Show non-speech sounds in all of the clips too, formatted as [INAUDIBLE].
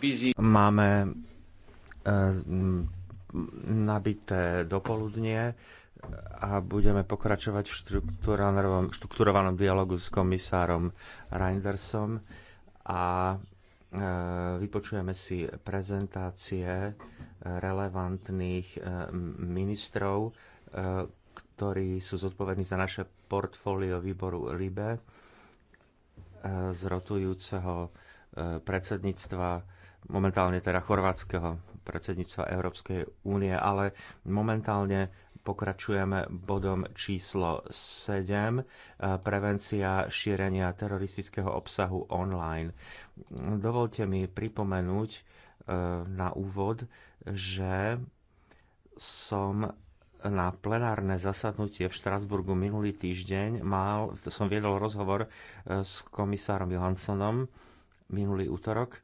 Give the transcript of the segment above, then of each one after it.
Busy... Máme eh, nabité dopoludnie a budeme pokračovať v štruktúrovanom dialogu s komisárom Reindersom a eh, vypočujeme si prezentácie eh, relevantných ministrov, ktorí sú zodpovední za naše portfólio výboru LIBE Eh, z rotujúceho eh, predsedníctva, momentálne teda chorvátskeho predsedníctva Európskej únie, ale momentálne pokračujeme bodom číslo 7, eh, prevencia šírenia teroristického obsahu online. Dovolte mi pripomenúť na úvod, že som na plenárne zasadnutie v Štrasburgu minulý týždeň mal, som viedol rozhovor eh, s komisárom Johanssonom minulý útorok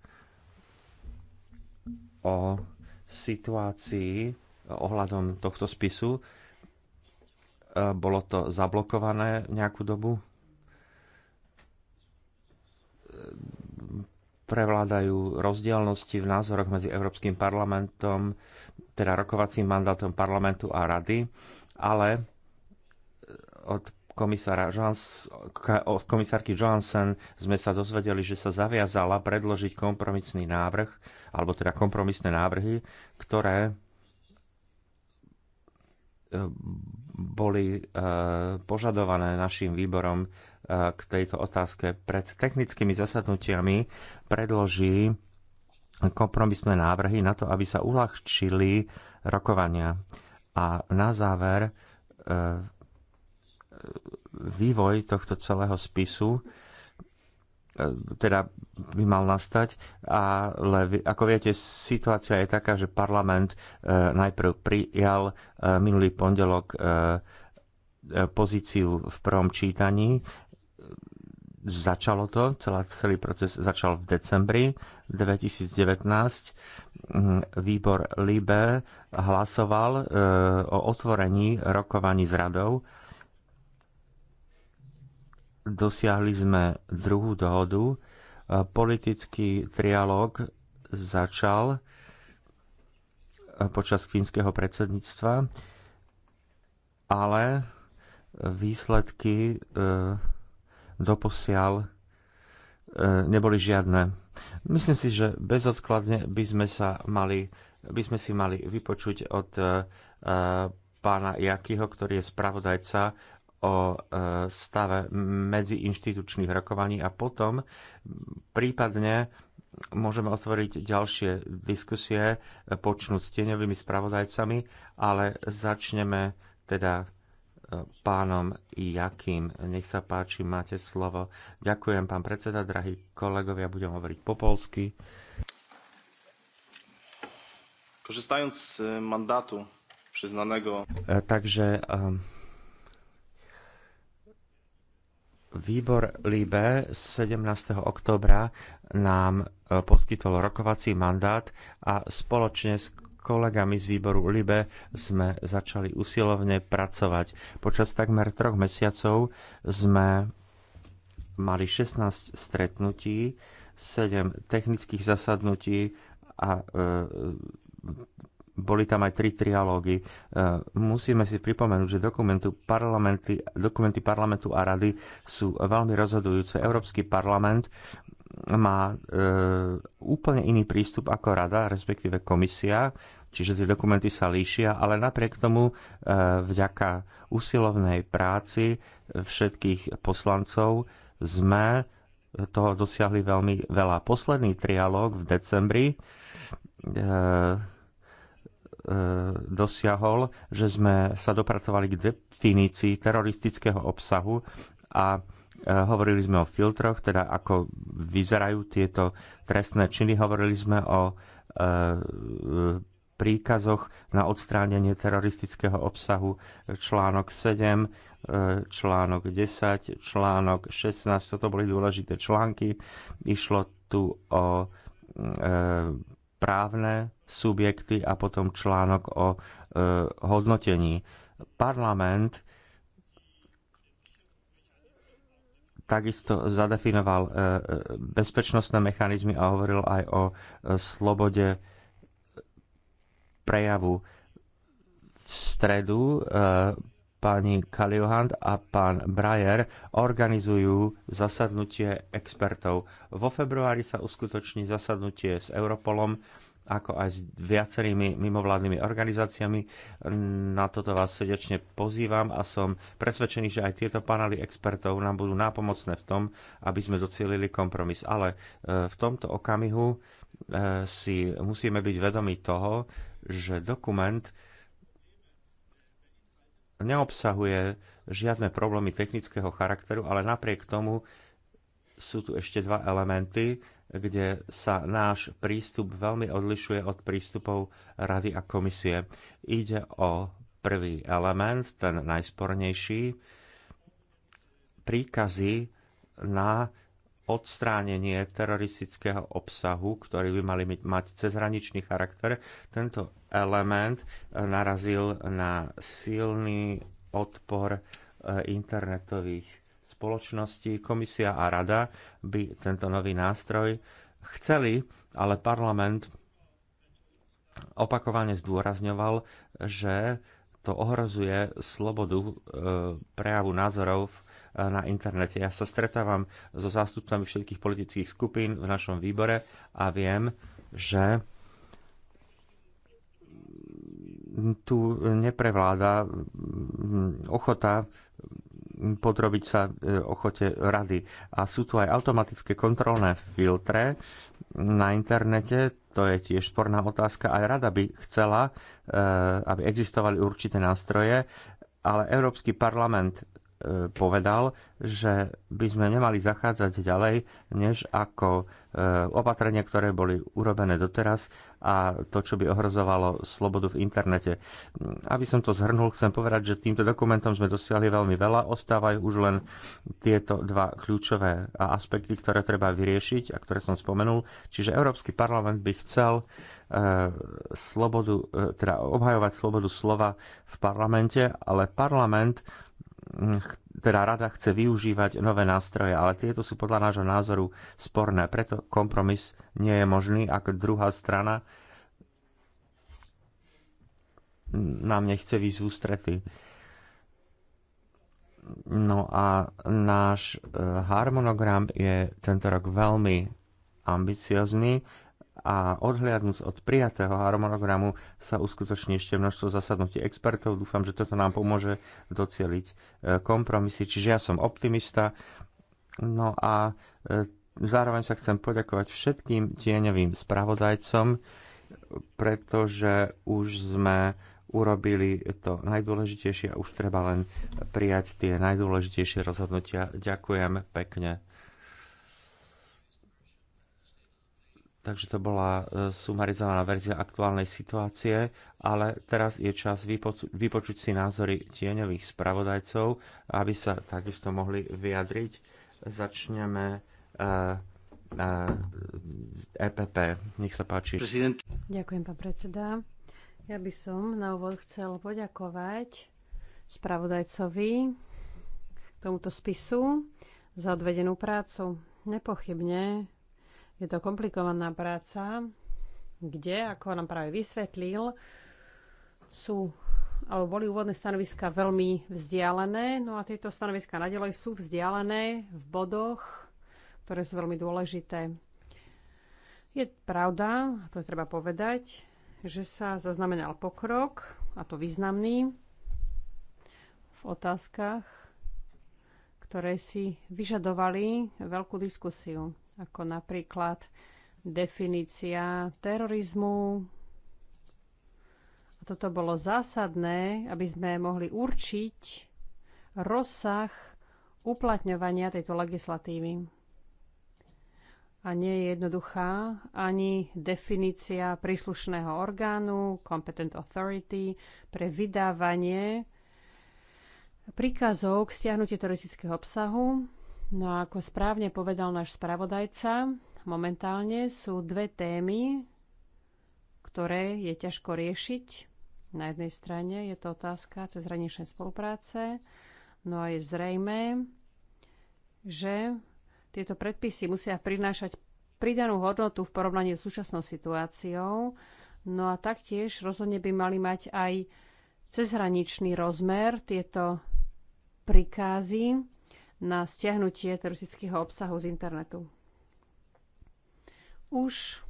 o situácii eh, ohľadom tohto spisu. Eh, bolo to zablokované nejakú dobu. Prevládajú rozdielnosti v názoroch medzi Európskym parlamentom, teda rokovacím mandátom parlamentu a rady, ale od komisára Johans, od komisárky Johansen sme sa dozvedeli, že sa zaviazala predložiť kompromisný návrh, alebo teda kompromisné návrhy, ktoré e, boli e, požadované našim výborom e, k tejto otázke pred technickými zasadnutiami predloží kompromisné návrhy na to, aby sa uľahčili rokovania. A na záver e, vývoj tohto celého spisu e, teda by mal nastať, ale ako viete, situácia je taká, že parlament e, najprv prijal minulý pondelok pozíciu v prvom čítaní Začalo to, celá, celý proces začal v decembri 2019. Mm, výbor LIBE hlasoval e, o otvorení rokovaní s radou. Dosiahli sme druhú dohodu. E, politický trialóg začal e, počas fínskeho predsedníctva, ale výsledky doposiaľ e, neboli žiadne. Myslím si, že bezodkladne by sme, sa mali, by sme si mali vypočuť od e, e, pána Jakýho, ktorý je spravodajca o stave medziinštitučných rokovaní a potom prípadne môžeme otvoriť ďalšie diskusie počnúť s tieňovými spravodajcami, ale začneme teda pánom Jakým. Nech sa páči, máte slovo. Ďakujem, pán predseda, drahí kolegovia, budem hovoriť po polsky. Korzystając z e, mandatu przyznanego. E, także Výbor Libe 17. oktobra nám e, poskytol rokovací mandát a spoločne s kolegami z výboru LIBE sme začali usilovne pracovať. Počas takmer troch mesiacov sme mali 16 stretnutí, 7 technických zasadnutí a e, boli tam aj 3 trialógy. E, musíme si pripomenúť, že parlamenty, dokumenty parlamentu a rady sú veľmi rozhodujúce. Európsky parlament má e, úplne iný prístup ako rada, respektíve komisia. Čiže tie dokumenty sa líšia, ale napriek tomu e, vďaka usilovnej práci všetkých poslancov sme toho dosiahli veľmi veľa. Posledný trialóg v decembri e, e, dosiahol, že sme sa dopracovali k definícii teroristického obsahu a hovorili sme o filtroch, teda ako vyzerajú tieto trestné činy, hovorili sme o príkazoch na odstránenie teroristického obsahu článok 7, e, článok 10, článok 16. Toto boli dôležité články. Išlo tu o e, právne subjekty a potom článok o e, hodnotení. Parlament takisto zadefinoval e, e, bezpečnostné mechanizmy a hovoril aj o slobode prejavu v stredu e, pani Kaliohand a pán Brajer organizujú zasadnutie expertov. Vo februári sa uskutoční zasadnutie s Europolom, ako aj s viacerými mimovládnymi organizáciami. Na toto vás srdečne pozývam a som presvedčený, že aj tieto panely expertov nám budú nápomocné v tom, aby sme docielili kompromis. Ale e, v tomto okamihu e, si musíme byť vedomi toho, že dokument neobsahuje žiadne problémy technického charakteru, ale napriek tomu sú tu ešte dva elementy, kde sa náš prístup veľmi odlišuje od prístupov Rady a komisie. Ide o prvý element, ten najspornejší, príkazy na odstránenie teroristického obsahu, ktorý by mali mať cezhraničný charakter. Tento element eh, narazil na silný odpor eh, internetových spoločností. Komisia a rada by tento nový nástroj chceli, ale parlament opakovane zdôrazňoval, že to ohrozuje slobodu eh, prejavu názorov v E, na internete. Ja sa stretávam so zástupcami všetkých politických skupín v našom výbore a viem, že tu neprevláda ochota podrobiť sa e, ochote rady. A sú tu aj automatické kontrolné filtre na internete, to je tiež sporná otázka. Aj rada by chcela, e, aby existovali určité nástroje, ale Európsky parlament E, povedal, že by sme nemali zachádzať ďalej, než ako e, opatrenia, ktoré boli urobené doteraz a to, čo by ohrozovalo slobodu v internete. Aby som to zhrnul, chcem povedať, že týmto dokumentom sme dosiahli veľmi veľa. Ostávajú už len tieto dva kľúčové aspekty, ktoré treba vyriešiť a ktoré som spomenul. Čiže Európsky parlament by chcel e, slobodu, teda obhajovať slobodu slova v parlamente, ale parlament teda rada chce využívať nové nástroje, ale tieto sú podľa nášho názoru sporné. Preto kompromis nie je možný, ak druhá strana nám nechce výsť ústrety. No a náš e, harmonogram je tento rok veľmi ambiciozný a odhliadnúc od prijatého harmonogramu sa uskutoční ešte množstvo zasadnutí expertov. Dúfam, že toto nám pomôže docieliť e, kompromisy. Čiže ja som optimista. No a e, zároveň sa chcem poďakovať všetkým tieňovým spravodajcom, pretože už sme urobili to najdôležitejšie a už treba len prijať tie najdôležitejšie rozhodnutia. Ďakujem pekne. Takže to bola e, sumarizovaná verzia aktuálnej situácie, ale teraz je čas vypočuť si názory tieňových spravodajcov, aby sa takisto mohli vyjadriť. Začneme uh, uh, EPP. Nech sa páči. Prezident. Ďakujem, pán predseda. Ja by som na úvod chcel poďakovať spravodajcovi tomuto spisu za odvedenú prácu. Nepochybne je to komplikovaná práca, kde, ako nám práve vysvetlil, sú alebo boli úvodné stanoviska veľmi vzdialené, no a tieto stanoviska nadalej sú vzdialené v bodoch, ktoré sú veľmi dôležité. Je pravda, a to je treba povedať, že sa zaznamenal pokrok, a to významný, v otázkach, ktoré si vyžadovali veľkú diskusiu ako napríklad definícia terorizmu. A toto bolo zásadné, aby sme mohli určiť rozsah uplatňovania tejto legislatívy. A nie je jednoduchá ani definícia príslušného orgánu, competent authority, pre vydávanie príkazov k stiahnutiu teroristického obsahu No a ako správne povedal náš spravodajca, momentálne sú dve témy, ktoré je ťažko riešiť. Na jednej strane je to otázka cezhraničnej spolupráce, no a je zrejme, že tieto predpisy musia prinášať pridanú hodnotu v porovnaní s súčasnou situáciou, no a taktiež rozhodne by mali mať aj cezhraničný rozmer tieto prikázy, na stiahnutie teroristického obsahu z internetu. Už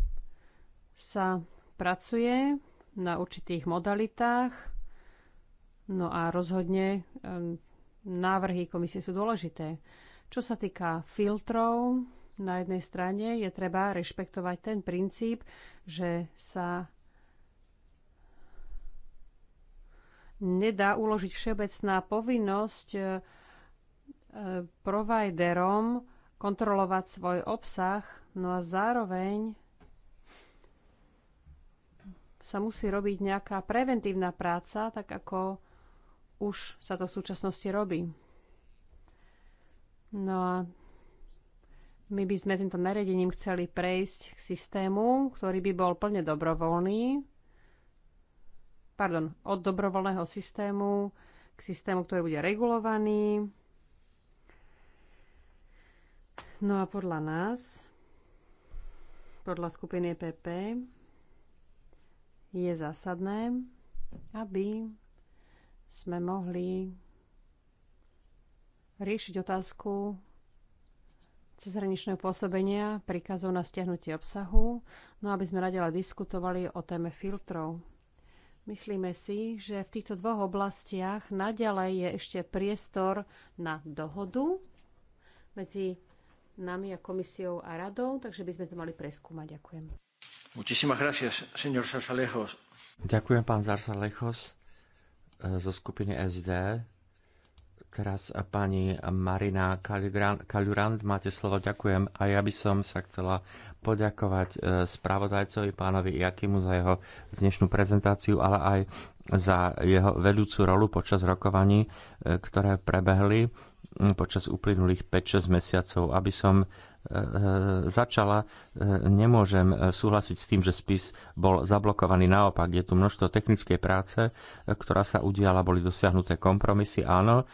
sa pracuje na určitých modalitách, no a rozhodne návrhy komisie sú dôležité. Čo sa týka filtrov, na jednej strane je treba rešpektovať ten princíp, že sa nedá uložiť všeobecná povinnosť providerom kontrolovať svoj obsah, no a zároveň sa musí robiť nejaká preventívna práca, tak ako už sa to v súčasnosti robí. No a my by sme týmto nariadením chceli prejsť k systému, ktorý by bol plne dobrovoľný, pardon, od dobrovoľného systému k systému, ktorý bude regulovaný, No a podľa nás, podľa skupiny PP, e je zásadné, aby sme mohli riešiť otázku cezhraničného pôsobenia príkazov na stiahnutie obsahu, no aby sme radela diskutovali o téme filtrov. Myslíme si, že v týchto dvoch oblastiach naďalej je ešte priestor na dohodu medzi nami a komisiou a radou, takže by sme to mali preskúmať. Ďakujem. gracias, señor Ďakujem, pán Zarsalejos e, zo skupiny SD. Teraz e, pani Marina Kalurand máte slovo, ďakujem. A ja by som sa chcela poďakovať e, spravodajcovi pánovi Jakimu za jeho dnešnú prezentáciu, ale aj za jeho vedúcu rolu počas rokovaní, ktoré prebehli počas uplynulých 5-6 mesiacov, aby som e, e, začala, e, nemôžem súhlasiť s tým, že spis bol zablokovaný. Naopak, je tu množstvo technickej práce, ktorá sa udiala, boli dosiahnuté kompromisy. Áno,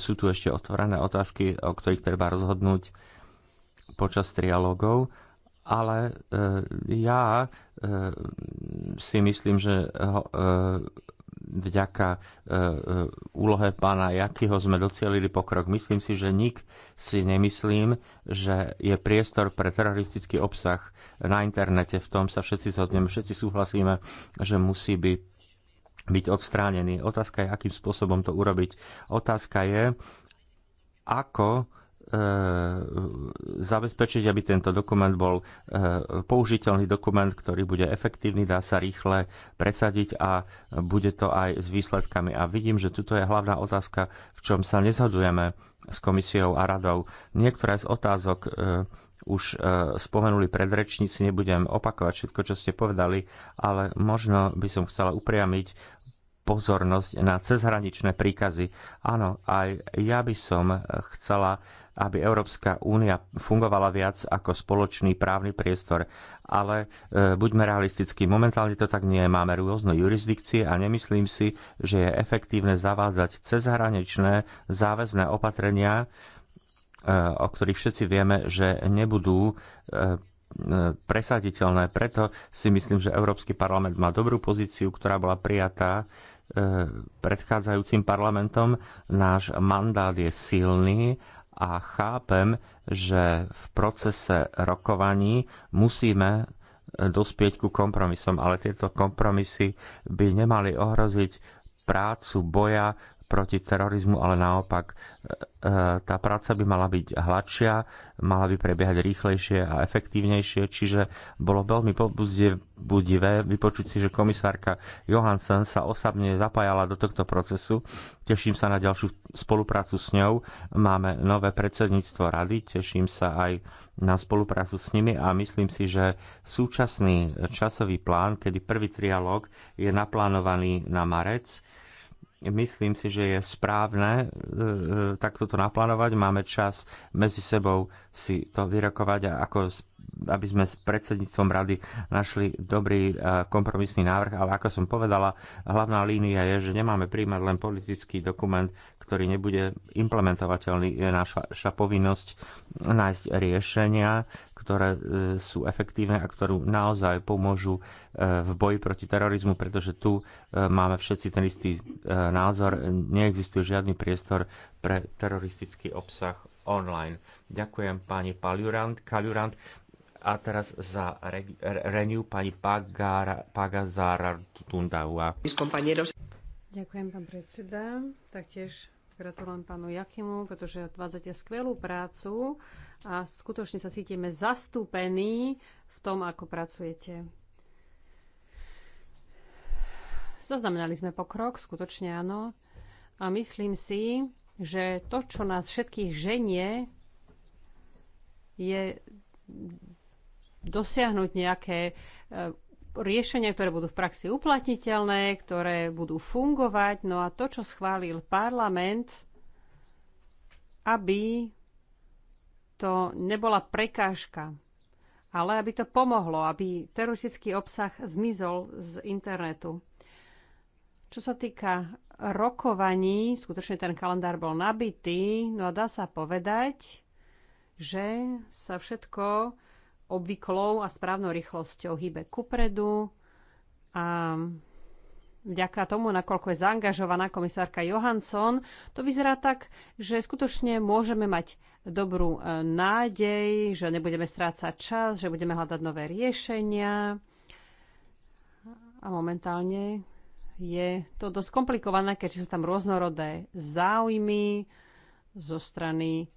sú tu ešte otvorené otázky, o ktorých treba rozhodnúť počas trialógov, ale ja si myslím, že vďaka e, e, úlohe pána Jakýho sme docielili pokrok. Myslím si, že nik si nemyslím, že je priestor pre teroristický obsah na internete. V tom sa všetci zhodneme, všetci súhlasíme, že musí byť byť odstránený. Otázka je, akým spôsobom to urobiť. Otázka je, ako E, zabezpečiť, aby tento dokument bol e, použiteľný dokument, ktorý bude efektívny, dá sa rýchle presadiť a bude to aj s výsledkami. A vidím, že tuto je hlavná otázka, v čom sa nezhodujeme s komisiou a radou. Niektoré z otázok e, už spomenuli predrečníci, nebudem opakovať všetko, čo ste povedali, ale možno by som chcela upriamiť pozornosť na cezhraničné príkazy. Áno, aj ja by som chcela aby Európska únia fungovala viac ako spoločný právny priestor. Ale e, buďme realistickí, momentálne to tak nie je. Máme rôzne jurisdikcie a nemyslím si, že je efektívne zavádzať cezhraničné záväzné opatrenia, e, o ktorých všetci vieme, že nebudú e, e presaditeľné. Preto si myslím, že Európsky parlament má dobrú pozíciu, ktorá bola prijatá e, predchádzajúcim parlamentom. Náš mandát je silný a chápem, že v procese rokovaní musíme dospieť ku kompromisom, ale tieto kompromisy by nemali ohroziť prácu boja proti terorizmu, ale naopak e, e, tá práca by mala byť hladšia, mala by prebiehať rýchlejšie a efektívnejšie, čiže bolo veľmi budivé vypočuť si, že komisárka Johansen sa osobne zapájala do tohto procesu. Teším sa na ďalšiu spoluprácu s ňou. Máme nové predsedníctvo rady, teším sa aj na spoluprácu s nimi a myslím si, že súčasný časový plán, kedy prvý trialog je naplánovaný na marec, Myslím si, že je správne e, e, takto to naplánovať. Máme čas medzi sebou si to vyrokovať a ako aby sme s predsedníctvom rady našli dobrý e, kompromisný návrh, ale ako som povedala, hlavná línia je, že nemáme príjmať len politický dokument, ktorý nebude implementovateľný. Je naša, naša povinnosť nájsť riešenia, ktoré e, sú efektívne a ktorú naozaj pomôžu e, v boji proti terorizmu, pretože tu e, máme všetci ten istý názor. Neexistuje žiadny priestor pre teroristický obsah online. Ďakujem pani Paliurant. Kaliurant a teraz za Re Re Renew pani Pagazára Pagazara Tundaua. Ďakujem, pán predseda. Taktiež gratulujem pánu Jakimu, pretože odvádzate skvelú prácu a skutočne sa cítime zastúpení v tom, ako pracujete. Zaznamenali sme pokrok, skutočne áno. A myslím si, že to, čo nás všetkých ženie, je dosiahnuť nejaké e, riešenia, ktoré budú v praxi uplatniteľné, ktoré budú fungovať. No a to, čo schválil parlament, aby to nebola prekážka, ale aby to pomohlo, aby teroristický obsah zmizol z internetu. Čo sa týka rokovaní, skutočne ten kalendár bol nabitý, no a dá sa povedať, že sa všetko obvyklou a správnou rýchlosťou hýbe kupredu a vďaka tomu, nakoľko je zaangažovaná komisárka Johansson, to vyzerá tak, že skutočne môžeme mať dobrú e, nádej, že nebudeme strácať čas, že budeme hľadať nové riešenia. A momentálne je to dosť komplikované, keďže sú tam rôznorodé záujmy zo strany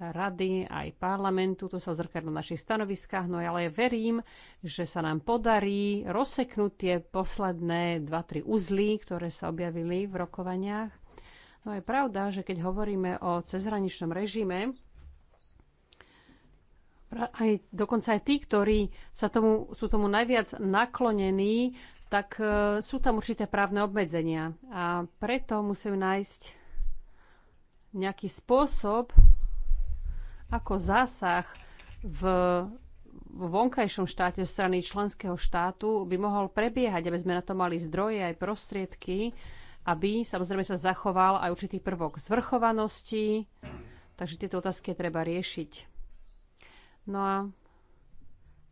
rady, aj parlamentu. To sa zrkadlo na našich stanoviskách. No ale verím, že sa nám podarí rozseknúť tie posledné 2-3 uzly, ktoré sa objavili v rokovaniach. No je pravda, že keď hovoríme o cezhraničnom režime, aj, dokonca aj tí, ktorí sa tomu, sú tomu najviac naklonení, tak e, sú tam určité právne obmedzenia. A preto musím nájsť nejaký spôsob, ako zásah v v vonkajšom štáte zo strany členského štátu by mohol prebiehať, aby sme na to mali zdroje aj prostriedky, aby samozrejme sa zachoval aj určitý prvok zvrchovanosti. Takže tieto otázky treba riešiť. No a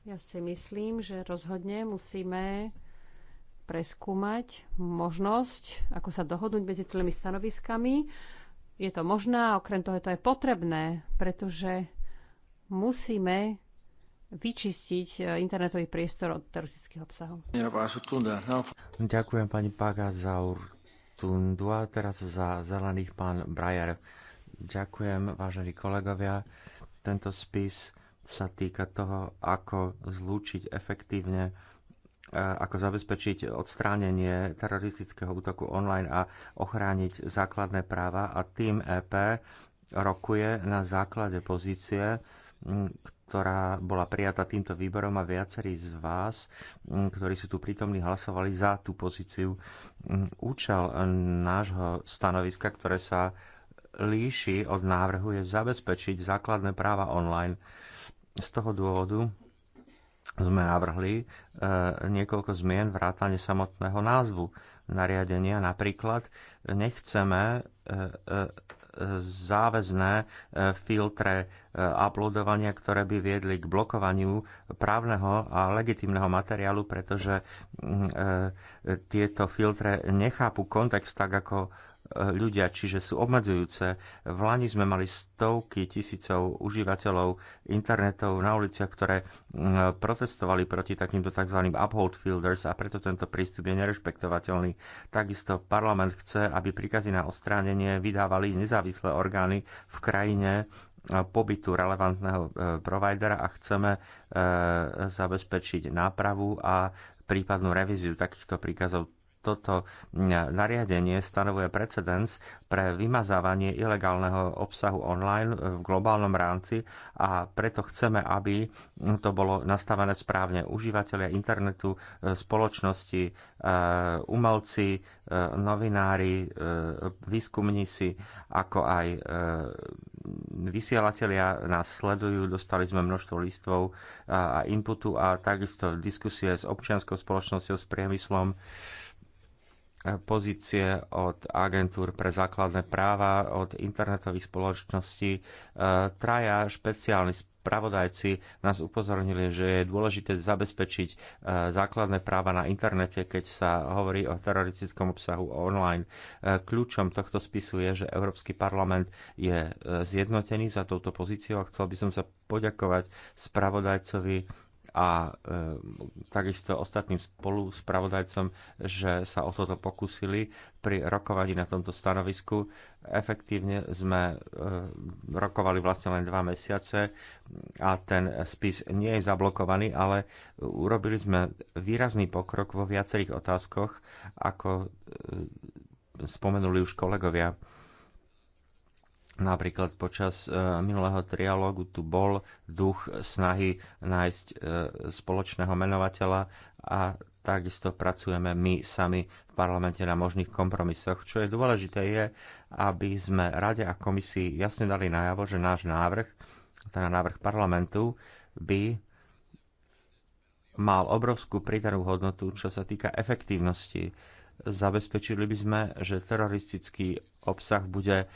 ja si myslím, že rozhodne musíme preskúmať možnosť, ako sa dohodnúť medzi tými stanoviskami je to možné a okrem toho je to aj potrebné, pretože musíme vyčistiť e, internetový priestor od teroristických obsahov. Ďakujem pani Paga za Urtundu a teraz za zelených pán Brajer. Ďakujem, vážení kolegovia. Tento spis sa týka toho, ako zlúčiť efektívne ako zabezpečiť odstránenie teroristického útoku online a ochrániť základné práva. A tým EP rokuje na základe pozície, ktorá bola prijata týmto výborom a viacerí z vás, ktorí sú tu prítomní, hlasovali za tú pozíciu. Účel nášho stanoviska, ktoré sa líši od návrhu, je zabezpečiť základné práva online. Z toho dôvodu sme navrhli e, niekoľko zmien vrátane samotného názvu nariadenia. Napríklad nechceme e, e, záväzné e, filtre e, uploadovania, ktoré by viedli k blokovaniu právneho a legitimného materiálu, pretože mm, e, tieto filtre nechápu kontext tak, ako ľudia, čiže sú obmedzujúce. V Lani sme mali stovky tisícov užívateľov internetov na uliciach, ktoré protestovali proti takýmto tzv. uphold fielders a preto tento prístup je nerešpektovateľný. Takisto parlament chce, aby príkazy na odstránenie vydávali nezávislé orgány v krajine, e, pobytu relevantného e, providera a chceme e, zabezpečiť nápravu a prípadnú revíziu takýchto príkazov toto nariadenie stanovuje precedens pre vymazávanie ilegálneho obsahu online e, v globálnom rámci a preto chceme, aby to bolo nastavené správne. Užívateľia internetu, e, spoločnosti, e, umelci, novinári, výskumníci, ako aj vysielatelia nás sledujú. Dostali sme množstvo listov a inputu a takisto diskusie s občianskou spoločnosťou, s priemyslom pozície od agentúr pre základné práva, od internetových spoločností. E, traja špeciálni spravodajci nás upozornili, že je dôležité zabezpečiť e, základné práva na internete, keď sa hovorí o teroristickom obsahu online. E, kľúčom tohto spisu je, že Európsky parlament je zjednotený za touto pozíciou a chcel by som sa poďakovať spravodajcovi a e, takisto ostatným spoluspravodajcom, že sa o toto pokúsili pri rokovaní na tomto stanovisku. Efektívne sme e, rokovali vlastne len dva mesiace a ten spis nie je zablokovaný, ale urobili sme výrazný pokrok vo viacerých otázkoch, ako e, spomenuli už kolegovia Napríklad počas e, minulého trialógu tu bol duch snahy nájsť e, spoločného menovateľa a takisto pracujeme my sami v parlamente na možných kompromisoch. Čo je dôležité je, aby sme Rade a komisii jasne dali najavo, že náš návrh, teda návrh parlamentu, by mal obrovskú pridanú hodnotu, čo sa týka efektívnosti. Zabezpečili by sme, že teroristický obsah bude e,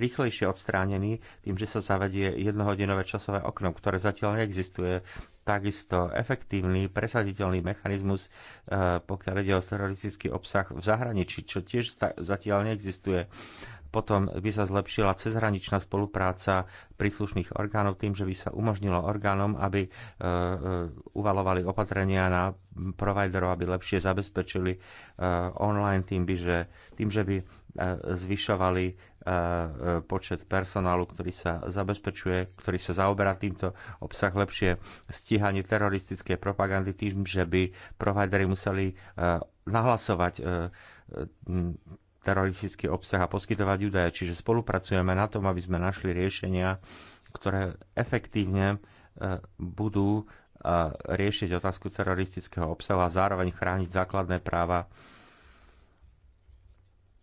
rýchlejšie odstránený tým, že sa zavedie jednohodinové časové okno, ktoré zatiaľ neexistuje. Takisto efektívny, presaditeľný mechanizmus, e, pokiaľ ide o teroristický obsah v zahraničí, čo tiež zatiaľ neexistuje. Potom by sa zlepšila cezhraničná spolupráca príslušných orgánov tým, že by sa umožnilo orgánom, aby e, uvalovali opatrenia na providerov, aby lepšie zabezpečili online tým, by, že, tým že by zvyšovali e, e, počet personálu, ktorý sa zabezpečuje, ktorý sa zaoberá týmto obsah lepšie stíhanie teroristickej propagandy tým, že by providery museli e, nahlasovať teroristický obsah a poskytovať údaje. Čiže spolupracujeme na tom, aby sme našli riešenia, ktoré efektívne budú riešiť otázku teroristického obsahu a zároveň chrániť základné práva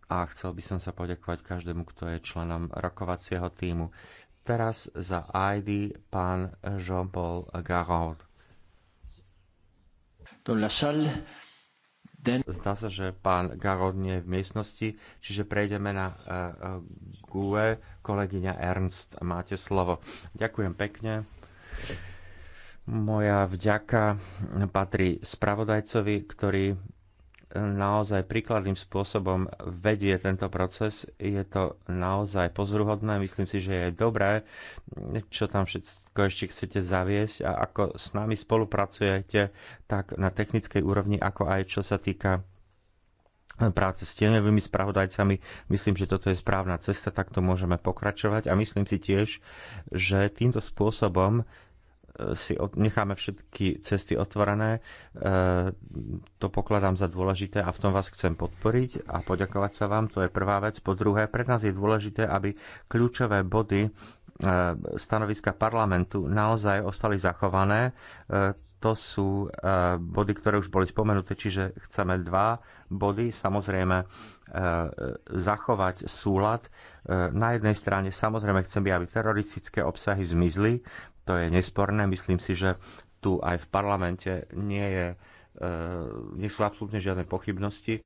a chcel by som sa poďakovať každému, kto je členom rokovacieho týmu. Teraz za ID pán Jean-Paul Garaud. Zdá sa, že pán Garaud nie je v miestnosti, čiže prejdeme na uh, GUE. Kolegyňa Ernst, máte slovo. Ďakujem pekne. Moja vďaka patrí spravodajcovi, ktorý naozaj príkladným spôsobom vedie tento proces. Je to naozaj pozruhodné, myslím si, že je dobré, čo tam všetko ešte chcete zaviesť a ako s nami spolupracujete, tak na technickej úrovni, ako aj čo sa týka práce s tieňovými spravodajcami. Myslím, že toto je správna cesta, takto môžeme pokračovať a myslím si tiež, že týmto spôsobom si necháme všetky cesty otvorené. E, to pokladám za dôležité a v tom vás chcem podporiť a poďakovať sa vám. To je prvá vec. Po druhé, pre nás je dôležité, aby kľúčové body e, stanoviska parlamentu naozaj ostali zachované. E, to sú body, ktoré už boli spomenuté, čiže chceme dva body. Samozrejme, zachovať súlad. Na jednej strane samozrejme chcem, aby teroristické obsahy zmizli, to je nesporné. Myslím si, že tu aj v parlamente nie, je, e, nie sú absolútne žiadne pochybnosti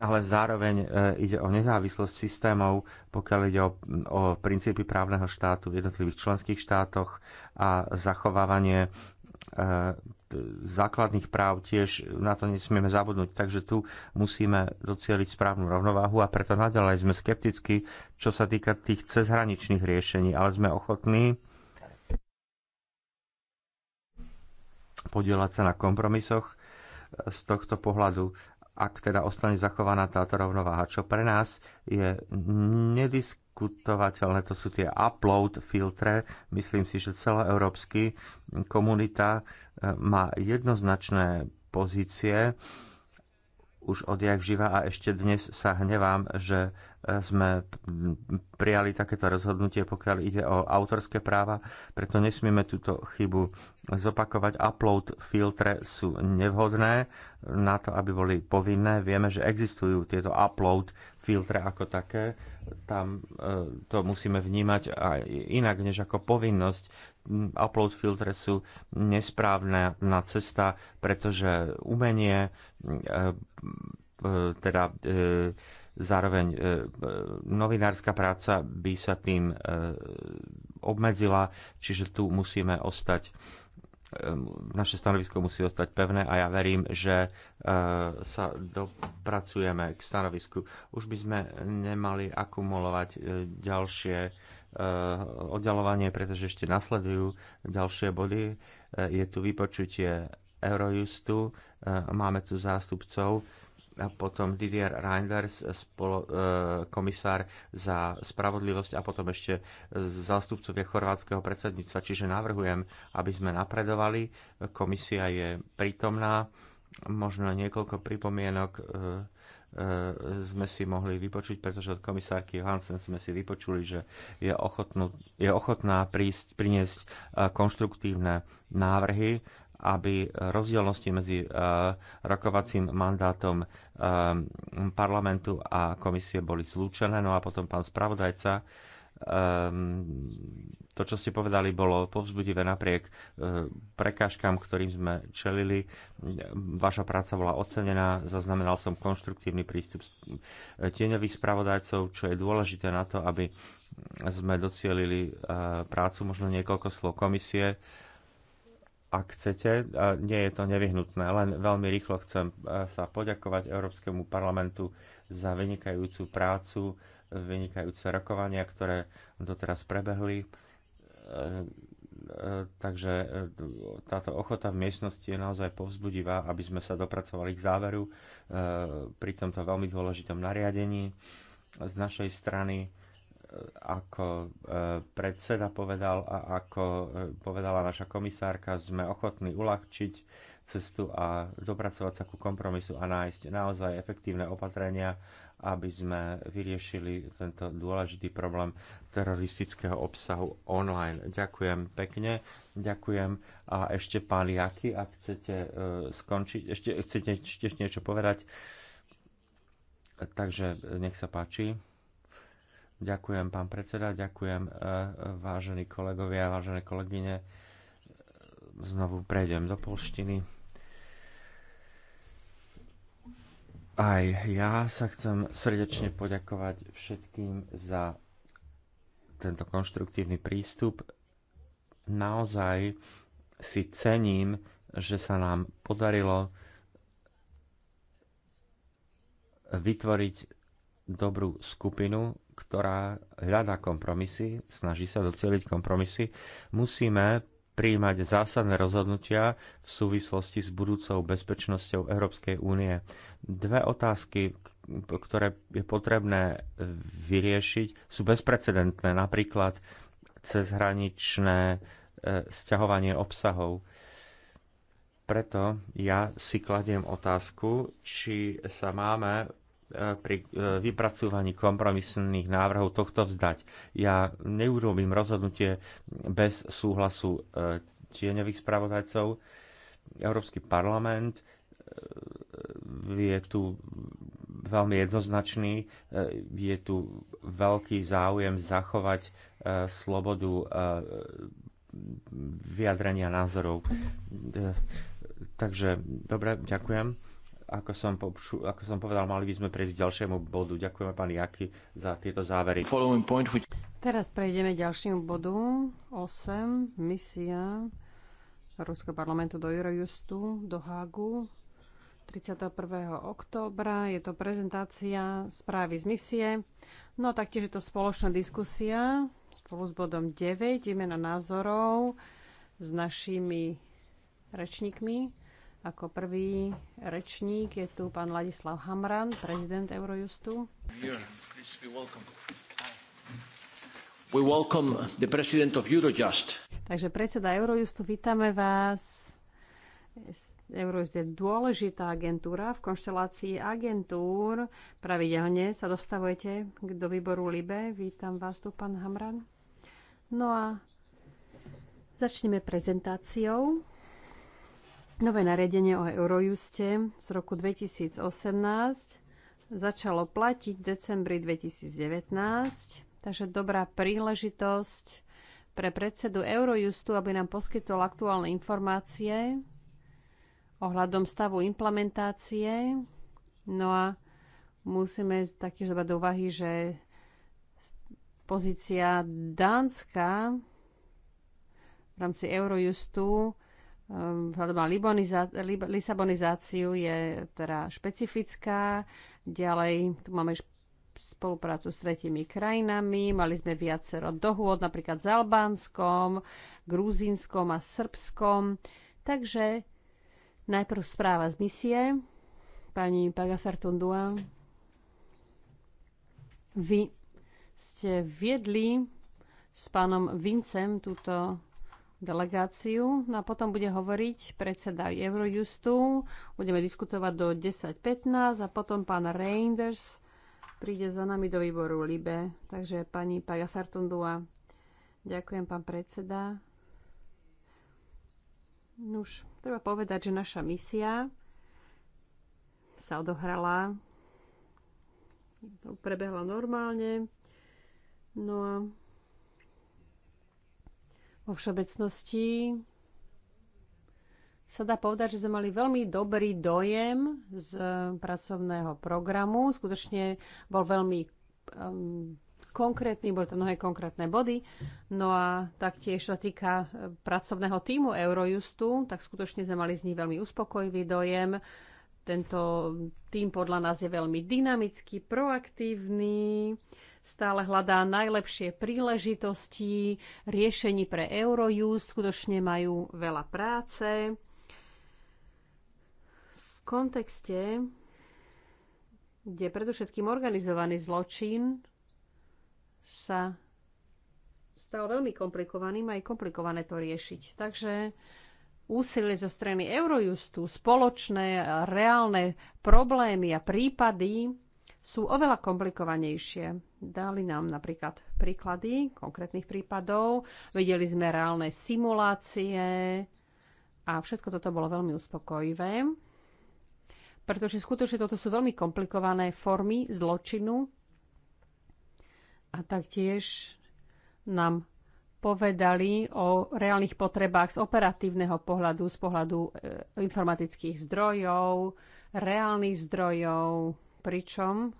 ale zároveň e, ide o nezávislosť systémov, pokiaľ ide o, o princípy právneho štátu v jednotlivých členských štátoch a zachovávanie e, základných práv tiež na to nesmieme zabudnúť. Takže tu musíme docieliť správnu rovnováhu a preto naďalej sme skeptickí, čo sa týka tých cezhraničných riešení, ale sme ochotní podielať sa na kompromisoch e, z tohto pohľadu, ak teda ostane zachovaná táto rovnováha, čo pre nás je nediskutovateľné, to sú tie upload filtre. Myslím si, že celá európsky komunita e, má jednoznačné pozície už odjak živa a ešte dnes sa hnevám, že sme prijali takéto rozhodnutie, pokiaľ ide o autorské práva, preto nesmieme túto chybu zopakovať. Upload filtre sú nevhodné na to, aby boli povinné. Vieme, že existujú tieto upload filtre ako také. Tam e, to musíme vnímať aj inak, než ako povinnosť. Upload filtre sú nesprávne na cesta, pretože umenie e, e, teda Zároveň e, e, novinárska práca by sa tým e, obmedzila, čiže tu musíme ostať naše stanovisko musí ostať pevné a ja verím, že sa dopracujeme k stanovisku. Už by sme nemali akumulovať ďalšie oddalovanie, pretože ešte nasledujú ďalšie body. Je tu vypočutie Eurojustu, máme tu zástupcov a potom Didier Reinders, spolo, e, komisár za spravodlivosť a potom ešte zástupcovia chorvátskeho predsedníctva. Čiže navrhujem, aby sme napredovali. Komisia je prítomná. Možno niekoľko pripomienok e, e, sme si mohli vypočuť, pretože od komisárky Johansen sme si vypočuli, že je, ochotnú, je ochotná prísť, priniesť konštruktívne návrhy aby rozdielnosti medzi eh, rokovacím mandátom eh, parlamentu a komisie boli zlúčené. No a potom pán spravodajca, eh, to, čo ste povedali, bolo povzbudivé napriek prekážkam, ktorým sme čelili. Vaša práca bola ocenená, zaznamenal som konštruktívny prístup tieňových spravodajcov, čo je dôležité na to, aby sme docielili prácu, možno niekoľko slov komisie ak chcete. Nie je to nevyhnutné, len veľmi rýchlo chcem e, sa poďakovať Európskemu parlamentu za vynikajúcu prácu, vynikajúce rokovania, ktoré doteraz prebehli. E, e, takže táto ochota v miestnosti je naozaj povzbudivá, aby sme sa dopracovali k záveru pri tomto veľmi dôležitom nariadení. Z našej strany ako e, predseda povedal a ako e, povedala naša komisárka, sme ochotní uľahčiť cestu a dopracovať sa ku kompromisu a nájsť naozaj efektívne opatrenia, aby sme vyriešili tento dôležitý problém teroristického obsahu online. Ďakujem pekne, ďakujem. A ešte pán Jaky, ak chcete e, skončiť, ešte chcete ešte niečo povedať, takže nech sa páči. Ďakujem, pán predseda, ďakujem, e, vážení kolegovia, vážené kolegyne. Znovu prejdem do polštiny. Aj ja sa chcem srdečne poďakovať všetkým za tento konštruktívny prístup. Naozaj si cením, že sa nám podarilo vytvoriť dobrú skupinu, ktorá hľadá kompromisy, snaží sa docieliť kompromisy. Musíme prijímať zásadné rozhodnutia v súvislosti s budúcou bezpečnosťou Európskej únie. Dve otázky, ktoré je potrebné vyriešiť, sú bezprecedentné, napríklad cezhraničné e, sťahovanie obsahov. Preto ja si kladiem otázku, či sa máme E, pri e, vypracovaní kompromisných návrhov tohto vzdať. Ja neurobím rozhodnutie bez súhlasu e, tieňových spravodajcov. Európsky parlament je tu veľmi jednoznačný, je tu veľký záujem zachovať slobodu vyjadrenia názorov. Takže dobre, ďakujem. Ako som, popšu, ako som povedal, mali by sme prejsť k ďalšiemu bodu. Ďakujeme pani Jaky za tieto závery. Teraz prejdeme k ďalšiemu bodu. 8. Misia Ruského parlamentu do Eurojustu, do Hágu. 31. októbra. Je to prezentácia správy z misie. No a taktiež je to spoločná diskusia spolu s bodom 9, imena názorov s našimi rečníkmi. Ako prvý rečník je tu pán Ladislav Hamran, prezident Eurojustu. We welcome the president of Eurojust. Takže predseda Eurojustu, vítame vás. Eurojust je dôležitá agentúra. V konštelácii agentúr pravidelne sa dostavujete do výboru LIBE. Vítam vás tu, pán Hamran. No a začneme prezentáciou Nové naredenie o Eurojuste z roku 2018 začalo platiť v decembri 2019, takže dobrá príležitosť pre predsedu Eurojustu, aby nám poskytol aktuálne informácie ohľadom stavu implementácie. No a musíme taktiež zobrať do úvahy, že pozícia Dánska v rámci Eurojustu vzhľadom na Lisabonizáciu je teda špecifická. Ďalej tu máme spoluprácu s tretimi krajinami. Mali sme viacero dohôd, napríklad s Albánskom, Gruzínskom a Srbskom. Takže najprv správa z misie. Pani Pagasar Tundua, vy ste viedli s pánom Vincem túto delegáciu. No a potom bude hovoriť predseda Eurojustu. Budeme diskutovať do 10.15 a potom pán Reinders príde za nami do výboru LIBE. Takže pani paja Fertundua. ďakujem pán predseda. Nuž, treba povedať, že naša misia sa odohrala, prebehla normálne. No a vo všeobecnosti sa dá povedať, že sme mali veľmi dobrý dojem z eh, pracovného programu. Skutočne bol veľmi um, konkrétny, boli tam mnohé konkrétne body. No a taktiež, čo sa týka eh, pracovného týmu Eurojustu, tak skutočne sme mali z nich veľmi uspokojivý dojem. Tento tým podľa nás je veľmi dynamický, proaktívny, stále hľadá najlepšie príležitosti, riešení pre Eurojust, skutočne majú veľa práce. V kontexte, kde predovšetkým organizovaný zločin sa stal veľmi komplikovaným a je komplikované to riešiť. Takže úsilie zo strany Eurojustu, spoločné reálne problémy a prípady sú oveľa komplikovanejšie. Dali nám napríklad príklady konkrétnych prípadov, videli sme reálne simulácie a všetko toto bolo veľmi uspokojivé, pretože skutočne toto sú veľmi komplikované formy zločinu a taktiež nám povedali o reálnych potrebách z operatívneho pohľadu, z pohľadu e, informatických zdrojov, reálnych zdrojov, pričom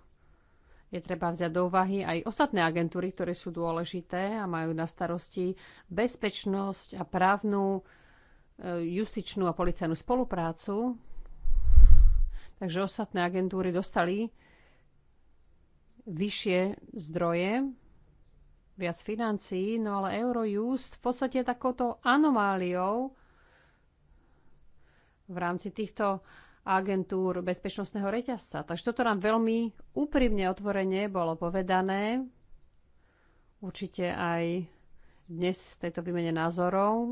je treba vziať do úvahy aj ostatné agentúry, ktoré sú dôležité a majú na starosti bezpečnosť a právnu, e, justičnú a policajnú spoluprácu. Takže ostatné agentúry dostali vyššie zdroje viac financií, no ale Eurojust v podstate takouto anomáliou v rámci týchto agentúr bezpečnostného reťazca. Takže toto nám veľmi úprimne otvorene bolo povedané. Určite aj dnes v tejto výmene názorov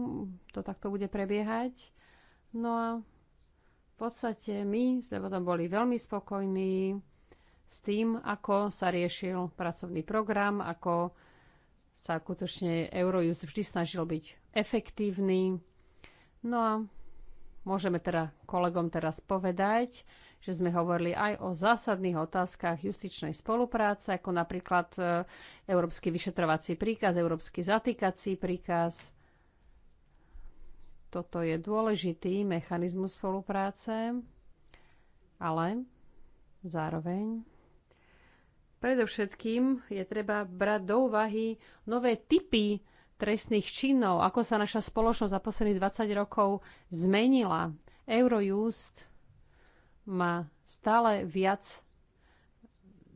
to takto bude prebiehať. No a v podstate my sme potom boli veľmi spokojní s tým, ako sa riešil pracovný program, ako sa skutočne Eurojust vždy snažil byť efektívny. No a môžeme teda kolegom teraz povedať, že sme hovorili aj o zásadných otázkach justičnej spolupráce, ako napríklad e, Európsky vyšetrovací príkaz, Európsky zatýkací príkaz. Toto je dôležitý mechanizmus spolupráce, ale zároveň Predovšetkým je treba brať do úvahy nové typy trestných činov, ako sa naša spoločnosť za posledných 20 rokov zmenila. Eurojust má stále viac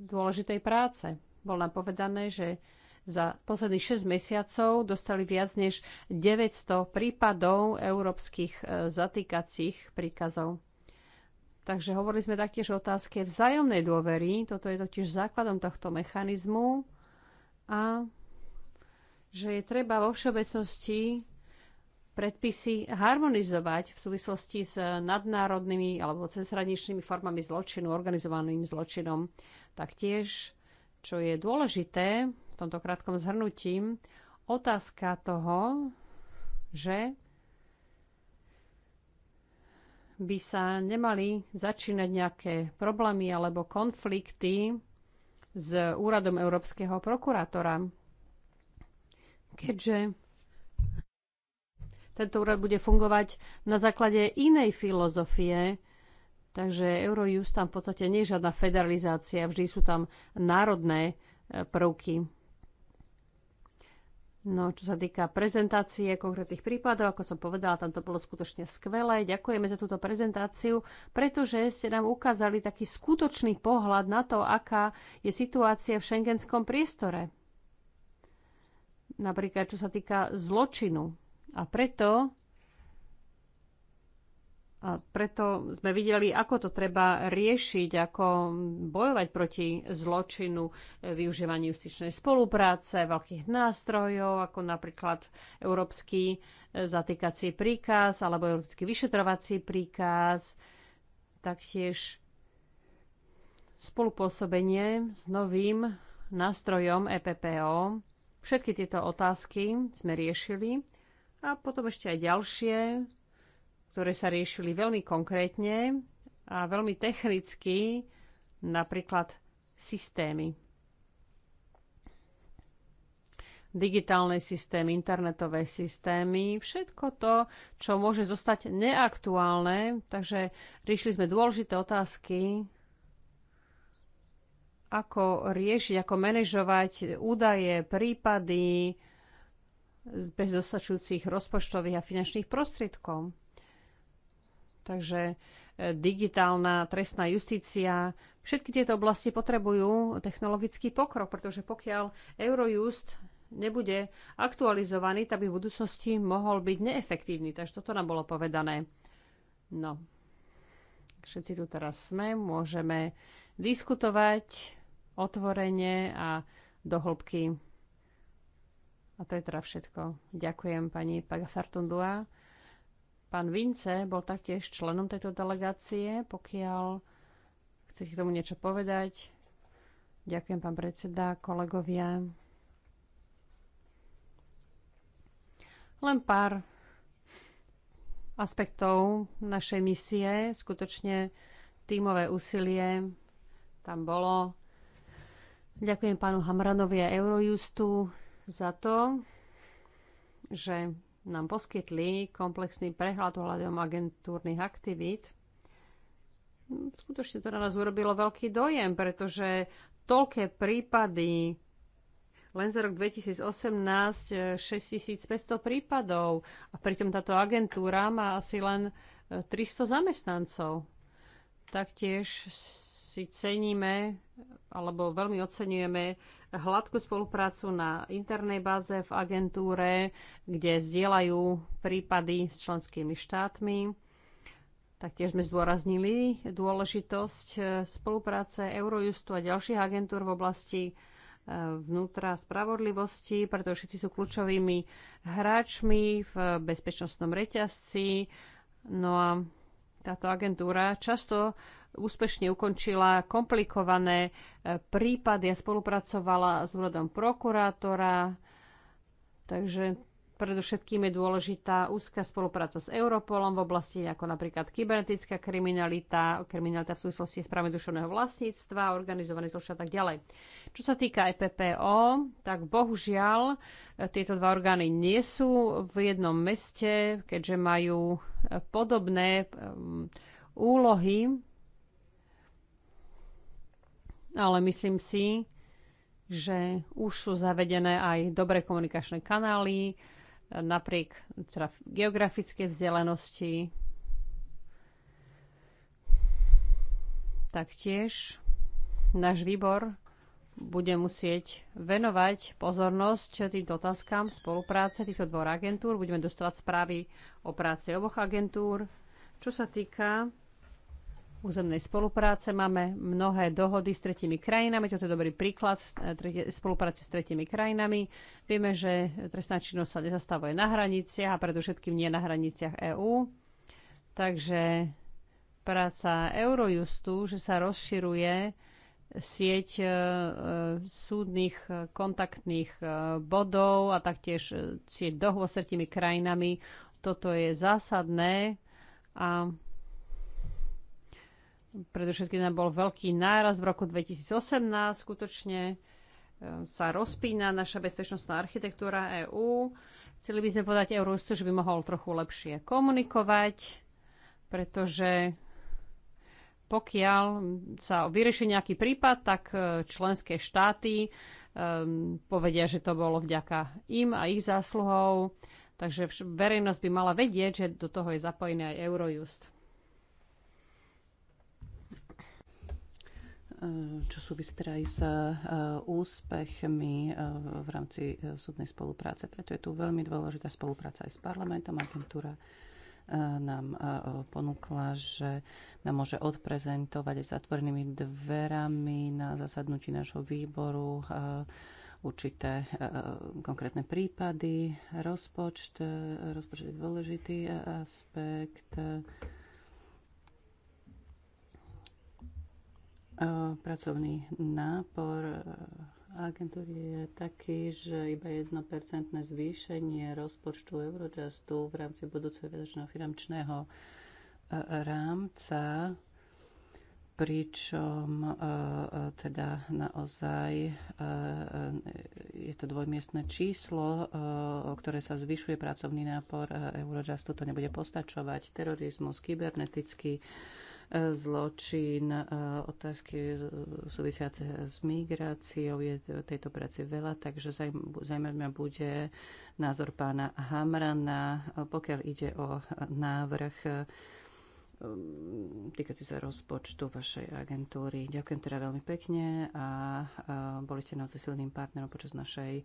dôležitej práce. Bolo nám povedané, že za posledných 6 mesiacov dostali viac než 900 prípadov európskych e, zatýkacích príkazov. Takže hovorili sme taktiež o otázke vzájomnej dôvery. Toto je totiž základom tohto mechanizmu. A že je treba vo všeobecnosti predpisy harmonizovať v súvislosti s nadnárodnými alebo cezhraničnými formami zločinu, organizovaným zločinom. Taktiež, čo je dôležité v tomto krátkom zhrnutím, otázka toho, že by sa nemali začínať nejaké problémy alebo konflikty s úradom Európskeho prokurátora, keďže tento úrad bude fungovať na základe inej filozofie, takže Eurojust tam v podstate nie je žiadna federalizácia, vždy sú tam národné e, prvky. No, čo sa týka prezentácie konkrétnych prípadov, ako som povedala, tam to bolo skutočne skvelé. Ďakujeme za túto prezentáciu, pretože ste nám ukázali taký skutočný pohľad na to, aká je situácia v šengenskom priestore. Napríklad, čo sa týka zločinu. A preto a preto sme videli, ako to treba riešiť, ako bojovať proti zločinu, e, využívaní justičnej spolupráce, veľkých nástrojov, ako napríklad Európsky e, zatýkací príkaz alebo Európsky vyšetrovací príkaz, taktiež spolupôsobenie s novým nástrojom EPPO. Všetky tieto otázky sme riešili a potom ešte aj ďalšie ktoré sa riešili veľmi konkrétne a veľmi technicky, napríklad systémy. Digitálne systémy, internetové systémy, všetko to, čo môže zostať neaktuálne. Takže riešili sme dôležité otázky, ako riešiť, ako manažovať údaje, prípady bez dostačujúcich rozpočtových a finančných prostriedkov. Takže e, digitálna trestná justícia, všetky tieto oblasti potrebujú technologický pokrok, pretože pokiaľ Eurojust nebude aktualizovaný, tak by v budúcnosti mohol byť neefektívny. Takže toto nám bolo povedané. No, všetci tu teraz sme, môžeme diskutovať otvorene a do hĺbky. A to je teda všetko. Ďakujem pani Pagasartundua Pán Vince bol taktiež členom tejto delegácie, pokiaľ chcete k tomu niečo povedať. Ďakujem, pán predseda, kolegovia. Len pár aspektov našej misie. Skutočne tímové úsilie tam bolo. Ďakujem pánu Hamranovi a Eurojustu za to, že nám poskytli komplexný prehľad ohľadom agentúrnych aktivít. Skutočne to na nás urobilo veľký dojem, pretože toľké prípady, len za rok 2018 6500 prípadov a pritom táto agentúra má asi len 300 e, zamestnancov. Taktiež si ceníme alebo veľmi oceňujeme hladkú spoluprácu na internej báze v agentúre, kde zdieľajú prípady s členskými štátmi. Taktiež sme zdôraznili dôležitosť e, spolupráce Eurojustu a ďalších agentúr v oblasti e, vnútra spravodlivosti, pretože všetci sú kľúčovými hráčmi v bezpečnostnom reťazci. No a táto agentúra často úspešne ukončila komplikované e, prípady a spolupracovala s úradom prokurátora. Takže predovšetkým je dôležitá úzka spolupráca s Europolom v oblasti ako napríklad kybernetická kriminalita, kriminalita v súvislosti s práve dušovného vlastníctva, organizované zločin a tak ďalej. Čo sa týka EPPO, tak bohužiaľ e, tieto dva orgány nie sú v jednom meste, keďže majú e, podobné úlohy ale myslím si, že už sú zavedené aj dobré komunikačné kanály, e, napriek teda geografické vzdialenosti. Taktiež náš výbor bude musieť venovať pozornosť týmto otázkam spolupráce týchto dvoch agentúr. Budeme dostávať správy o práci oboch agentúr. Čo sa týka územnej spolupráce. Máme mnohé dohody s tretimi krajinami. Toto je dobrý príklad e, spolupráce s tretimi krajinami. Vieme, že trestná činnosť sa nezastavuje na hraniciach a predovšetkým nie na hraniciach EÚ. Takže práca Eurojustu, že sa rozširuje sieť e, e, súdnych kontaktných bodov a taktiež sieť dohôd s tretimi krajinami. Toto je zásadné a Predovšetkým tam bol veľký náraz v roku 2018. Skutočne e, sa rozpína naša bezpečnostná architektúra EÚ. Chceli by sme podať Eurostu, že by mohol trochu lepšie komunikovať, pretože pokiaľ sa vyrieši nejaký prípad, tak e, členské štáty um, povedia, že to bolo vďaka im a ich zásluhou. Takže verejnosť by mala vedieť, že do toho je zapojený aj Eurojust. Eh, čo súvisí teda aj s eh, úspechmi eh, v rámci súdnej spolupráce. Preto je tu veľmi dôležitá spolupráca aj s parlamentom. Agentúra nám ponúkla, že nám môže odprezentovať aj s otvorenými dverami na zasadnutí nášho výboru určité konkrétne prípady, rozpočt, rozpočet je dôležitý aspekt, Pracovný nápor e, agentúry je taký, že iba 1% zvýšenie rozpočtu Eurojustu v rámci budúceho vedačného finančného e, rámca pričom e, teda naozaj je to dvojmiestne číslo, o ktoré sa zvyšuje pracovný nápor Eurojustu, to nebude postačovať. Terorizmus, kybernetický zločin, e, otázky súvisiace s migráciou. Je tejto práce veľa, takže zaujímavé ma bude názor pána Hamrana, pokiaľ ide o návrh e, týkajúci sa rozpočtu vašej agentúry. Ďakujem teda veľmi pekne a e, boli ste naozaj silným partnerom počas našej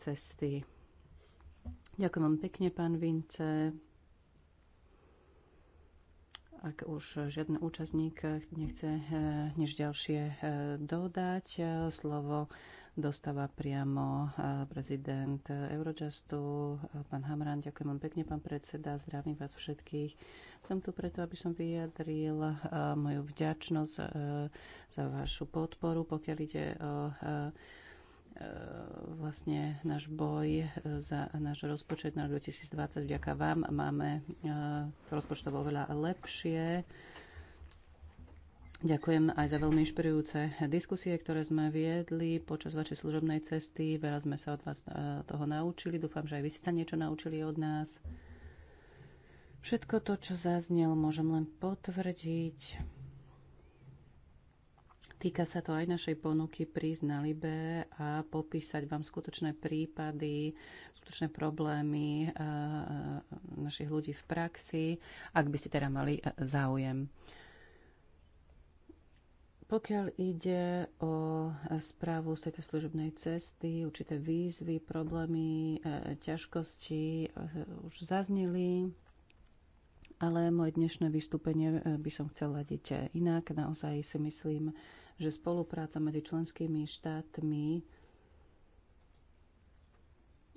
cesty. Ďakujem vám pekne, pán Vince. Ak už žiadny účastník nechce eh, nič ďalšie eh, dodať, eh, slovo dostáva priamo prezident Eurojustu, pán Hamran. Ďakujem vám pekne, pán predseda. Zdravím vás všetkých. Som tu preto, aby som vyjadril moju vďačnosť za vašu podporu, pokiaľ ide o E, vlastne náš boj e, za náš rozpočet na 2020 vďaka vám máme e, to rozpočtovo oveľa lepšie. Ďakujem aj za veľmi inšpirujúce diskusie, ktoré sme viedli počas vašej služobnej cesty. Veľa sme sa od vás toho naučili. Dúfam, že aj vy ste sa niečo naučili od nás. Všetko to, čo zaznel, môžem len potvrdiť. Týka sa to aj našej ponuky prísť na Libé a popísať vám skutočné prípady, skutočné problémy eh, eh, našich ľudí v praxi, ak by ste teda mali eh, záujem. Pokiaľ ide o správu z tejto služobnej cesty, určité výzvy, problémy, ťažkosti už zaznili, ale moje dnešné vystúpenie by som chcela ladiť inak. Naozaj si myslím, že spolupráca medzi členskými štátmi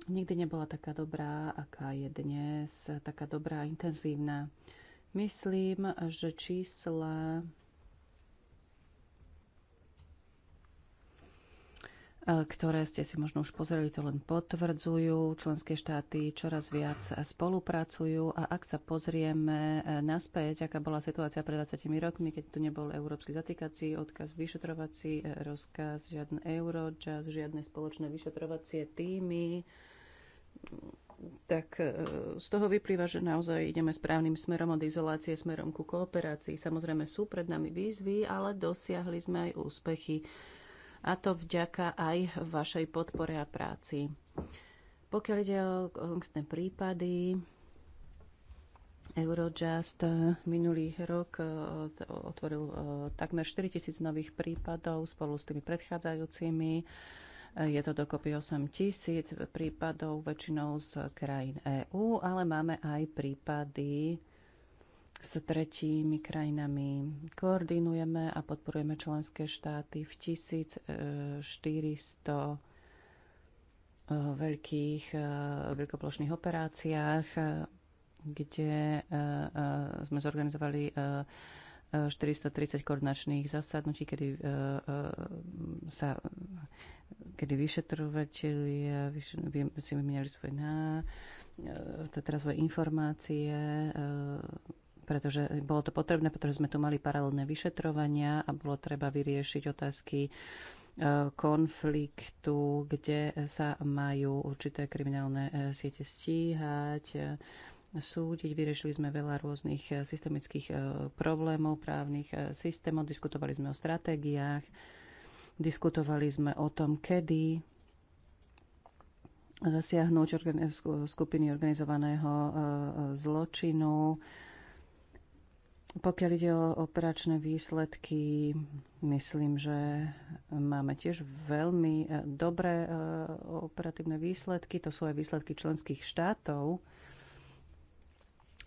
nikdy nebola taká dobrá, aká je dnes, taká dobrá, intenzívna. Myslím, že čísla Eh, ktoré ste si možno už pozreli, to len potvrdzujú. Členské štáty čoraz viac spolupracujú a ak sa pozrieme eh, naspäť, aká bola situácia pred 20 rokmi, keď tu nebol európsky zatýkací odkaz, vyšetrovací eh, rozkaz, žiadny čas, žiadne spoločné vyšetrovacie týmy, tak z toho vyplýva, že naozaj ideme správnym smerom od izolácie smerom ku kooperácii. Samozrejme sú pred nami výzvy, ale dosiahli sme aj úspechy a to vďaka aj vašej podpore a práci. Pokiaľ ide o konkrétne prípady, Eurojust minulý rok e, otvoril e, takmer 4000 nových prípadov spolu s tými predchádzajúcimi. E, je to dokopy 8 tisíc prípadov, väčšinou z krajín EÚ, ale máme aj prípady s tretími krajinami. Koordinujeme a podporujeme členské štáty v 1400 e, e, veľkých e, veľkoplošných operáciách, kde sme zorganizovali 430 koordinačných zasadnutí, kedy sa kedy vyšetrovateľi si vymenili svoje na, teda svoje informácie, pretože bolo to potrebné, pretože sme tu mali paralelné vyšetrovania a bolo treba vyriešiť otázky e, konfliktu, kde sa majú určité kriminálne e, siete stíhať, e, súdiť. Vyriešili sme veľa rôznych systemických problémov, právnych systémov, diskutovali sme o stratégiách, diskutovali sme o tom, kedy zasiahnuť skupiny organizovaného zločinu, pokiaľ ide o operačné výsledky, myslím, že máme tiež veľmi e, dobré e, operatívne výsledky. To sú aj výsledky členských štátov.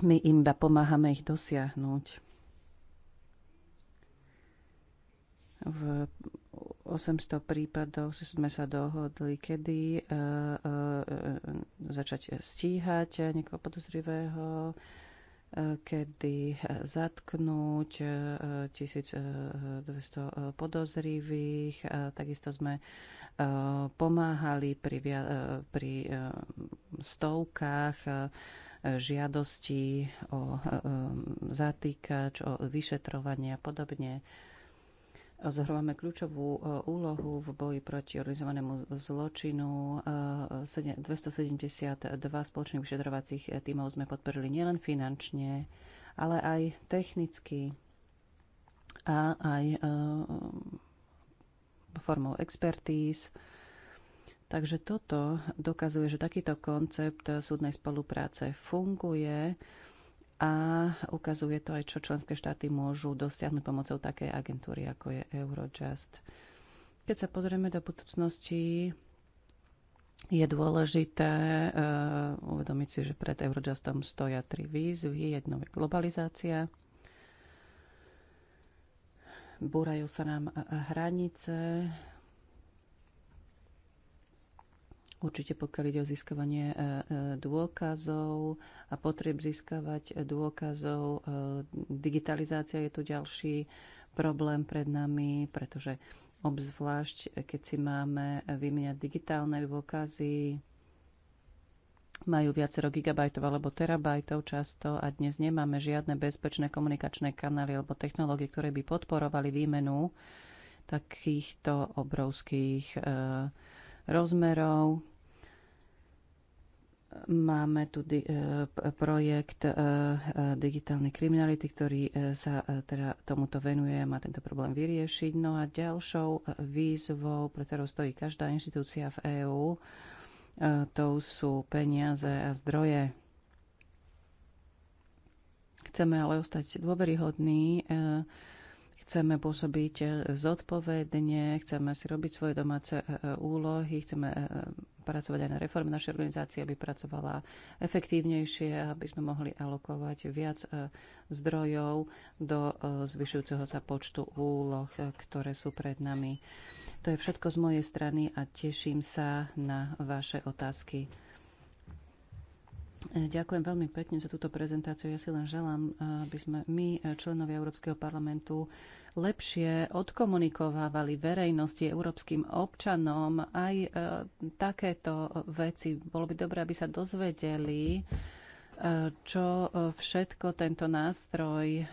My im iba pomáhame ich dosiahnuť. V 800 prípadoch sme sa dohodli, kedy e, začať stíhať niekoho podozrivého kedy zatknúť 1200 e, e, e, podozrivých. Takisto sme pomáhali pri, pri stovkách žiadostí o zatýkač, o vyšetrovanie a podobne zohrávame kľúčovú e, úlohu v boji proti organizovanému zločinu. 272 e, spoločných vyšetrovacích e, tímov sme podporili nielen finančne, ale aj technicky a aj formou expertíz. Takže toto dokazuje, že takýto koncept súdnej spolupráce funguje a ukazuje to aj, čo členské štáty môžu dosiahnuť pomocou takej agentúry, ako je Eurojust. Keď sa pozrieme do budúcnosti, je dôležité uh, uvedomiť si, že pred Eurojustom stoja tri výzvy. Jedno je globalizácia, búrajú sa nám hranice, Určite pokiaľ ide o získavanie e, e, dôkazov a potrieb získavať e, dôkazov, digitalizácia je tu ďalší problém pred nami, pretože obzvlášť keď si máme vymieňať digitálne dôkazy, majú viacero gigabajtov alebo terabajtov často a dnes nemáme žiadne bezpečné komunikačné kanály alebo technológie, ktoré by podporovali výmenu takýchto obrovských rozmerov. Máme tu di- e, projekt e, e, digitálnej kriminality, ktorý sa teda tomuto venuje a má tento problém vyriešiť. No a ďalšou výzvou, pre ktorou stojí každá inštitúcia v EÚ, to sú peniaze a zdroje. Chceme ale ostať dôveryhodní, chceme pôsobiť zodpovedne, chceme si robiť svoje domáce úlohy, chceme pracovať aj na reforme našej organizácie, aby pracovala efektívnejšie, aby sme mohli alokovať viac e, zdrojov do e, zvyšujúceho sa počtu úloh, e, ktoré sú pred nami. To je všetko z mojej strany a teším sa na vaše otázky. E, ďakujem veľmi pekne za túto prezentáciu. Ja si len želám, e, aby sme my, e, členovia Európskeho parlamentu, lepšie odkomunikovávali verejnosti, európskym občanom aj takéto veci. Bolo by dobré, aby sa dozvedeli, čo všetko tento nástroj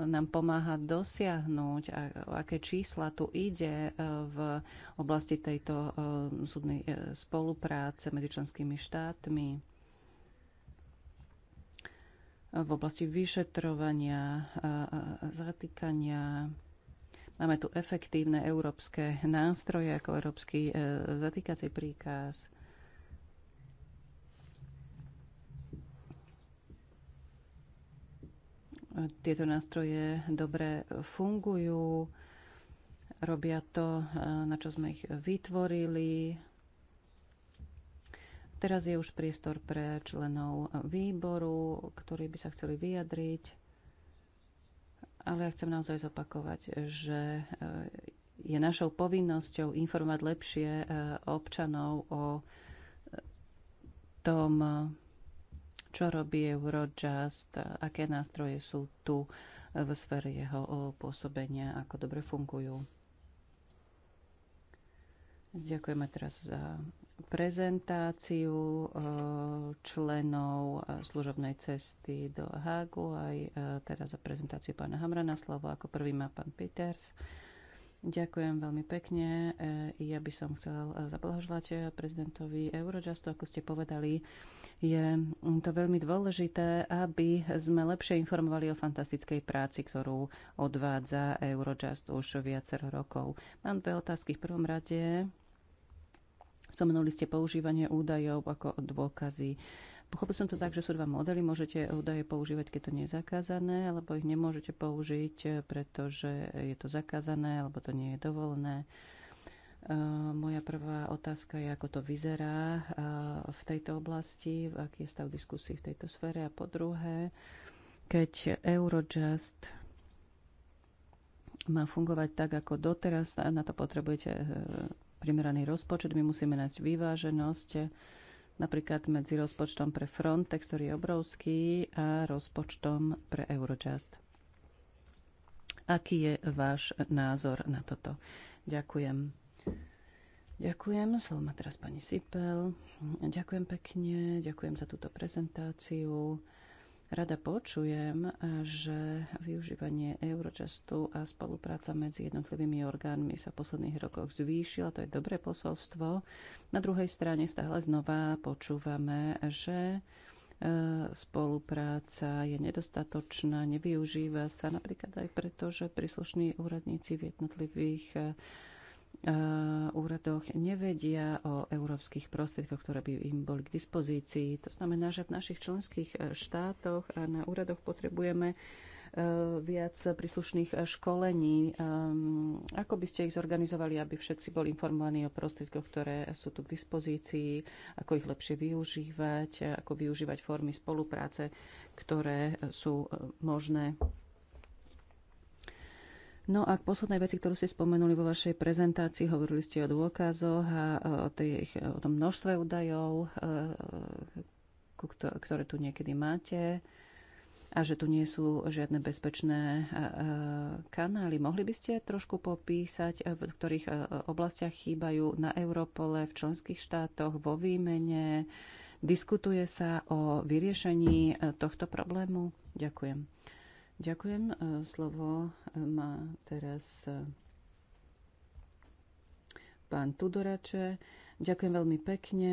nám pomáha dosiahnuť, a o aké čísla tu ide v oblasti tejto súdnej spolupráce medzi členskými štátmi v oblasti vyšetrovania, zatýkania. Máme tu efektívne európske nástroje, ako európsky e, zatýkací príkaz. Tieto nástroje dobre fungujú, robia to, e, na čo sme ich vytvorili, Teraz je už priestor pre členov výboru, ktorí by sa chceli vyjadriť. Ale ja chcem naozaj zopakovať, že e, je našou povinnosťou informovať lepšie e, občanov o e, tom, čo robí Eurojust, aké nástroje sú tu v sfére jeho pôsobenia, ako dobre fungujú. Ďakujeme teraz za prezentáciu eh, členov eh, služobnej cesty do Hágu, aj eh, teraz za prezentáciu pána Hamrana. Slovo ako prvý má pán Peters. Ďakujem veľmi pekne. Ja by som chcel zablahoželať prezidentovi Eurojustu, ako ste povedali. Je mm, to veľmi dôležité, aby sme lepšie informovali o fantastickej práci, ktorú odvádza Eurojust už viacero rokov. Mám dve otázky v prvom rade Spomenuli ste používanie údajov ako dôkazy. Pochopil som to tak, že sú dva modely. Môžete údaje používať, keď to nie je zakázané, alebo ich nemôžete použiť, pretože je to zakázané, alebo to nie je dovolené. Uh, moja prvá otázka je, ako to vyzerá uh, v tejto oblasti, aký je stav diskusí v tejto sfére. A po druhé, keď Eurojust má fungovať tak, ako doteraz, na to potrebujete uh, primeraný rozpočet. My musíme nájsť vyváženosť napríklad medzi rozpočtom pre Frontex, ktorý je obrovský, a rozpočtom pre Eurojust. Aký je váš názor na toto? Ďakujem. Ďakujem, slovo má teraz pani Sipel. Ďakujem pekne, ďakujem za túto prezentáciu. Rada počujem, že využívanie Eurojustu a spolupráca medzi jednotlivými orgánmi sa v posledných rokoch zvýšila, to je dobré posolstvo. Na druhej strane stále znova počúvame, že e, spolupráca je nedostatočná, nevyužíva sa napríklad aj preto, že príslušní úradníci v jednotlivých e, E, úradoch nevedia o európskych prostriedkoch, ktoré by im boli k dispozícii. To znamená, že v našich členských e, štátoch a na úradoch potrebujeme e, viac príslušných školení. Ako by ste ich zorganizovali, aby všetci boli informovaní o prostriedkoch, ktoré sú tu k dispozícii, ako ich lepšie využívať, ako využívať formy spolupráce, ktoré sú možné No a k poslednej veci, ktorú ste spomenuli vo vašej prezentácii, hovorili ste o dôkazoch a o, tých, o tom množstve údajov, e, ktoré tu niekedy máte a že tu nie sú žiadne bezpečné e, e, kanály. Mohli by ste trošku popísať, v ktorých oblastiach chýbajú na Europole, v členských štátoch, vo výmene? Diskutuje sa o vyriešení tohto problému? Ďakujem. Ďakujem. E, slovo e, má teraz e, pán Tudorače. Ďakujem veľmi pekne.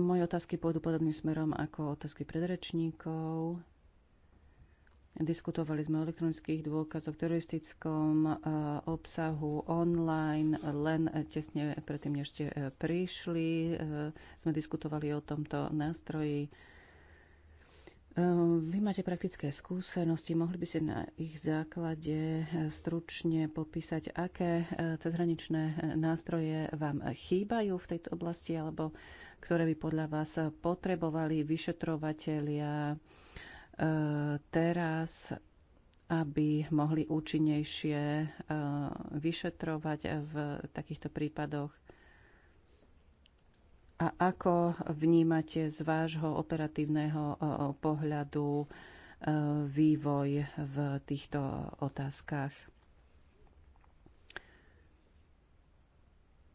Moje otázky pôjdu podobným smerom ako otázky predrečníkov. Diskutovali sme o elektronických dôkazoch, teroristickom obsahu online, len tesne predtým, než ste prišli. Sme diskutovali o tomto nástroji Ehm, vy máte praktické skúsenosti, mohli by ste na ich základe eh, stručne popísať, aké eh, cezhraničné eh, nástroje vám chýbajú v tejto oblasti, alebo ktoré by podľa vás potrebovali vyšetrovateľia teraz, aby mohli účinnejšie vyšetrovať v takýchto prípadoch. A ako vnímate z vášho operatívneho pohľadu e, vývoj v týchto otázkach?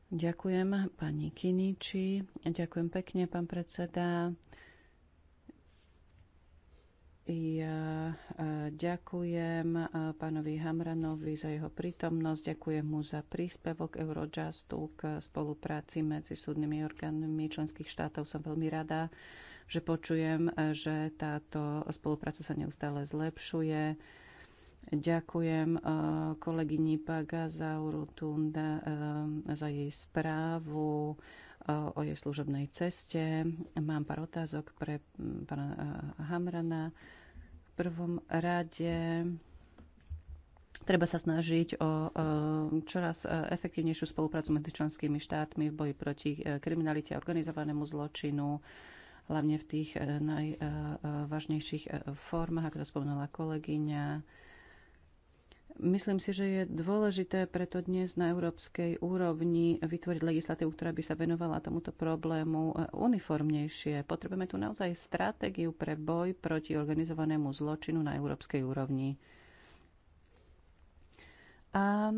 Ďakujem pani Kiniči. Ďakujem pekne, pán predseda. Ja e, ďakujem e, pánovi Hamranovi za jeho prítomnosť, ďakujem mu za príspevok Eurojustu k spolupráci medzi súdnymi orgánmi členských štátov. Som veľmi rada, že počujem, e, že táto spolupráca sa neustále zlepšuje. Ďakujem kolegyni za Urutunda za jej správu o jej služobnej ceste. Mám pár otázok pre pána e, Hamrana. V prvom rade treba sa snažiť o e, čoraz e, efektívnejšiu spoluprácu medzi členskými štátmi v boji proti kriminalite a organizovanému zločinu hlavne v tých najvážnejších formách, ako to spomenula kolegyňa Myslím si, že je dôležité preto dnes na európskej úrovni vytvoriť legislatívu, ktorá by sa venovala tomuto problému uniformnejšie. Potrebujeme tu naozaj stratégiu pre boj proti organizovanému zločinu na európskej úrovni. A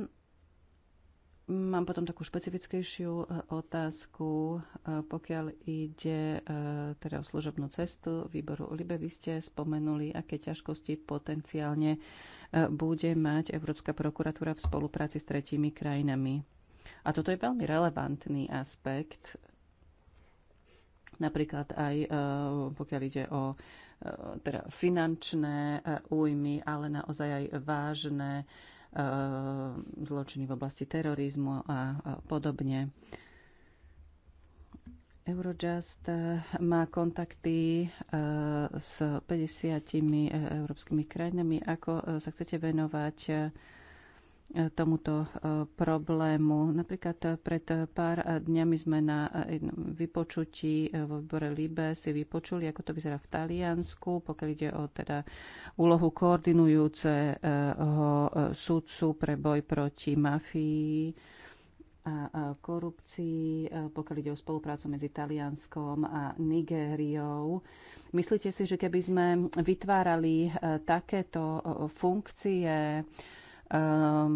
Mám potom takú špecifickejšiu e, otázku, e, pokiaľ ide e, teda o služobnú cestu výboru Libe. Vy ste spomenuli, aké ťažkosti potenciálne bude mať Európska prokuratúra v spolupráci s tretími krajinami. A toto je veľmi relevantný aspekt, napríklad aj e, pokiaľ ide o e, teda finančné e, újmy, ale naozaj aj vážne zločiny v oblasti terorizmu a podobne. Eurojust eh, má kontakty eh, s 50 eh, európskymi krajinami. Ako sa chcete venovať tomuto problému. Napríklad pred pár dňami sme na vypočutí vo výbore Libe si vypočuli, ako to vyzerá v Taliansku, pokiaľ ide o teda úlohu koordinujúceho sudcu pre boj proti mafii a korupcii, e, pokiaľ ide o spoluprácu medzi Talianskom a Nigériou. Myslíte si, že keby sme vytvárali e, takéto e, funkcie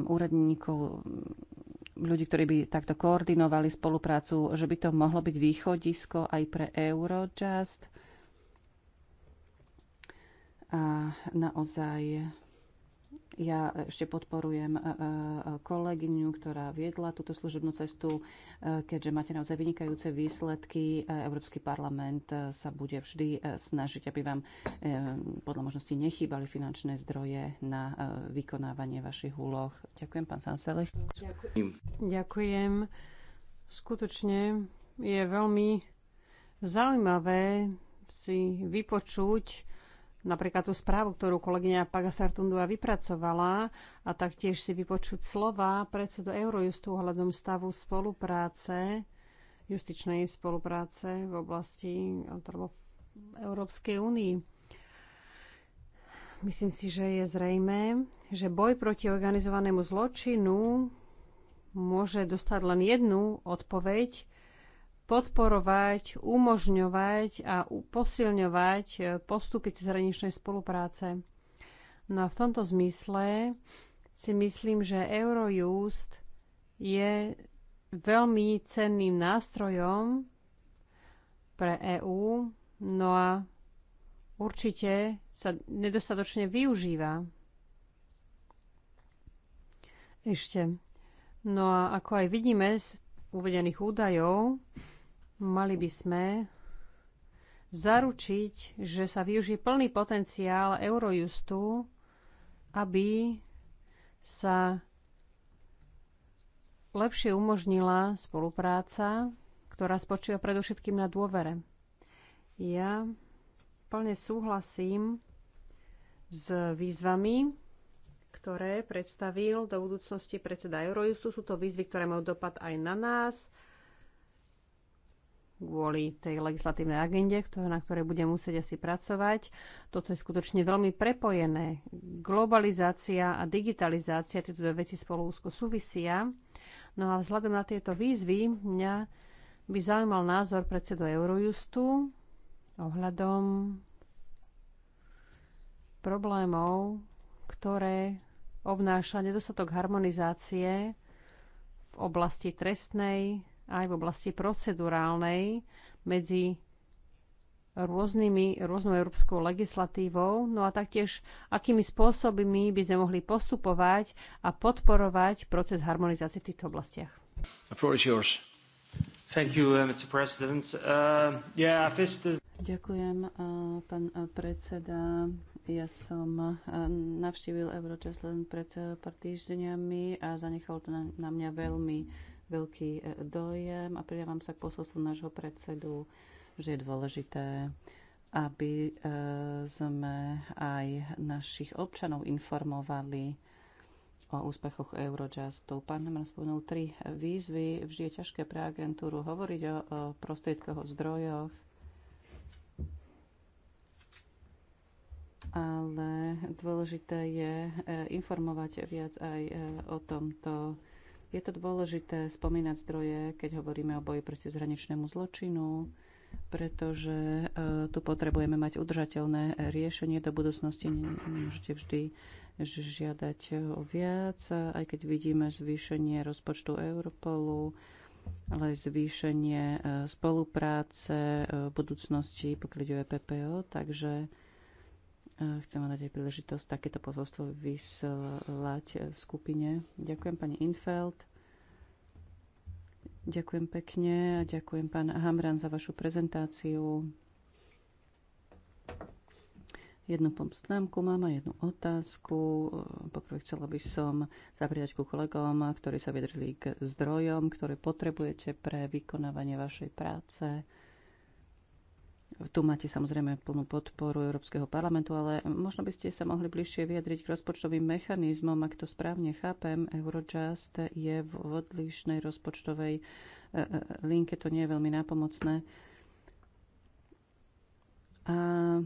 úradníkov, ľudí, ktorí by takto koordinovali spoluprácu, že by to mohlo byť východisko aj pre Eurojust? A naozaj ja ešte podporujem e, e, kolegyňu, ktorá viedla túto služobnú cestu, e, keďže máte naozaj vynikajúce výsledky. Európsky parlament sa bude vždy snažiť, aby vám podľa možnosti nechýbali finančné zdroje na vykonávanie vašich úloh. Ďakujem, pán Sanselech. Ďakujem. Ďakujem. Skutočne je veľmi zaujímavé si vypočuť napríklad tú správu, ktorú kolegyňa Pagasartundua vypracovala a taktiež si vypočuť slova predsedu Eurojustu ohľadom stavu spolupráce, justičnej spolupráce v oblasti alebo v Európskej únii. Myslím si, že je zrejme, že boj proti organizovanému zločinu môže dostať len jednu odpoveď podporovať, umožňovať a posilňovať e, postupy zahraničnej spolupráce. No a v tomto zmysle si myslím, že Eurojust je veľmi cenným nástrojom pre EÚ, no a určite sa nedostatočne využíva. Ešte. No a ako aj vidíme z uvedených údajov, Mali by sme zaručiť, že sa využije plný potenciál Eurojustu, aby sa lepšie umožnila spolupráca, ktorá spočíva predovšetkým na dôvere. Ja plne súhlasím s výzvami, ktoré predstavil do budúcnosti predseda Eurojustu. Sú to výzvy, ktoré majú dopad aj na nás, kvôli tej legislatívnej agende, na ktorej bude musieť asi pracovať. Toto je skutočne veľmi prepojené. Globalizácia a digitalizácia, tieto dve veci spolu úzko súvisia. No a vzhľadom na tieto výzvy mňa by zaujímal názor predsedu Eurojustu ohľadom problémov, ktoré obnáša nedostatok harmonizácie v oblasti trestnej, aj v oblasti procedurálnej medzi rôznymi, rôznou európskou legislatívou, no a taktiež akými spôsobmi by sme mohli postupovať a podporovať proces harmonizácie v týchto oblastiach. Uh, uh, Ďakujem, uh, pán predseda. Ja som navštívil Eurochest len pred pár týždňami a zanechal to na, na mňa veľmi veľký e, dojem a pridávam sa k posolstvu nášho predsedu, že je dôležité, aby e, sme aj našich občanov informovali o úspechoch Eurojustu. Pán Heman spomenul tri výzvy. Vždy je ťažké pre agentúru hovoriť o, o prostriedkoch, o zdrojoch, ale dôležité je e, informovať viac aj o tomto je to dôležité spomínať zdroje, keď hovoríme o boji proti zhraničnému zločinu, pretože e, tu potrebujeme mať udržateľné riešenie do budúcnosti. Nemôžete vždy žiadať o viac, aj keď vidíme zvýšenie rozpočtu Europolu, ale aj zvýšenie e, spolupráce e, v budúcnosti, pokiaľ ide PPO, takže Chcem vám dať aj príležitosť takéto posolstvo vyslať e, skupine. Ďakujem pani Infeld. Ďakujem pekne a ďakujem pán Hamran za vašu prezentáciu. Jednu pomstnámku mám a jednu otázku. E, poprvé chcela by som zapridať ku kolegom, ktorí sa vydržili k zdrojom, ktoré potrebujete pre vykonávanie vašej práce. Tu máte samozrejme plnú podporu Európskeho parlamentu, ale možno by ste sa mohli bližšie vyjadriť k rozpočtovým mechanizmom. Ak to správne chápem, Eurojust je v odlišnej rozpočtovej e, e, linke, to nie je veľmi nápomocné. A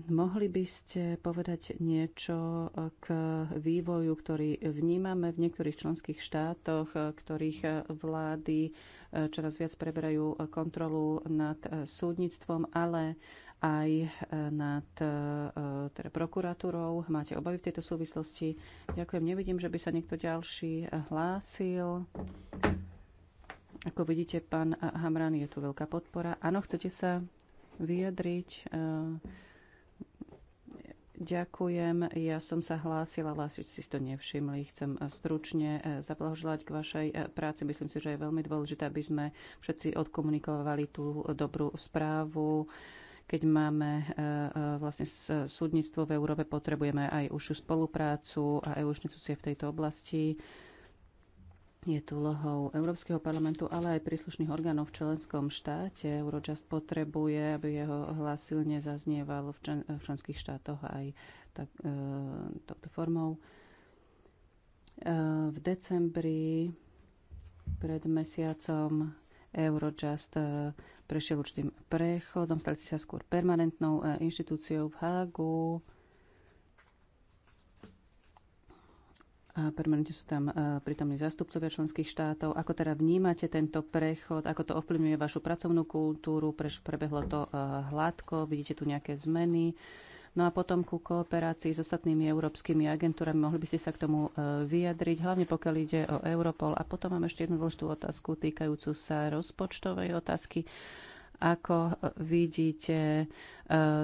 mohli by ste povedať niečo k vývoju, ktorý vnímame v niektorých členských štátoch, ktorých vlády e, čoraz viac preberajú kontrolu nad súdnictvom, ale aj e, nad e, teda prokuratúrou. Máte obavy v tejto súvislosti? Ďakujem. Nevidím, že by sa niekto ďalší e, hlásil. Ako vidíte, pán Hamran, je tu veľká podpora. Áno, chcete sa vyjadriť? Ďakujem. Ja som sa hlásila, ale asi si to nevšimli. Chcem stručne zablahoželať k vašej práci. Myslím si, že je veľmi dôležité, aby sme všetci odkomunikovali tú dobrú správu keď máme e, e, vlastne súdnictvo v Európe, potrebujeme aj užšiu spoluprácu a EU inštitúcie v tejto oblasti. Je tu lohou Európskeho parlamentu, ale aj príslušných orgánov v členskom štáte. Eurojust potrebuje, aby jeho hlas silne zaznieval v, člen, v členských štátoch aj tak, e, touto formou. E, v decembri pred mesiacom Eurojust e, prešiel určitým prechodom, stali ste sa skôr permanentnou e, inštitúciou v HAGU. A permanentne sú tam e, prítomní zástupcovia členských štátov. Ako teda vnímate tento prechod? Ako to ovplyvňuje vašu pracovnú kultúru? prebehlo to hladko? Vidíte tu nejaké zmeny? No a potom ku kooperácii s ostatnými európskymi agentúrami. Mohli by ste sa k tomu e, vyjadriť, hlavne pokiaľ ide o Europol. A potom mám ešte jednu dôležitú otázku týkajúcu sa rozpočtovej otázky. Ako e, vidíte e,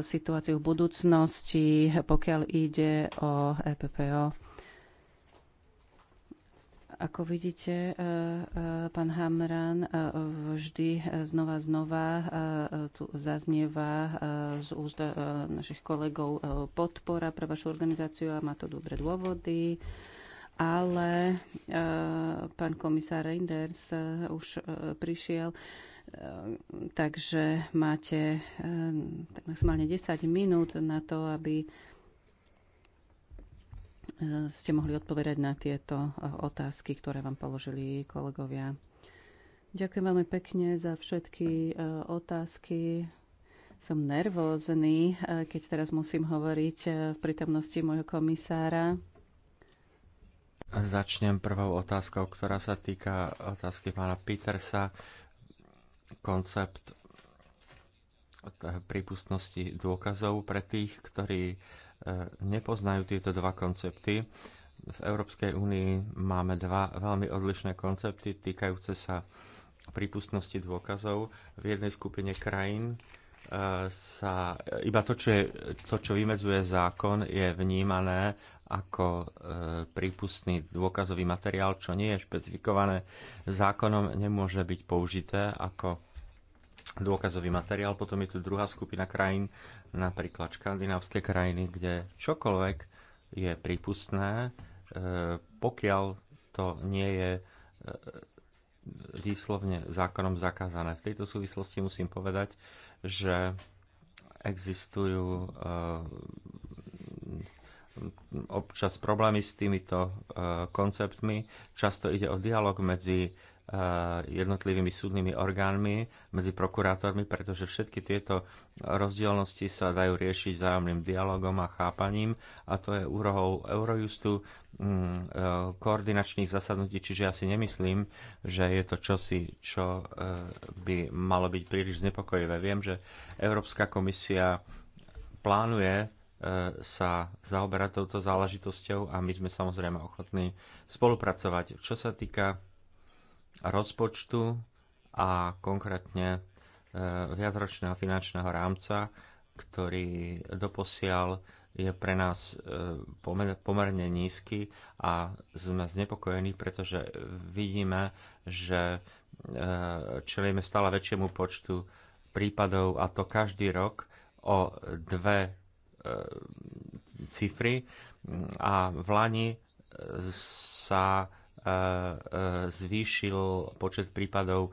situáciu v budúcnosti, pokiaľ ide o EPPO? Ako vidíte, e, e, pán Hamran e, vždy znova znova tu zaznieva z úst našich kolegov podpora pre vašu organizáciu a má to dobré dôvody. Ale pán komisár Reinders už prišiel, takže máte tak maximálne 10 minút na to, aby ste mohli odpovedať na tieto e, otázky, ktoré vám položili kolegovia. Ďakujem veľmi pekne za všetky e, otázky. Som nervózny, e, keď teraz musím hovoriť v prítomnosti môjho komisára. Začnem prvou otázkou, ktorá sa týka otázky pána Petersa. Koncept prípustnosti dôkazov pre tých, ktorí E, nepoznajú tieto dva koncepty. V Európskej únii máme dva veľmi odlišné koncepty týkajúce sa prípustnosti dôkazov. V jednej skupine krajín e, sa iba to, čo, je, to, čo vymedzuje zákon, je vnímané ako e, prípustný dôkazový materiál, čo nie je špecifikované zákonom, nemôže byť použité ako dôkazový materiál. Potom je tu druhá skupina krajín, napríklad škandinávské krajiny, kde čokoľvek je prípustné, e, pokiaľ to nie je e, výslovne zákonom zakázané. V tejto súvislosti musím povedať, že existujú e, občas problémy s týmito konceptmi. Často ide o dialog medzi Eh, jednotlivými súdnymi orgánmi, medzi prokurátormi, pretože všetky tieto rozdielnosti sa dajú riešiť vzájomným dialogom a chápaním a to je úrohou Eurojustu mm, eh, koordinačných zasadnutí, čiže ja si nemyslím, že je to čosi, čo eh, by malo byť príliš znepokojivé. Viem, že Európska komisia plánuje sa zaoberať touto záležitosťou a my sme samozrejme ochotní spolupracovať. Čo sa týka rozpočtu a konkrétne e, viacročného finančného rámca, ktorý doposiaľ je pre nás e, pomerne nízky a sme znepokojení, pretože vidíme, že e, čelíme stále väčšiemu počtu prípadov a to každý rok o dve cifry a v Lani sa zvýšil počet prípadov,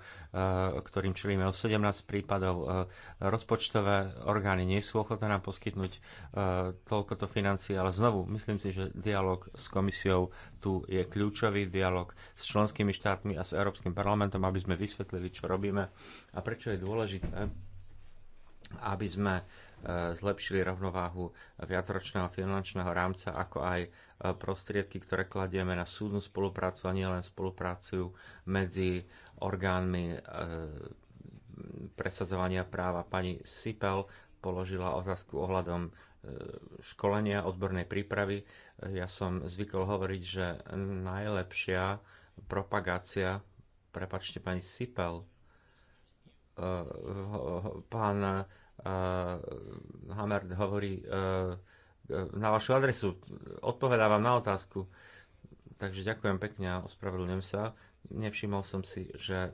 ktorým čelíme o 17 prípadov. Rozpočtové orgány nie sú ochotné nám poskytnúť toľkoto financií, ale znovu myslím si, že dialog s komisiou tu je kľúčový, dialog s členskými štátmi a s Európskym parlamentom, aby sme vysvetlili, čo robíme a prečo je dôležité, aby sme zlepšili rovnováhu viacročného finančného rámca, ako aj e, prostriedky, ktoré kladieme na súdnu spoluprácu a nielen spoluprácu medzi orgánmi e, presadzovania práva. Pani Sipel položila otázku ohľadom e, školenia, odbornej prípravy. Ja som zvykol hovoriť, že najlepšia propagácia, prepačte pani Sipel, pán Eh, Hammer hovorí eh, na vašu adresu. Odpovedá vám na otázku. Takže ďakujem pekne a ospravedlňujem sa. Nevšimol som si, že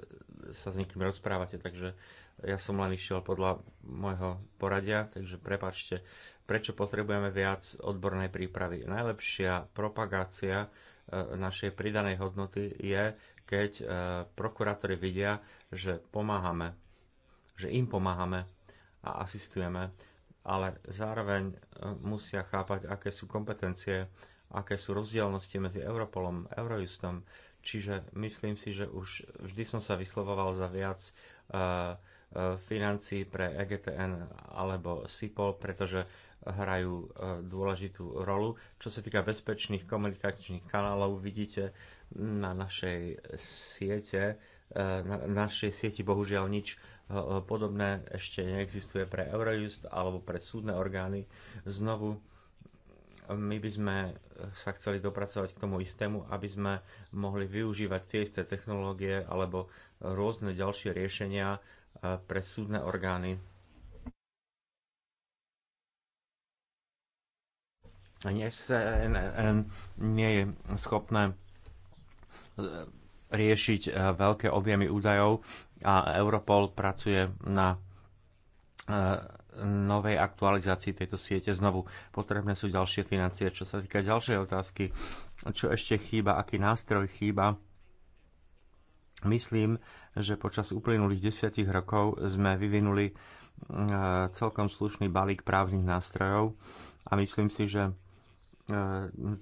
sa s nikým rozprávate, takže ja som len išiel podľa môjho poradia, takže prepačte. Prečo potrebujeme viac odbornej prípravy? Najlepšia propagácia eh, našej pridanej hodnoty je, keď prokurátori vidia, že pomáhame, že im pomáhame, a asistujeme, ale zároveň e, musia chápať, aké sú kompetencie, aké sú rozdielnosti medzi Europolom, Eurojustom. Čiže myslím si, že už vždy som sa vyslovoval za viac uh, e, e, financí pre EGTN alebo SIPOL, pretože hrajú dôležitú rolu. Čo sa týka bezpečných komunikačných kanálov, vidíte na našej siete, na našej sieti bohužiaľ nič podobné ešte neexistuje pre Eurojust alebo pre súdne orgány. Znovu, my by sme sa chceli dopracovať k tomu istému, aby sme mohli využívať tie isté technológie alebo rôzne ďalšie riešenia e, pre súdne orgány. SNN nie je schopné e, riešiť e, veľké objemy údajov a Europol pracuje na e, novej aktualizácii tejto siete. Znovu potrebné sú ďalšie financie. Čo sa týka ďalšej otázky, čo ešte chýba, aký nástroj chýba, myslím, že počas uplynulých desiatich rokov sme vyvinuli e, celkom slušný balík právnych nástrojov a myslím si, že E,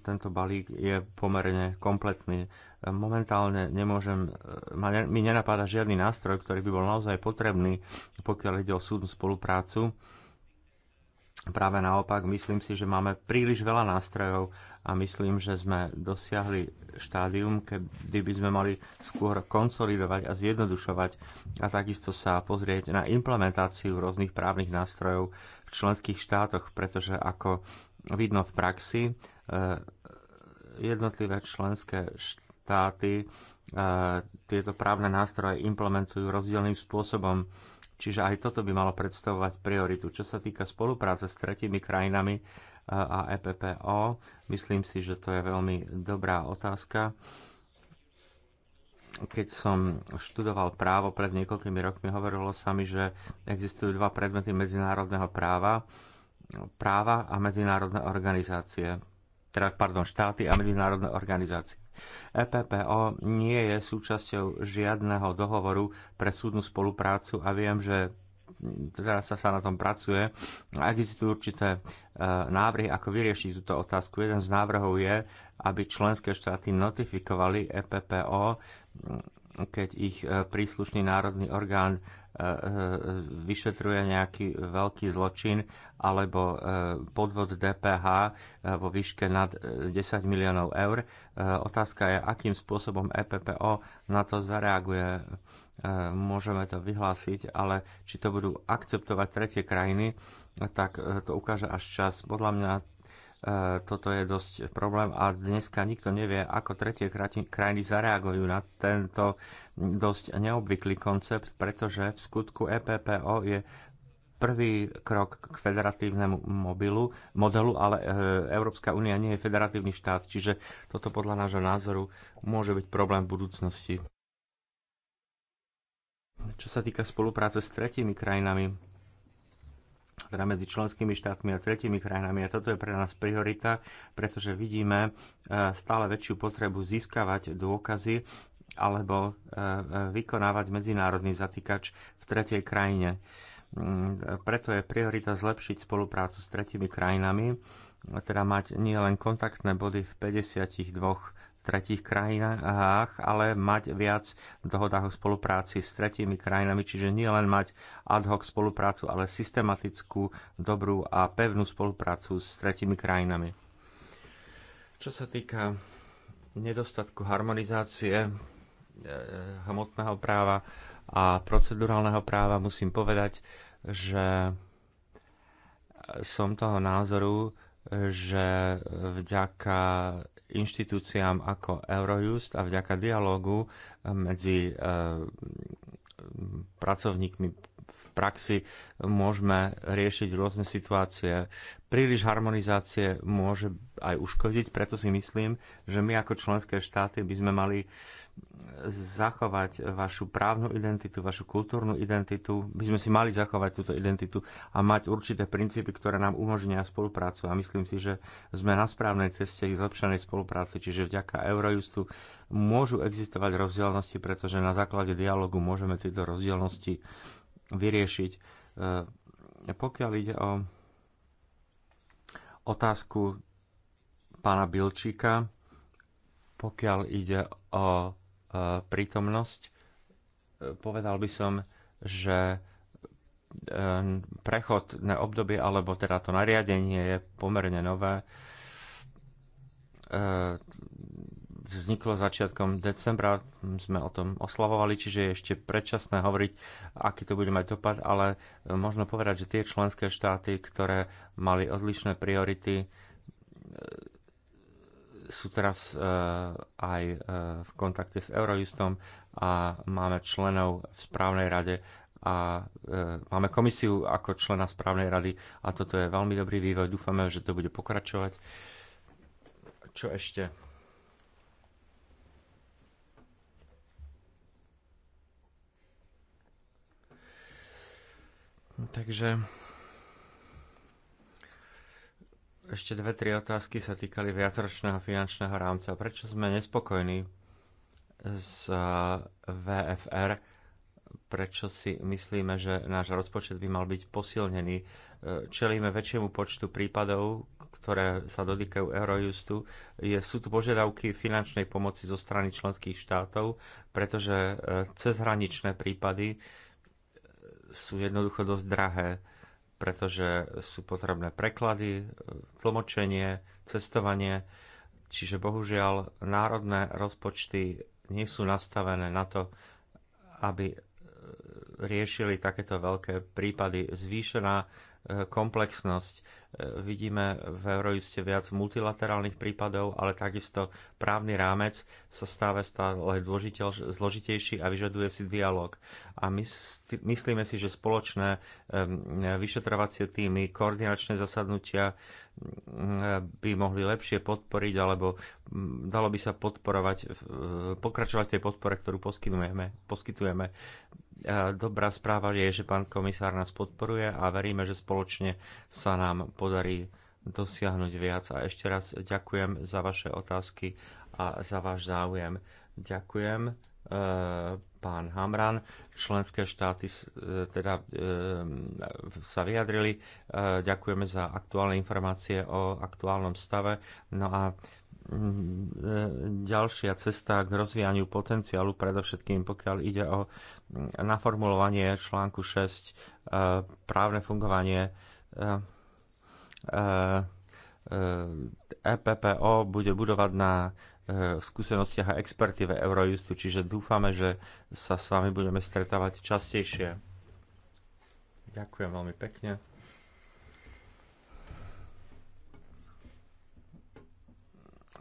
tento balík je pomerne kompletný. E, momentálne nemôžem, e, mi nenapáda žiadny nástroj, ktorý by bol naozaj potrebný, pokiaľ ide o súdnu spoluprácu. Práve naopak, myslím si, že máme príliš veľa nástrojov a myslím, že sme dosiahli štádium, kedy by sme mali skôr konsolidovať a zjednodušovať a takisto sa pozrieť na implementáciu rôznych právnych nástrojov v členských štátoch, pretože ako vidno v praxi. Eh, jednotlivé členské štáty eh, tieto právne nástroje implementujú rozdielným spôsobom. Čiže aj toto by malo predstavovať prioritu. Čo sa týka spolupráce s tretimi krajinami eh, a EPPO, myslím si, že to je veľmi dobrá otázka. Keď som študoval právo pred niekoľkými rokmi, hovorilo sa mi, že existujú dva predmety medzinárodného práva, práva a medzinárodné organizácie teda, pardon, štáty a medzinárodné organizácie. EPPO nie je súčasťou žiadneho dohovoru pre súdnu spoluprácu a viem, že teraz sa, na tom pracuje. Existujú určité e, návrhy, ako vyriešiť túto otázku. Jeden z návrhov je, aby členské štáty notifikovali EPPO, keď ich e, príslušný národný orgán E, e, vyšetruje nejaký veľký zločin alebo e, podvod DPH vo výške nad 10 miliónov eur. Otázka je, akým spôsobom EPPO na to zareaguje. Môžeme to vyhlásiť, ale či to budú akceptovať tretie krajiny, tak to ukáže až čas. Podľa mňa E, toto je dosť problém a dneska nikto nevie, ako tretie krajiny zareagujú na tento dosť neobvyklý koncept, pretože v skutku EPPO je prvý krok k federatívnemu mobilu, modelu, ale e, Európska únia nie je federatívny štát, čiže toto podľa nášho názoru môže byť problém v budúcnosti. Čo sa týka spolupráce s tretími krajinami, teda medzi členskými štátmi a tretimi krajinami. A toto je pre nás priorita, pretože vidíme e, stále väčšiu potrebu získavať dôkazy alebo e, e, vykonávať medzinárodný zatýkač v tretej krajine. Mm, preto je priorita zlepšiť spoluprácu s tretimi krajinami, teda mať nielen kontaktné body v 52 tretích krajinách, ale mať viac v dohodách o spolupráci s tretími krajinami, čiže nie len mať ad hoc spoluprácu, ale systematickú, dobrú a pevnú spoluprácu s tretími krajinami. Čo sa týka nedostatku harmonizácie e, hmotného práva a procedurálneho práva, musím povedať, že som toho názoru, že vďaka inštitúciám ako Eurojust a vďaka dialogu eh, medzi eh, pracovníkmi v praxi môžeme riešiť rôzne situácie. Príliš harmonizácie môže aj uškodiť, preto si myslím, že my ako členské štáty by sme mali uh, zachovať vašu právnu identitu, vašu kultúrnu identitu. By sme si mali zachovať túto identitu a mať určité princípy, ktoré nám umožnia spoluprácu. A myslím si, že sme na správnej ceste k zlepšenej spolupráci, čiže vďaka Eurojustu môžu existovať rozdielnosti, pretože na základe dialogu môžeme tieto rozdielnosti vyriešiť. E, pokiaľ ide o otázku pána Bilčíka, pokiaľ ide o E, prítomnosť. E, povedal by som, že e, prechodné obdobie, alebo teda to nariadenie je pomerne nové. Vzniklo začiatkom decembra, sme o tom oslavovali, čiže je ešte predčasné hovoriť, aký to bude mať dopad, ale možno povedať, že tie členské štáty, ktoré mali odlišné priority, sú teraz e, aj e, v kontakte s Eurojustom a máme členov v správnej rade a e, máme komisiu ako člena správnej rady a toto je veľmi dobrý vývoj. Dúfame, že to bude pokračovať. Čo ešte? Takže ešte dve, tri otázky sa týkali viacročného finančného rámca. Prečo sme nespokojní s eh, VFR? Prečo si myslíme, že náš rozpočet by mal byť posilnený? Eh, čelíme väčšiemu počtu prípadov, ktoré sa dotýkajú Eurojustu. Je, sú tu požiadavky finančnej pomoci zo strany členských štátov, pretože eh, cezhraničné prípady sú jednoducho dosť drahé pretože sú potrebné preklady, e, tlmočenie, cestovanie, čiže bohužiaľ národné rozpočty nie sú nastavené na to, aby e, riešili takéto veľké prípady. Zvýšená Eh, komplexnosť. Eh, vidíme v Eurojuste viac multilaterálnych prípadov, ale takisto právny rámec sa stáva stále zložitejší a vyžaduje si dialog. A my myslíme si, že spoločné eh, vyšetrovacie týmy, koordinačné zasadnutia mm, by mohli lepšie podporiť, alebo mm, dalo by sa podporovať, pokračovať tej podpore, ktorú poskytujeme. poskytujeme Dobrá správa je, že pán komisár nás podporuje a veríme, že spoločne sa nám podarí dosiahnuť viac. A ešte raz ďakujem za vaše otázky a za váš záujem. Ďakujem e, pán Hamran. Členské štáty e, teda e, sa vyjadrili. Ďakujeme za aktuálne informácie o aktuálnom stave. No a Mm, e, ďalšia cesta k rozvíjaniu potenciálu, predovšetkým pokiaľ ide o mm, naformulovanie článku 6, e, právne fungovanie EPPO e, bude budovať na skúsenostiach a expertíve Eurojustu, čiže dúfame, že sa s vami budeme stretávať častejšie. Ďakujem veľmi pekne.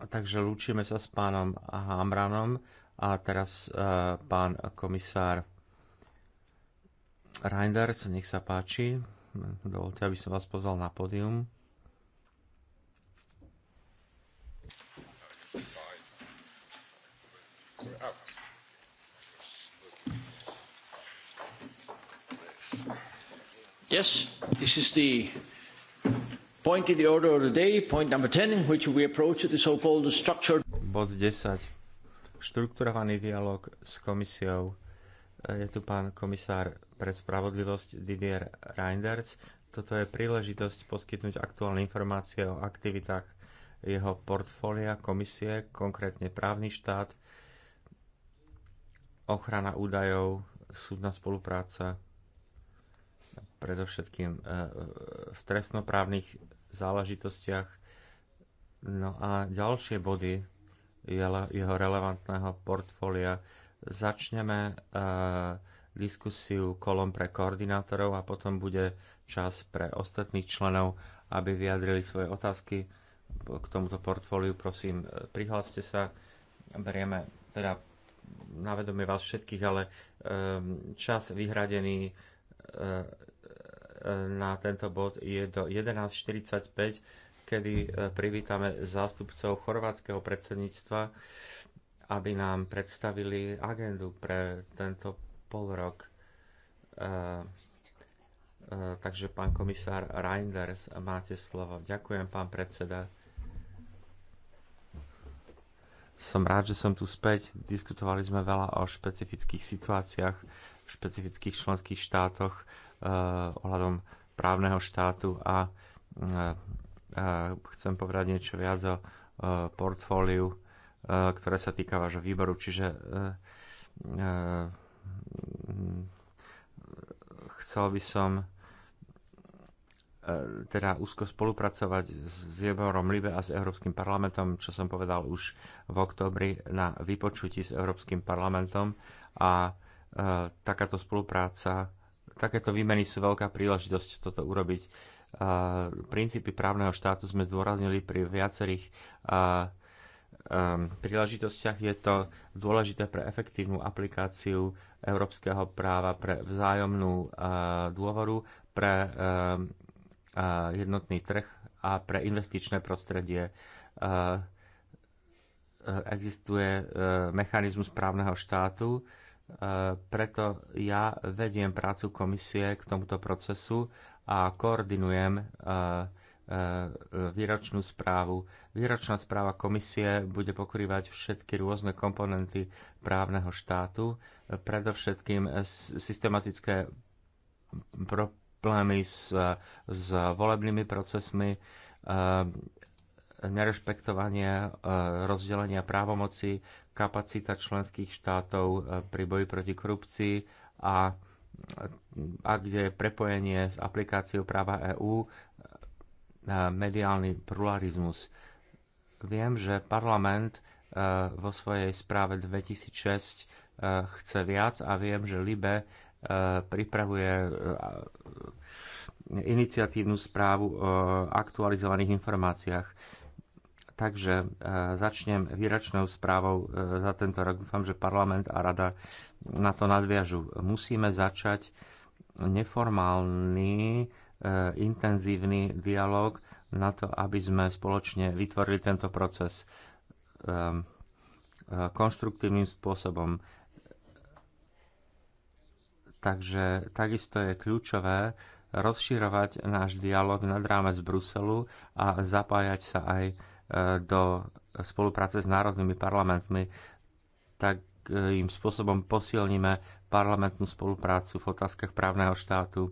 Takže lúčime sa s pánom Hamranom a teraz e, pán komisár Reinders, nech sa páči. Dovolte, aby som vás pozval na pódium. Yes, this is the Point in the order of the day, point number 10, which we approach the so-called structured... Bod 10. Štrukturovaný dialog s komisiou. E, je tu pán komisár pre spravodlivosť Didier Reinders. Toto je príležitosť poskytnúť aktuálne informácie o aktivitách jeho portfólia komisie, konkrétne právny štát, ochrana údajov, súdna spolupráca, predovšetkým e, v trestnoprávnych záležitostiach. No a ďalšie body jeho relevantného portfólia. Začneme e, diskusiu kolom pre koordinátorov a potom bude čas pre ostatných členov, aby vyjadrili svoje otázky k tomuto portfóliu. Prosím, e, prihláste sa. Berieme teda na vedomie vás všetkých, ale čas vyhradený na tento bod je do 11.45, kedy e, privítame zástupcov chorvátskeho predsedníctva, aby nám predstavili agendu pre tento pol rok. E, e, takže pán komisár Reinders, máte slovo. Ďakujem, pán predseda. Som rád, že som tu späť. Diskutovali sme veľa o špecifických situáciách v špecifických členských štátoch Eh, ohľadom právneho štátu a eh, eh, chcem povedať niečo viac o portfóliu, ktoré sa týka vášho výboru. Čiže chcel by som teda úzko spolupracovať s výborom Libe a s Európskym parlamentom, čo som povedal už v oktobri na vypočutí s Európskym parlamentom a e, takáto spolupráca takéto výmeny sú veľká príležitosť toto urobiť. Uh, princípy právneho štátu sme zdôraznili pri viacerých uh, um, príležitostiach. Je to dôležité pre efektívnu aplikáciu európskeho práva, pre vzájomnú uh, dôvoru, pre um, uh, jednotný trh a pre investičné prostredie. Uh, existuje e, mechanizmus právneho štátu, preto ja vediem prácu komisie k tomuto procesu a koordinujem e, e, výročnú správu. Výročná správa komisie bude pokrývať všetky rôzne komponenty právneho štátu, predovšetkým systematické problémy s, s volebnými procesmi, e, nerešpektovanie rozdelenia právomoci, kapacita členských štátov e, pri boji proti korupcii a, a kde je prepojenie s aplikáciou práva EÚ e, mediálny pluralizmus. Viem, že parlament e, vo svojej správe 2006 chce viac a viem, že Libe pripravuje iniciatívnu správu o aktualizovaných informáciách Takže e, začnem výračnou správou e, za tento rok. Dúfam, že parlament a rada na to nadviažu. Musíme začať neformálny, e, intenzívny dialog na to, aby sme spoločne vytvorili tento proces konštruktívnym spôsobom. Takže takisto je kľúčové rozširovať náš dialog nad rámec Bruselu a zapájať sa aj do spolupráce s národnými parlamentmi, tak e, im spôsobom posilníme parlamentnú spoluprácu v otázkach právneho štátu.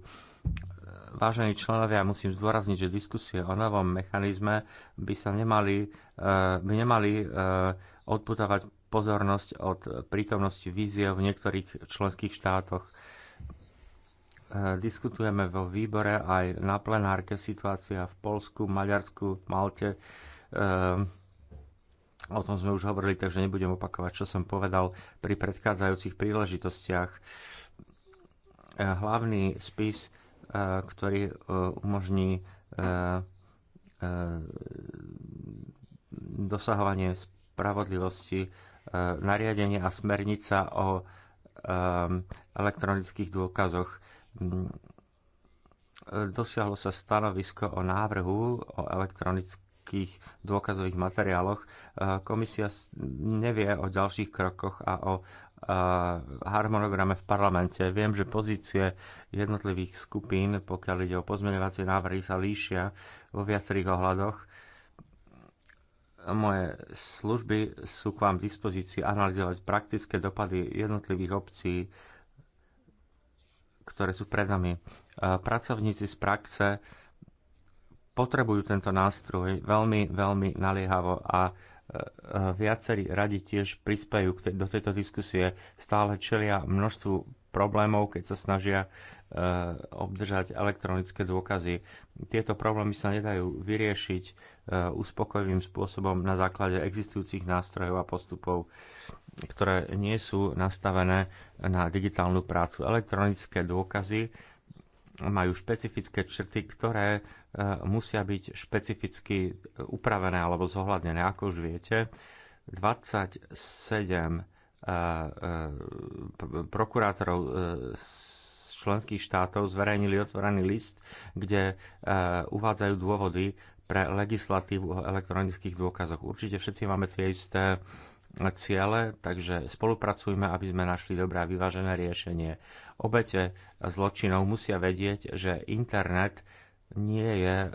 Vážení členovia, musím zdôrazniť, že diskusie o novom mechanizme by sa nemali, e, by nemali e, odputávať pozornosť od prítomnosti vízie v niektorých členských štátoch. Diskutujeme vo výbore aj na plenárke situácia v Polsku, Maďarsku, Malte, Ehm, o tom sme už hovorili, takže nebudem opakovať, čo som povedal pri predchádzajúcich príležitostiach. E, hlavný spis, e, ktorý e, umožní dosahovanie spravodlivosti, nariadenie a smernica o elektronických dôkazoch. Hm, dosiahlo sa stanovisko o návrhu o elektronických všetkých dôkazových materiáloch. E, komisia nevie o ďalších krokoch a o e, harmonograme v parlamente. Viem, že pozície jednotlivých skupín, pokiaľ ide o pozmeňovacie návrhy, sa líšia vo viacerých ohľadoch. Moje služby sú k vám v dispozícii analyzovať praktické dopady jednotlivých obcí, ktoré sú pred nami. E, pracovníci z praxe potrebujú tento nástroj veľmi, veľmi naliehavo a e, e, viacerí radi tiež prispajú do tejto diskusie. Stále čelia množstvu problémov, keď sa snažia e, obdržať elektronické dôkazy. Tieto problémy sa nedajú vyriešiť uspokojivým spôsobom na základe existujúcich nástrojov a postupov, ktoré nie sú nastavené na digitálnu prácu. Elektronické dôkazy majú špecifické črty, ktoré E, musia byť špecificky e, upravené alebo zohľadnené. Ako už viete, 27 e, prokurátorov z členských štátov zverejnili otvorený list, kde uvádzajú dôvody pre legislatívu o elektronických dôkazoch. Určite všetci máme tie isté ciele, takže spolupracujme, aby sme našli dobré a vyvážené riešenie. Obete zločinov musia vedieť, že internet nie je eh,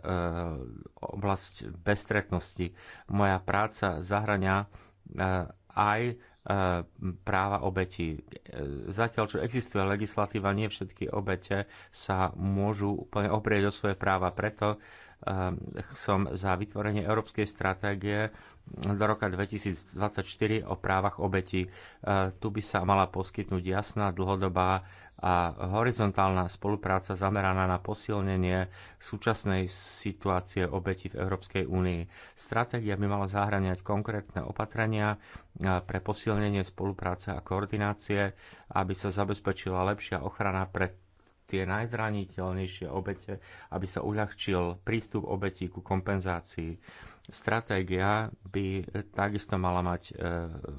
oblasť bestretnosti. Moja práca zahrania eh, aj eh, práva obetí. Zatiaľ, čo existuje legislatíva, nie všetky obete sa môžu úplne oprieť o svoje práva. Preto Ehm, som za vytvorenie európskej stratégie do roka 2024 o právach obetí. Ehm, tu by sa mala poskytnúť jasná, dlhodobá a horizontálna spolupráca zameraná na posilnenie súčasnej situácie obetí v Európskej únii. Stratégia by mala zahraniať konkrétne opatrenia ehm, pre posilnenie spolupráce a koordinácie, aby sa zabezpečila lepšia ochrana pred tie najzraniteľnejšie obete, aby sa uľahčil prístup obetí ku kompenzácii. Stratégia by takisto mala mať e,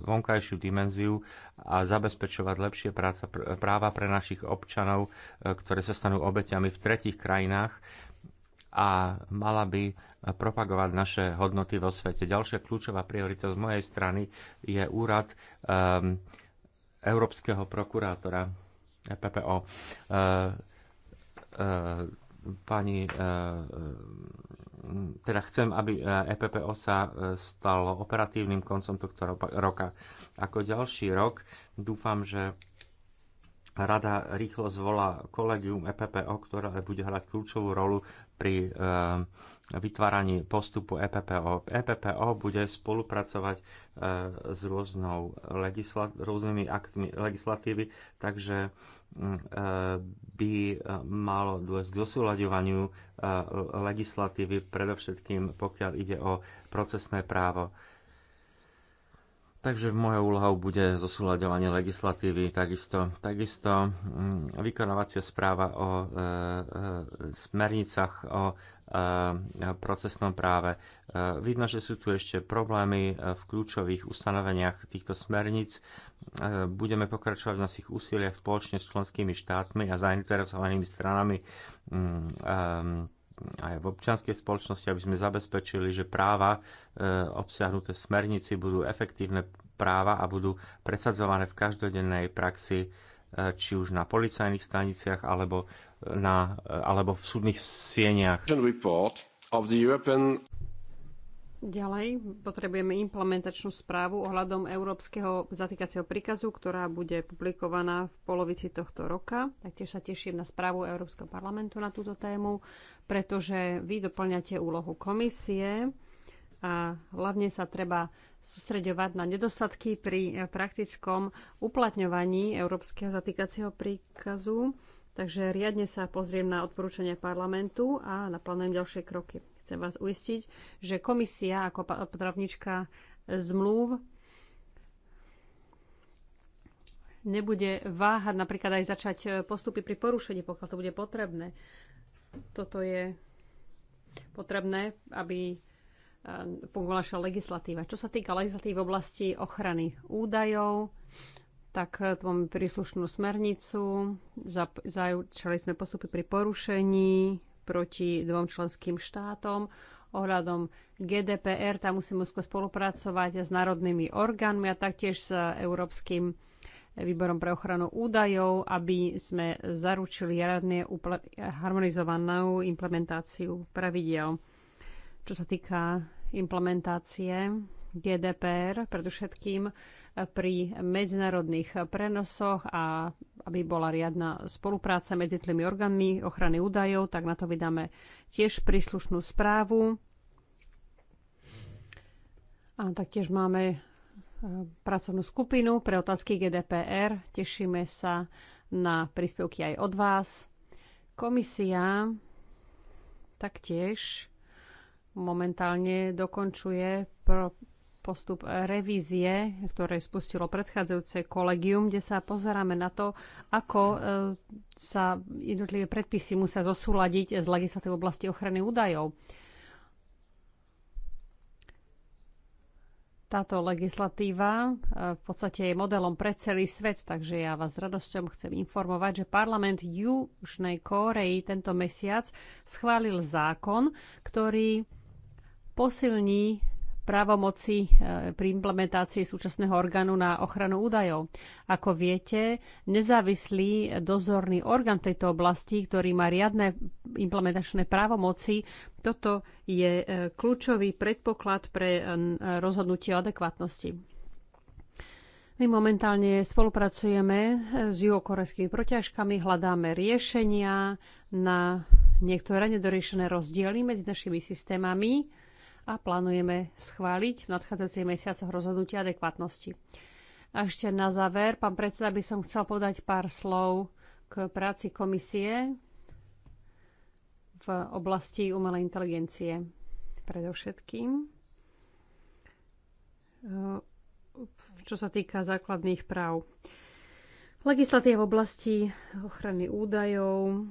vonkajšiu dimenziu a zabezpečovať lepšie práca, práva pre našich občanov, e, ktoré sa stanú obeťami v tretich krajinách a mala by propagovať naše hodnoty vo svete. Ďalšia kľúčová priorita z mojej strany je úrad um, európskeho prokurátora E PPO. E, e, pani, teda chcem, aby EPPO sa stalo operatívnym koncom tohto roka. Ako ďalší rok dúfam, že rada rýchlo zvolá kolegium EPPO, ktoré bude hrať kľúčovú rolu pri e, vytváraní postupu EPPO. EPPO bude spolupracovať e, s rôznou legislat- rôznymi aktmi legislatívy, takže mm, e, by e, malo dôjsť k zosúľadovaniu legislatívy, predovšetkým pokiaľ ide o procesné právo. Takže mojou úlohou bude zosúľadovanie legislatívy, takisto, takisto mm, vykonávacia správa o e, e, smernicách o procesnom práve. E, vidno, že sú tu ešte problémy e, v kľúčových ustanoveniach týchto smerníc. E, budeme pokračovať v našich úsiliach spoločne s členskými štátmi a zainteresovanými stranami mm, aj v občianskej spoločnosti, aby sme zabezpečili, že práva obsiahnuté v smernici budú efektívne práva a budú presadzované v každodennej praxi, či už na policajných staniciach alebo na, alebo v súdnych sieniach. Ďalej potrebujeme implementačnú správu ohľadom Európskeho zatýkacieho príkazu, ktorá bude publikovaná v polovici tohto roka. Taktiež sa teším na správu Európskeho parlamentu na túto tému, pretože vy doplňate úlohu komisie a hlavne sa treba sústreďovať na nedostatky pri praktickom uplatňovaní Európskeho zatýkacieho príkazu Takže riadne sa pozriem na odporúčania parlamentu a naplánujem ďalšie kroky. Chcem vás uistiť, že komisia ako potravnička zmluv nebude váhať napríklad aj začať e, postupy pri porušení, pokiaľ to bude potrebné. Toto je potrebné, aby e, fungovala legislatíva. Čo sa týka legislatívy v oblasti ochrany údajov, tak tu e, máme príslušnú smernicu, začali sme postupy pri porušení proti dvom členským štátom ohľadom GDPR, tam musíme úzko spolupracovať s národnými orgánmi a taktiež s Európskym výborom pre ochranu údajov, aby sme zaručili radne harmonizovanú implementáciu pravidel. Čo sa týka implementácie GDPR, predovšetkým eh, pri medzinárodných prenosoch a aby bola riadna spolupráca medzi tými orgánmi ochrany údajov, tak na to vydáme tiež príslušnú správu. A taktiež máme eh, pracovnú skupinu pre otázky GDPR. Tešíme sa na príspevky aj od vás. Komisia taktiež momentálne dokončuje pro postup revízie, ktoré spustilo predchádzajúce kolegium, kde sa pozeráme na to, ako e, sa jednotlivé predpisy musia zosúľadiť z legislatívy oblasti ochrany údajov. Táto legislatíva e, v podstate je modelom pre celý svet, takže ja vás s radosťou chcem informovať, že parlament Južnej Kórei tento mesiac schválil zákon, ktorý posilní právomoci e, pri implementácii súčasného orgánu na ochranu údajov. Ako viete, nezávislý dozorný orgán tejto oblasti, ktorý má riadne implementačné právomoci, toto je e, kľúčový predpoklad pre e, rozhodnutie o adekvátnosti. My momentálne spolupracujeme s juhokorejskými protiažkami, hľadáme riešenia na niektoré nedoriešené rozdiely medzi našimi systémami a plánujeme schváliť v nadchádzajúcich mesiacoch rozhodnutie adekvátnosti. A ešte na záver, pán predseda, by som chcel podať pár slov k práci komisie v oblasti umelej inteligencie predovšetkým. Eh, čo sa týka základných práv. Legislatíva v oblasti ochrany údajov,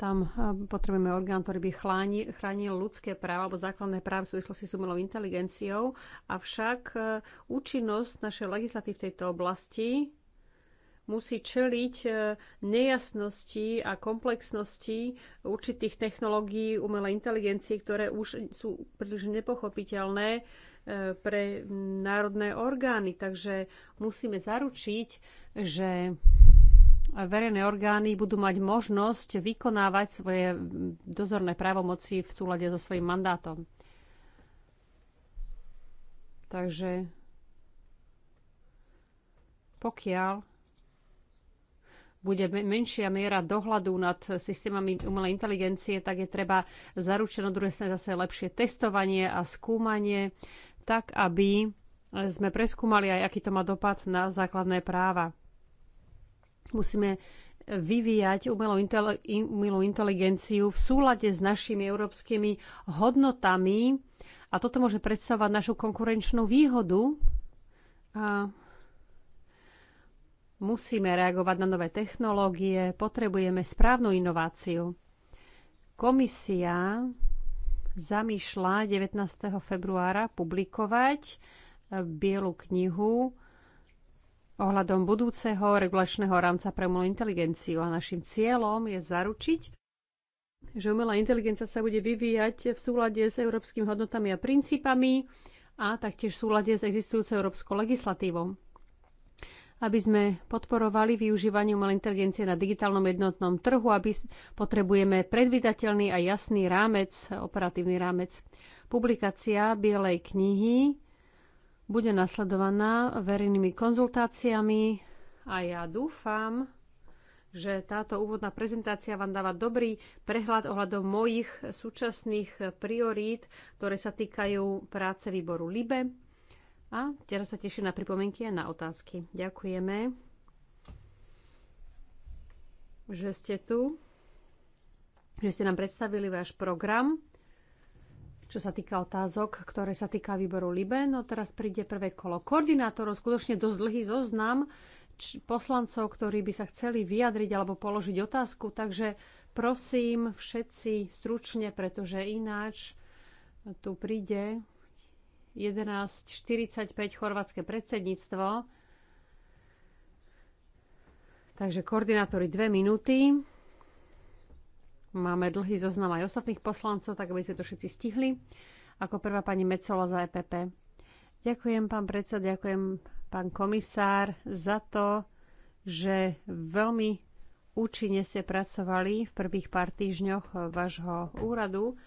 tam eh, potrebujeme orgán, ktorý by chránil ľudské práva alebo základné práva v súvislosti s umelou inteligenciou. Avšak eh, účinnosť našej legislatívy v tejto oblasti musí čeliť eh, nejasnosti a komplexnosti určitých technológií umelej inteligencie, ktoré už sú príliš nepochopiteľné pre národné orgány. Takže musíme zaručiť, že verejné orgány budú mať možnosť vykonávať svoje dozorné právomoci v súlade so svojím mandátom. Takže pokiaľ bude menšia miera dohľadu nad systémami umelej inteligencie, tak je treba zaručeno druhé zase lepšie testovanie a skúmanie, tak aby sme preskúmali aj, aký to má dopad na základné práva. Musíme vyvíjať umelú, intele, umelú inteligenciu v súlade s našimi európskymi hodnotami a toto môže predstavovať našu konkurenčnú výhodu. A musíme reagovať na nové technológie, potrebujeme správnu inováciu. Komisia zamýšľa 19. februára publikovať bielu knihu ohľadom budúceho regulačného rámca pre umelú inteligenciu. A našim cieľom je zaručiť, že umelá inteligencia sa bude vyvíjať v súlade s európskymi hodnotami a princípami a taktiež v súlade s existujúcou európskou legislatívou aby sme podporovali využívanie umelej inteligencie na digitálnom jednotnom trhu, aby potrebujeme predvydateľný a jasný rámec, operatívny rámec. Publikácia Bielej knihy bude nasledovaná verejnými konzultáciami a ja dúfam, že táto úvodná prezentácia vám dáva dobrý prehľad ohľadom mojich súčasných priorít, ktoré sa týkajú práce výboru LIBE. A teraz sa teším na pripomienky a na otázky. Ďakujeme, že ste tu, že ste nám predstavili váš program čo sa týka otázok, ktoré sa týka výboru LIBE. No teraz príde prvé kolo koordinátorov, skutočne dosť dlhý zoznam poslancov, ktorí by sa chceli vyjadriť alebo položiť otázku. Takže prosím všetci stručne, pretože ináč tu príde 11.45 chorvátske predsedníctvo. Takže koordinátori dve minúty. Máme dlhý zoznam aj ostatných poslancov, tak aby sme to všetci stihli. Ako prvá pani Mecola za EPP. Ďakujem, pán predseda, ďakujem, pán komisár, za to, že veľmi účinne ste pracovali v prvých pár týždňoch vášho úradu.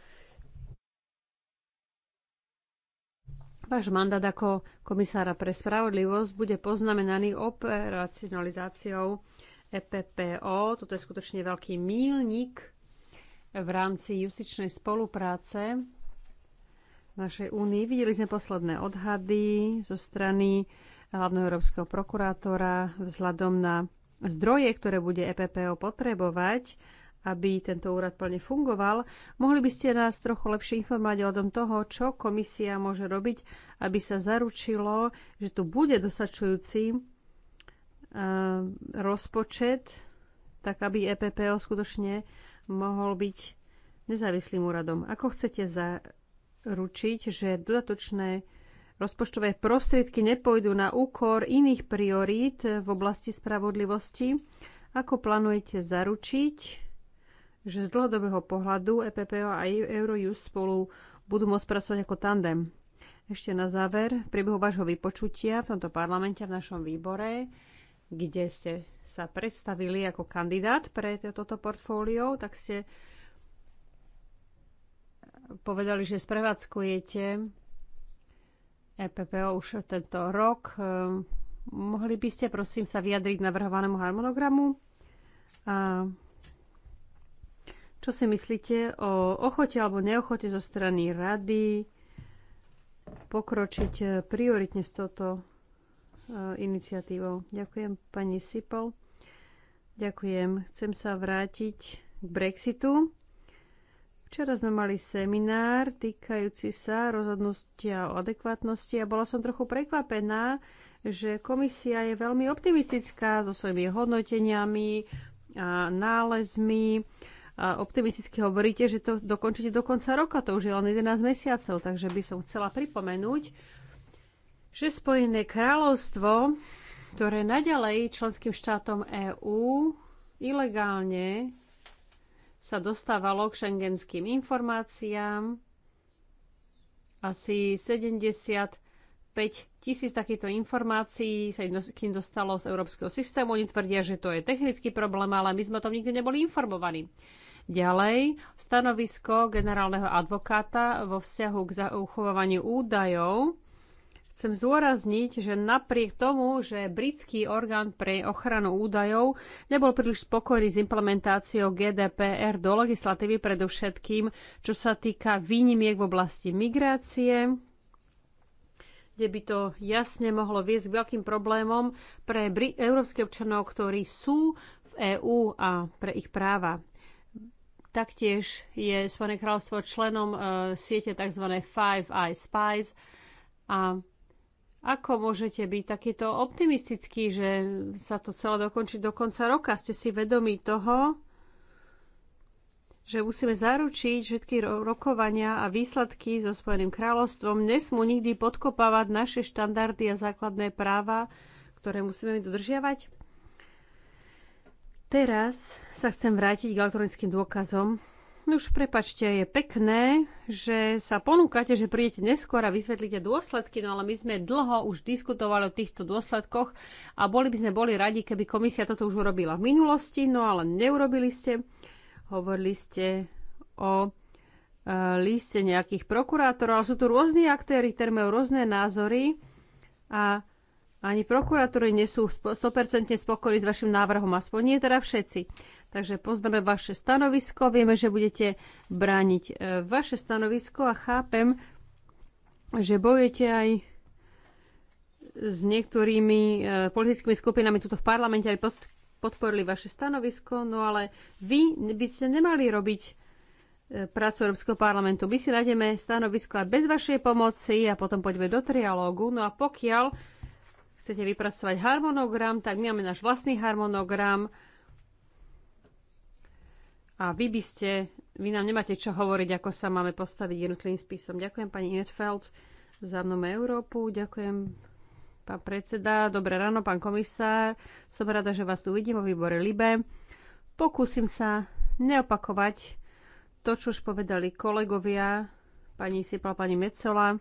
Váš mandát ako komisára pre spravodlivosť bude poznamenaný operacionalizáciou EPPO. Toto je skutočne veľký mílnik v rámci justičnej spolupráce v našej únii. Videli sme posledné odhady zo strany hlavného európskeho prokurátora vzhľadom na zdroje, ktoré bude EPPO potrebovať, aby tento úrad plne fungoval. Mohli by ste nás trochu lepšie informovať o tom toho, čo komisia môže robiť, aby sa zaručilo, že tu bude dosačujúci eh, rozpočet, tak aby EPPO skutočne mohol byť nezávislým úradom. Ako chcete zaručiť, že dodatočné rozpočtové prostriedky nepôjdu na úkor iných priorít v oblasti spravodlivosti? Ako plánujete zaručiť, že z dlhodobého pohľadu EPPO a Eurojust spolu budú môcť pracovať ako tandem? Ešte na záver, v priebehu vášho vypočutia v tomto parlamente, v našom výbore, kde ste sa predstavili ako kandidát pre toto portfólio, tak ste povedali, že sprevádzkujete EPPO už tento rok. Mohli by ste prosím sa vyjadriť navrhovanému harmonogramu? A čo si myslíte o ochote alebo neochote zo strany rady pokročiť prioritne s touto Eh, iniciatívou. Ďakujem pani Sipol. Ďakujem. Chcem sa vrátiť k Brexitu. Včera sme mali seminár týkajúci sa rozhodnutia o adekvátnosti a bola som trochu prekvapená, že komisia je veľmi optimistická so svojimi hodnoteniami a nálezmi. A optimisticky hovoríte, že to dokončíte do konca roka, to už je len 11 mesiacov, takže by som chcela pripomenúť, že Spojené kráľovstvo, ktoré naďalej členským štátom EÚ ilegálne sa dostávalo k šengenským informáciám. Asi 75 tisíc takýchto informácií sa k ním dostalo z európskeho systému. Oni tvrdia, že to je technický problém, ale my sme o tom nikdy neboli informovaní. Ďalej, stanovisko generálneho advokáta vo vzťahu k uchovávaniu údajov Chcem zdôrazniť, že napriek tomu, že britský orgán pre ochranu údajov nebol príliš spokojný s implementáciou GDPR do legislatívy, predovšetkým čo sa týka výnimiek v oblasti migrácie, kde by to jasne mohlo viesť k veľkým problémom pre európskych občanov, ktorí sú v EÚ a pre ich práva. Taktiež je Spojené kráľovstvo členom e, siete tzv. Five Eyes Spies a ako môžete byť takýto optimistický, že sa to celé dokončí do konca roka? Ste si vedomi toho, že musíme zaručiť všetky rokovania a výsledky so Spojeným kráľovstvom nesmú nikdy podkopávať naše štandardy a základné práva, ktoré musíme dodržiavať? Teraz sa chcem vrátiť k elektronickým dôkazom už prepačte, je pekné, že sa ponúkate, že prídete neskôr a vysvetlíte dôsledky, no ale my sme dlho už diskutovali o týchto dôsledkoch a boli by sme boli radi, keby komisia toto už urobila v minulosti, no ale neurobili ste. Hovorili ste o e, liste nejakých prokurátorov, ale sú tu rôzni aktéry, ktorí majú rôzne názory a ani prokurátori nie sú 100% spokojní s vašim návrhom, aspoň nie teda všetci. Takže poznáme vaše stanovisko, vieme, že budete brániť e, vaše stanovisko a chápem, že bojujete aj s niektorými e, politickými skupinami tuto v parlamente aj podporili vaše stanovisko, no ale vy by ste nemali robiť e, prácu Európskeho parlamentu. My si nájdeme stanovisko aj bez vašej pomoci a potom poďme do trialógu. No a pokiaľ chcete vypracovať harmonogram, tak my máme náš vlastný harmonogram a vy by ste, vy nám nemáte čo hovoriť, ako sa máme postaviť jednotlivým spisom. Ďakujem pani Inetfeld za mnou Európu. Ďakujem pán predseda. Dobré ráno, pán komisár. Som rada, že vás tu vidím vo výbore Libe. Pokúsim sa neopakovať to, čo už povedali kolegovia, pani Sipla, pani Mecola.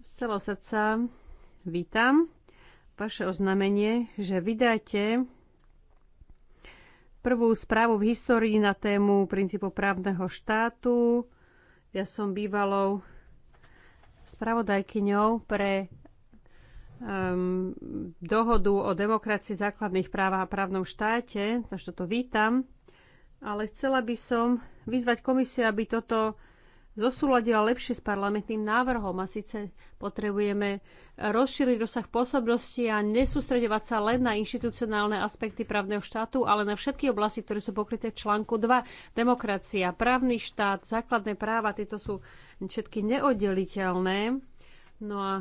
Z celého srdca vítam vaše oznámenie, že vydáte prvú správu v histórii na tému princípu právneho štátu. Ja som bývalou spravodajkyňou pre um, dohodu o demokracii základných práv a právnom štáte, takže to vítam. Ale chcela by som vyzvať komisiu, aby toto zosúladila lepšie s parlamentným návrhom a síce potrebujeme rozšíriť rozsah pôsobnosti a nesústredovať sa len na inštitucionálne aspekty právneho štátu, ale na všetky oblasti, ktoré sú pokryté v článku 2. Demokracia, právny štát, základné práva, tieto sú všetky neoddeliteľné. No a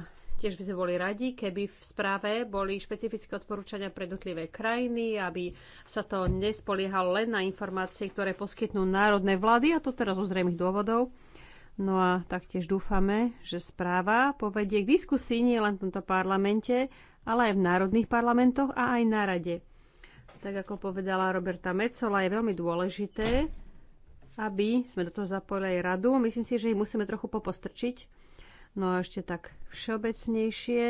tiež by sme boli radi, keby v správe boli špecifické odporúčania pre jednotlivé krajiny, aby sa to nespoliehalo len na informácie, ktoré poskytnú národné vlády, a to teraz o zrejmých dôvodov. No a taktiež dúfame, že správa povedie k diskusii nie len v tomto parlamente, ale aj v národných parlamentoch a aj na rade. Tak ako povedala Roberta Mecola, je veľmi dôležité, aby sme do toho zapojili aj radu. Myslím si, že ich musíme trochu popostrčiť. No a ešte tak všeobecnejšie,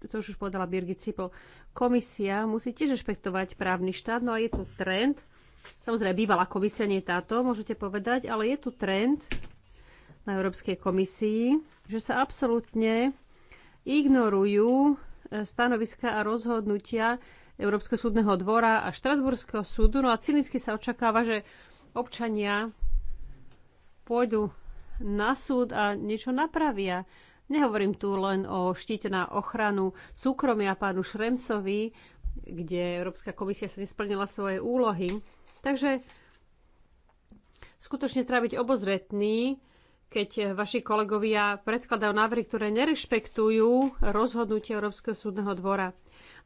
to už povedala Birgit Cipel, komisia musí tiež rešpektovať právny štát, no a je tu trend, samozrejme bývalá komisia, nie táto, môžete povedať, ale je tu trend na Európskej komisii, že sa absolútne ignorujú e, stanoviska a rozhodnutia Európskeho súdneho dvora a Štrasburského súdu. No a cynicky sa očakáva, že občania pôjdu na súd a niečo napravia. Nehovorím tu len o štíte na ochranu súkromia pánu Šremcovi, kde Európska komisia sa nesplnila svoje úlohy. Takže skutočne treba byť obozretný keď vaši kolegovia predkladajú návrhy, ktoré nerešpektujú rozhodnutie Európskeho súdneho dvora.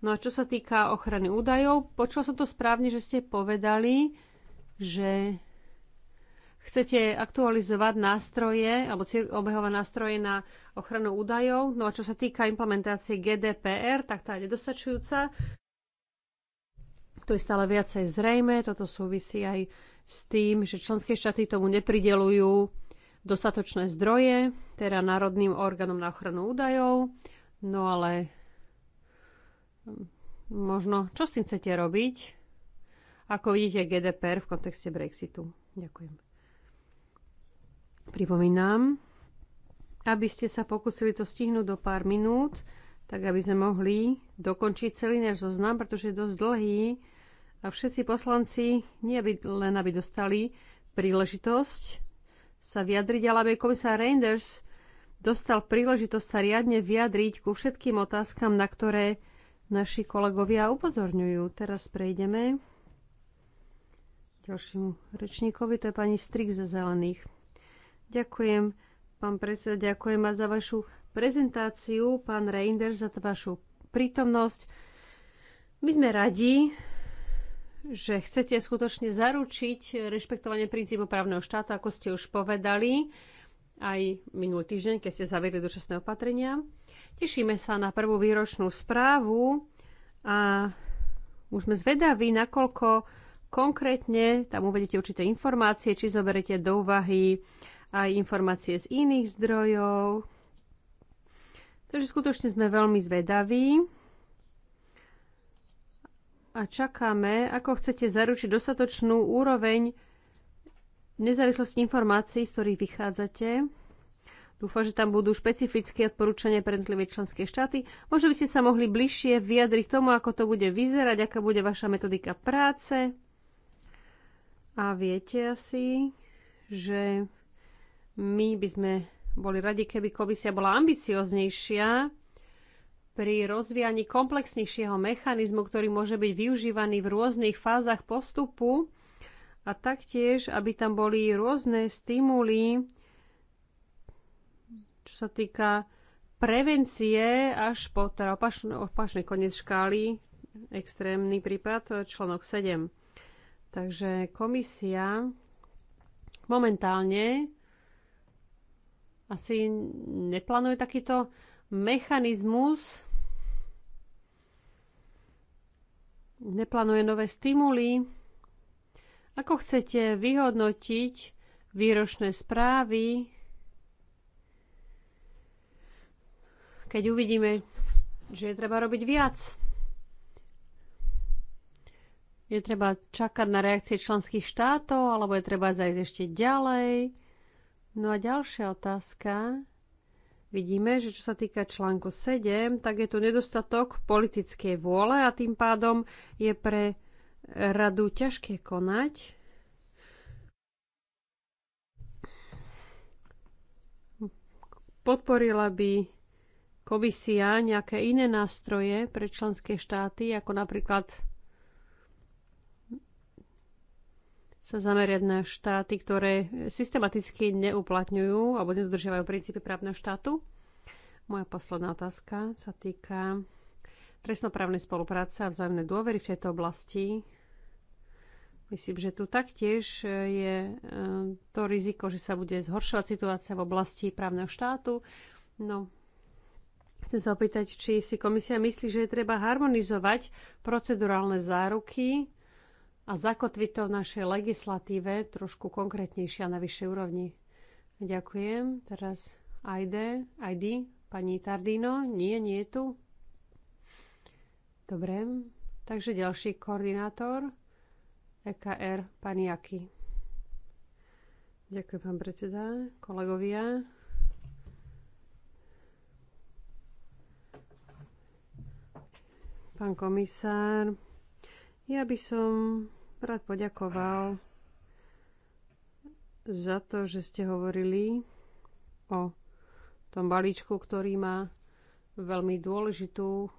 No a čo sa týka ochrany údajov, počul som to správne, že ste povedali, že chcete aktualizovať nástroje alebo obehové nástroje na ochranu údajov. No a čo sa týka implementácie GDPR, tak tá je nedostačujúca. To je stále viacej zrejme. Toto súvisí aj s tým, že členské štáty tomu nepridelujú dostatočné zdroje, teda Národným orgánom na ochranu údajov. No ale mm, možno, čo s tým chcete robiť? Ako vidíte GDPR v kontexte Brexitu. Ďakujem. Pripomínam, aby ste sa pokúsili to stihnúť do pár minút, tak aby sme mohli dokončiť celý náš zoznam, pretože je dosť dlhý. A všetci poslanci nie aby, len aby dostali príležitosť sa vyjadriť, ale aby komisár Reinders dostal príležitosť sa riadne vyjadriť ku všetkým otázkam, na ktoré naši kolegovia upozorňujú. Teraz prejdeme ďalšiemu rečníkovi, to je pani Strik za zelených. Ďakujem, pán predseda, ďakujem za vašu prezentáciu, pán Reinders, za vašu prítomnosť. My sme radi, že chcete skutočne zaručiť rešpektovanie princípu právneho štátu, ako ste už povedali aj minulý týždeň, keď ste zaviedli dočasné opatrenia. Tešíme sa na prvú výročnú správu a už sme zvedaví, nakoľko konkrétne tam uvedete určité informácie, či zoberete do úvahy aj informácie z iných zdrojov. Takže skutočne sme veľmi zvedaví a čakáme, ako chcete zaručiť dostatočnú úroveň nezávislosti informácií, z ktorých vychádzate. Dúfam, že tam budú špecifické odporúčania pre jednotlivé členské štáty. Možno by ste sa mohli bližšie vyjadriť tomu, ako to bude vyzerať, aká bude vaša metodika práce. A viete asi, že my by sme boli radi, keby komisia bola ambicioznejšia pri rozvíjaní komplexnejšieho mechanizmu, ktorý môže byť využívaný v rôznych fázach postupu a taktiež, aby tam boli rôzne stimuly, čo sa týka prevencie až po teda opačný, opačný koniec škály, extrémny prípad, článok 7. Takže komisia momentálne asi neplánuje takýto mechanizmus neplánuje nové stimuly. Ako chcete vyhodnotiť výročné správy, keď uvidíme, že je treba robiť viac? Je treba čakať na reakcie členských štátov, alebo je treba zajsť ešte ďalej? No a ďalšia otázka vidíme, že čo sa týka článku 7, tak je tu nedostatok politickej vôle a tým pádom je pre radu ťažké konať. Podporila by komisia nejaké iné nástroje pre členské štáty, ako napríklad sa zameriať na štáty, ktoré systematicky neuplatňujú alebo nedodržiavajú princípy právneho štátu. Moja posledná otázka sa týka trestnoprávnej spolupráce a vzájomnej dôvery v tejto oblasti. Myslím, že tu taktiež je e, to riziko, že sa bude zhoršovať situácia v oblasti právneho štátu. No, chcem sa opýtať, či si komisia myslí, že je treba harmonizovať procedurálne záruky a zakotviť to v našej legislatíve trošku konkrétnejšie a na vyššej úrovni. Ďakujem. Teraz ID, ID, pani Tardino. Nie, nie je tu. Dobre. Takže ďalší koordinátor EKR, pani Aki. Ďakujem, pán predseda, kolegovia. Pán komisár, ja by som rád poďakoval za to, že ste hovorili o tom balíčku, ktorý má veľmi dôležitú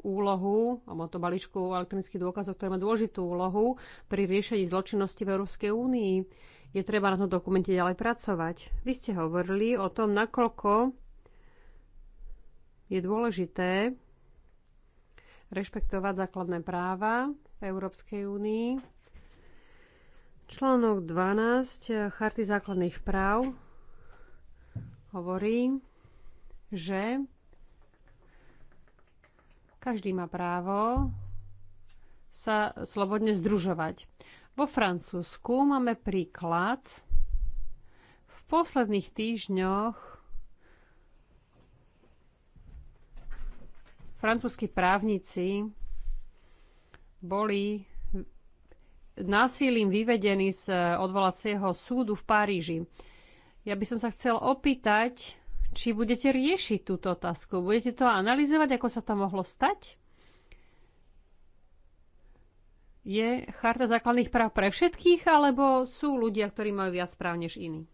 úlohu, alebo to balíčku elektronických dôkazov, ktoré má dôležitú úlohu pri riešení zločinnosti v Európskej únii. Je treba na tom dokumente ďalej pracovať. Vy ste hovorili o tom, nakoľko je dôležité rešpektovať základné práva Európskej únii. Článok 12 eh, Charty základných práv hovorí, že každý má právo sa slobodne združovať. Vo Francúzsku máme príklad. V posledných týždňoch francúzskí právnici boli násilím vyvedení z eh, odvolacieho súdu v Paríži. Ja by som sa chcel opýtať, či budete riešiť túto otázku. Budete to analyzovať, ako sa to mohlo stať? Je charta základných práv pre všetkých, alebo sú ľudia, ktorí majú viac práv než iní?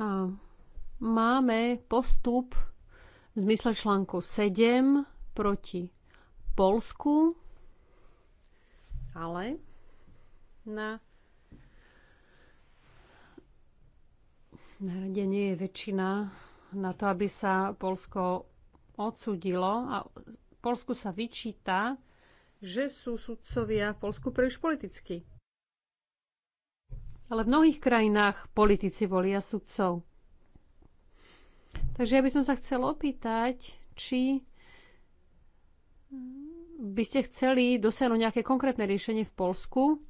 A máme postup v zmysle článku 7 proti Polsku, ale na, rade nie je väčšina na to, aby sa Polsko odsudilo a Polsku sa vyčíta, že sú sudcovia v Polsku príliš politicky. Ale v mnohých krajinách politici volia sudcov. Takže ja by som sa chcel opýtať, či by ste chceli dosiahnuť nejaké konkrétne riešenie v Polsku,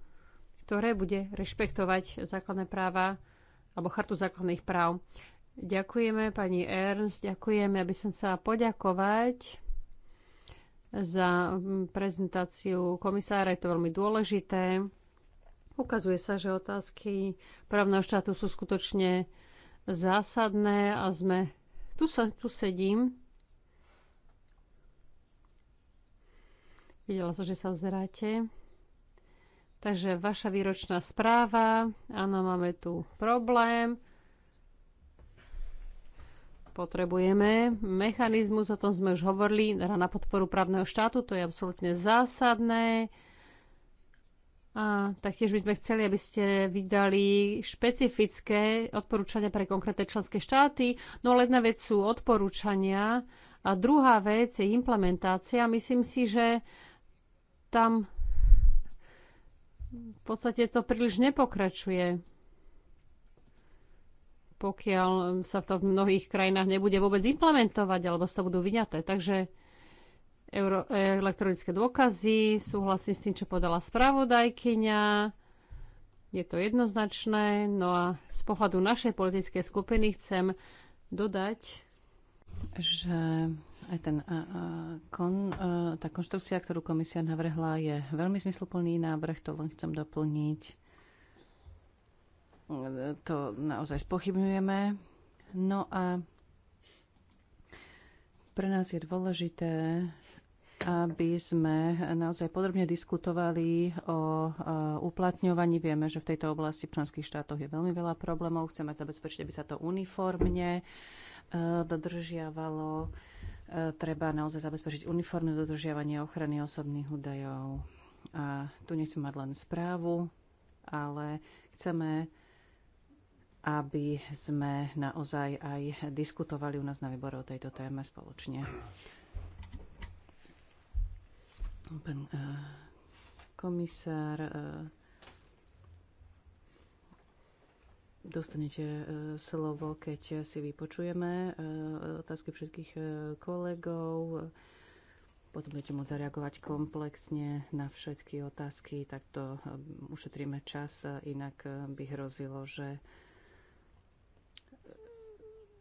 ktoré bude rešpektovať základné práva alebo chartu základných práv. Ďakujeme pani Ernst, ďakujeme, aby som sa poďakovať za mm, prezentáciu komisára, je to veľmi dôležité. Ukazuje sa, že otázky právneho štátu sú skutočne zásadné a sme, tu, sa, tu sedím, Videla som, že sa ozeráte. Takže vaša výročná správa. Áno, máme tu problém. Potrebujeme mechanizmus, o tom sme už hovorili, na podporu právneho štátu, to je absolútne zásadné. A taktiež by sme chceli, aby ste vydali špecifické odporúčania pre konkrétne členské štáty. No ale jedna vec sú odporúčania a druhá vec je implementácia. Myslím si, že tam v podstate to príliš nepokračuje pokiaľ sa to v mnohých krajinách nebude vôbec implementovať, alebo z toho budú vyňaté. Takže euro, elektronické dôkazy, súhlasím s tým, čo podala spravodajkyňa, je to jednoznačné. No a z pohľadu našej politickej skupiny chcem dodať, že aj ten, kon, e, tá konštrukcia, ktorú komisia navrhla, je veľmi zmysluplný návrh, to len chcem doplniť. To naozaj spochybňujeme. No a pre nás je dôležité, aby sme naozaj podrobne diskutovali o e, uplatňovaní. Vieme, že v tejto oblasti v členských štátoch je veľmi veľa problémov. Chceme zabezpečiť, aby sa to uniformne e, dodržiavalo treba naozaj zabezpečiť uniformné dodržiavanie ochrany osobných údajov. A tu nechcem mať len správu, ale chceme, aby sme naozaj aj diskutovali u nás na výbore o tejto téme spoločne. Pán eh, komisár, eh, Dostanete e, slovo, keď si vypočujeme e, otázky všetkých e, kolegov. Potom budete môcť zareagovať komplexne na všetky otázky, takto ušetríme čas, inak by hrozilo, že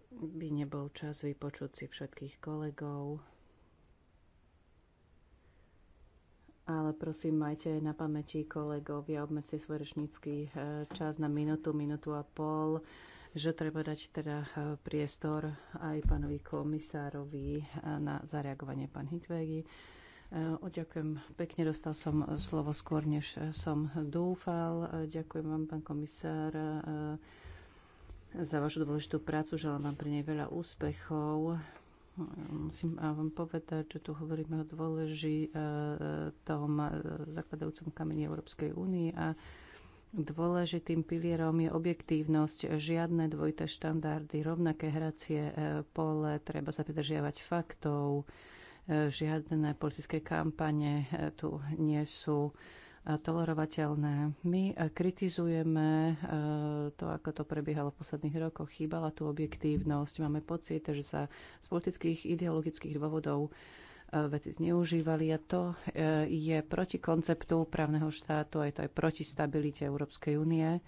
by nebol čas vypočuť si všetkých kolegov. ale prosím, majte na pamäti kolegovia, obmedzte svoj rečnícky eh, čas na minútu, minútu a pol, že treba dať teda eh, priestor aj pánovi komisárovi eh, na zareagovanie pán Hitvegi. Ďakujem pekne, dostal som slovo skôr, než som dúfal. Ďakujem vám, pán komisár, za vašu dôležitú prácu. Želám vám pri nej veľa úspechov. Musím eh, vám povedať, že tu hovoríme o dôležitom eh, eh, zakladajúcom kameni Európskej únie a dôležitým pilierom je objektívnosť, žiadne dvojité štandardy, rovnaké hracie pole, treba sa pridržiavať faktov, žiadne politické kampane tu nie sú tolerovateľné. My kritizujeme to, ako to prebiehalo v posledných rokoch. Chýbala tu objektívnosť. Máme pocit, že sa z politických ideologických dôvodov veci zneužívali a to je proti konceptu právneho štátu a je to aj proti stabilite Európskej únie.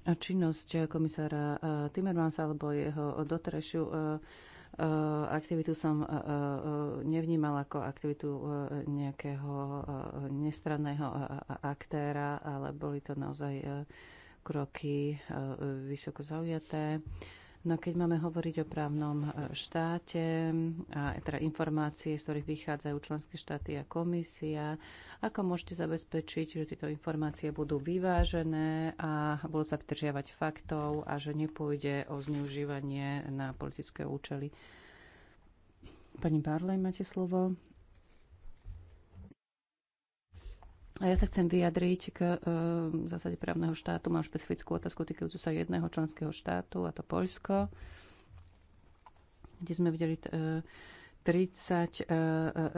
A činnosť komisára Timmermansa alebo jeho doterajšiu Eh, aktivitu som eh, eh, nevnímal ako aktivitu nejakého nestranného aktéra, ale boli to naozaj kroky vysoko zaujaté. No keď máme hovoriť o právnom e, štáte a teda informácie, z ktorých vychádzajú členské štáty a komisia, ako môžete zabezpečiť, že tieto informácie budú vyvážené a budú sa pridržiavať faktov a že nepôjde o zneužívanie na politické účely? Pani Barley, máte slovo. A ja sa chcem vyjadriť k e, zásade právneho štátu. Mám špecifickú otázku týkajúcu sa jedného členského štátu, a to Poľsko, kde sme videli 30 e, e, e,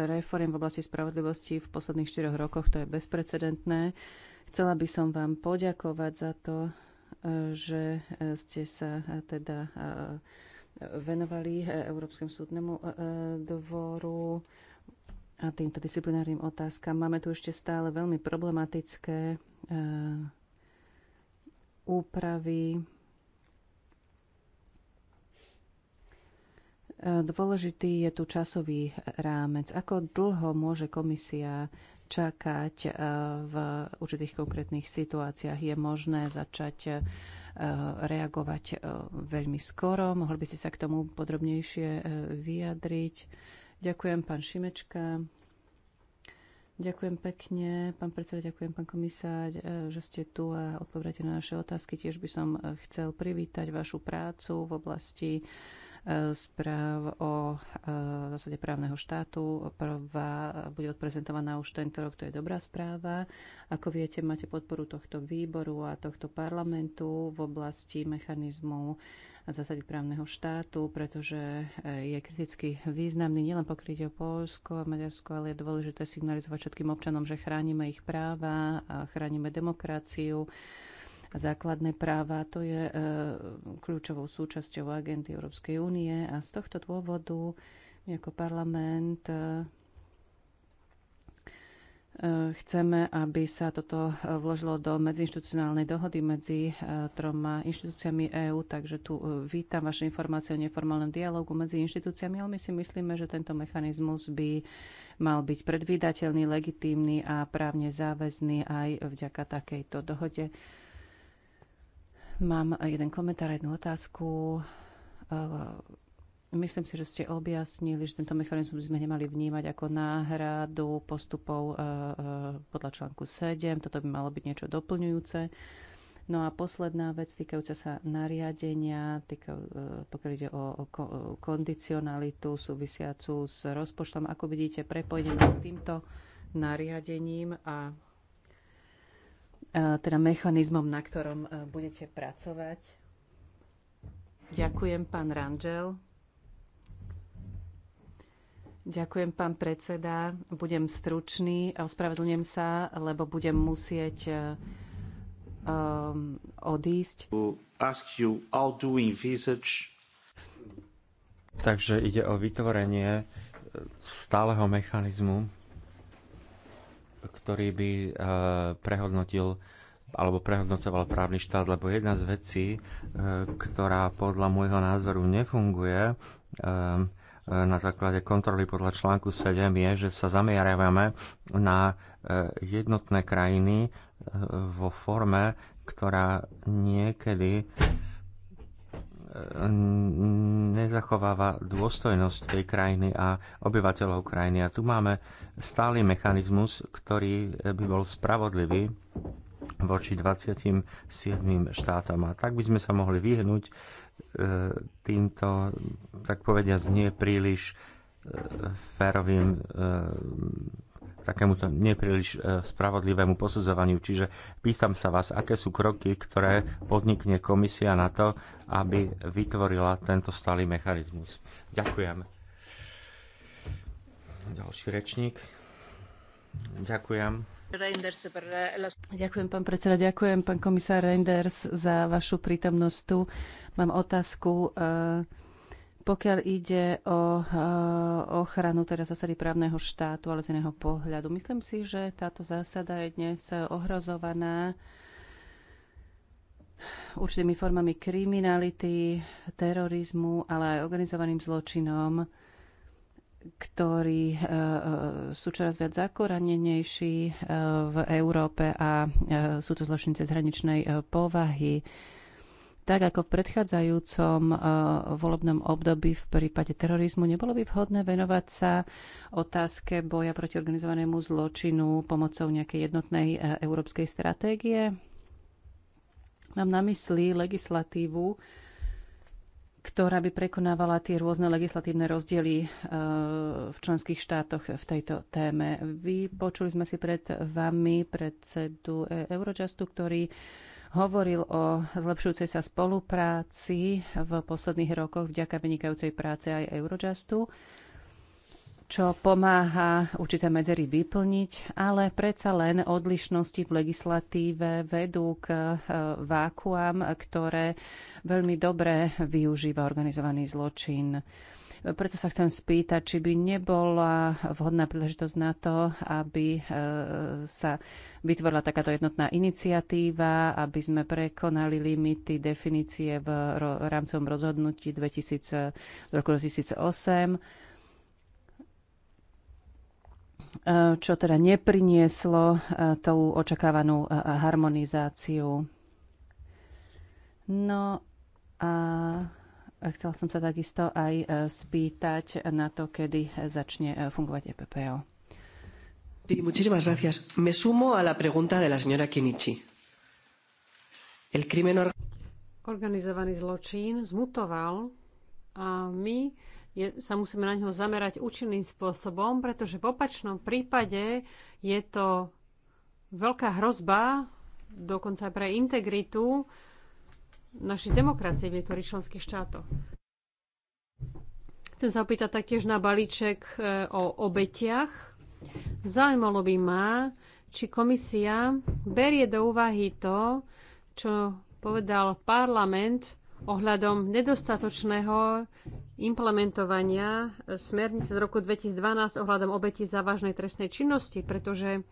reform v oblasti spravodlivosti v posledných 4 rokoch. To je bezprecedentné. Chcela by som vám poďakovať za to, že ste sa teda venovali Európskemu súdnemu dvoru a týmto disciplinárnym otázkam. Máme tu ešte stále veľmi problematické eh, úpravy. Eh, dôležitý je tu časový rámec. Ako dlho môže komisia čakať eh, v určitých konkrétnych situáciách? Je možné začať reagovať veľmi skoro? Mohli by ste sa k tomu podrobnejšie vyjadriť? Ďakujem, pán Šimečka. Ďakujem pekne, pán predseda, ďakujem, pán komisár, e, že ste tu a odpovedáte na naše otázky. Tiež by som e, chcel privítať vašu prácu v oblasti správ o e, zásade právneho štátu. Prvá bude odprezentovaná už tento rok, to je dobrá správa. Ako viete, máte podporu tohto výboru a tohto parlamentu v oblasti mechanizmu zásady právneho štátu, pretože e, je kriticky významný nielen pokrytie Polsko a Maďarsko, ale je dôležité signalizovať všetkým občanom, že chránime ich práva, a chránime demokraciu základné práva. To je e, kľúčovou súčasťou agendy Európskej únie a z tohto dôvodu my ako parlament e, e, chceme, aby sa toto vložilo do medziinstitucionálnej dohody medzi troma inštitúciami EÚ, takže tu vítam vaše informácie o neformálnom dialogu medzi inštitúciami, ale my si myslíme, že tento mechanizmus by mal byť predvídateľný, legitímny a právne záväzný aj vďaka takejto dohode. Mám jeden komentár, jednu otázku. E, myslím si, že ste objasnili, že tento mechanizmus sme nemali vnímať ako náhradu postupov e, e, podľa článku 7. Toto by malo byť niečo doplňujúce. No a posledná vec týkajúca sa nariadenia, týka, pokiaľ ide o, o kondicionalitu súvisiacu s rozpočtom, ako vidíte, prepojíme týmto nariadením a E, teda mechanizmom, na ktorom e, budete pracovať. Ďakujem, pán Rangel. Ďakujem, pán predseda. Budem stručný a ospravedlňujem sa, lebo budem musieť um, odísť. Takže ide o vytvorenie stáleho mechanizmu ktorý by e, prehodnotil alebo prehodnocoval právny štát, lebo jedna z vecí, e, ktorá podľa môjho názoru nefunguje e, na základe kontroly podľa článku 7 je, že sa zameriavame na jednotné krajiny vo forme, ktorá niekedy nezachováva dôstojnosť tej krajiny a obyvateľov krajiny. A tu máme stály mechanizmus, ktorý by bol spravodlivý voči 27 štátom. A tak by sme sa mohli vyhnúť e, týmto, tak povediať, nie príliš e, férovým e, takémuto nepríliš e, spravodlivému posudzovaniu. Čiže pýtam sa vás, aké sú kroky, ktoré podnikne komisia na to, aby vytvorila tento stály mechanizmus. Ďakujem. Ďalší rečník. Ďakujem. Ďakujem, pán predseda, ďakujem, pán komisár Reinders, za vašu prítomnosť tu. Mám otázku. E, pokiaľ ide o eh, ochranu teda zásady právneho štátu, ale z iného pohľadu, myslím si, že táto zásada je dnes ohrozovaná určitými formami kriminality, terorizmu, ale aj organizovaným zločinom, ktorí eh, eh, sú čoraz viac zakoranenejší v Európe a sú to zločince zhraničnej povahy tak ako v predchádzajúcom eh, volebnom období v prípade terorizmu, nebolo by vhodné venovať sa otázke boja proti organizovanému zločinu pomocou nejakej jednotnej eh, európskej stratégie? Mám na mysli legislatívu, ktorá by prekonávala tie rôzne legislatívne rozdiely eh, v členských štátoch v tejto téme. Vypočuli sme si pred vami predsedu Eurojustu, ktorý hovoril o zlepšujúcej sa spolupráci v posledných rokoch vďaka vynikajúcej práce aj Eurojustu čo pomáha určité medzery vyplniť, ale predsa len odlišnosti v legislatíve vedú k e, vákuám, ktoré veľmi dobre využíva organizovaný zločin. Preto sa chcem spýtať, či by nebola vhodná príležitosť na to, aby e, sa vytvorila takáto jednotná iniciatíva, aby sme prekonali limity definície v rámcovom rozhodnutí 2000, v roku 2008 e, čo teda neprinieslo e, tú očakávanú harmonizáciu. No a Chcela som sa takisto aj e, spýtať na to, kedy e, začne e, fungovať EPPO. Sí, muchísimas gracias. Me sumo a la pregunta de la señora Kinichi. El crimen or... Organizovaný zločín zmutoval a my je, sa musíme na neho zamerať účinným spôsobom, pretože v opačnom prípade je to veľká hrozba, dokonca aj pre integritu našej demokracie v niektorých členských štátoch. Chcem sa opýtať taktiež na balíček e, o obetiach. Zaujímalo by ma, či komisia berie do úvahy to, čo povedal parlament ohľadom nedostatočného implementovania smernice z roku 2012 ohľadom obeti závažnej trestnej činnosti, pretože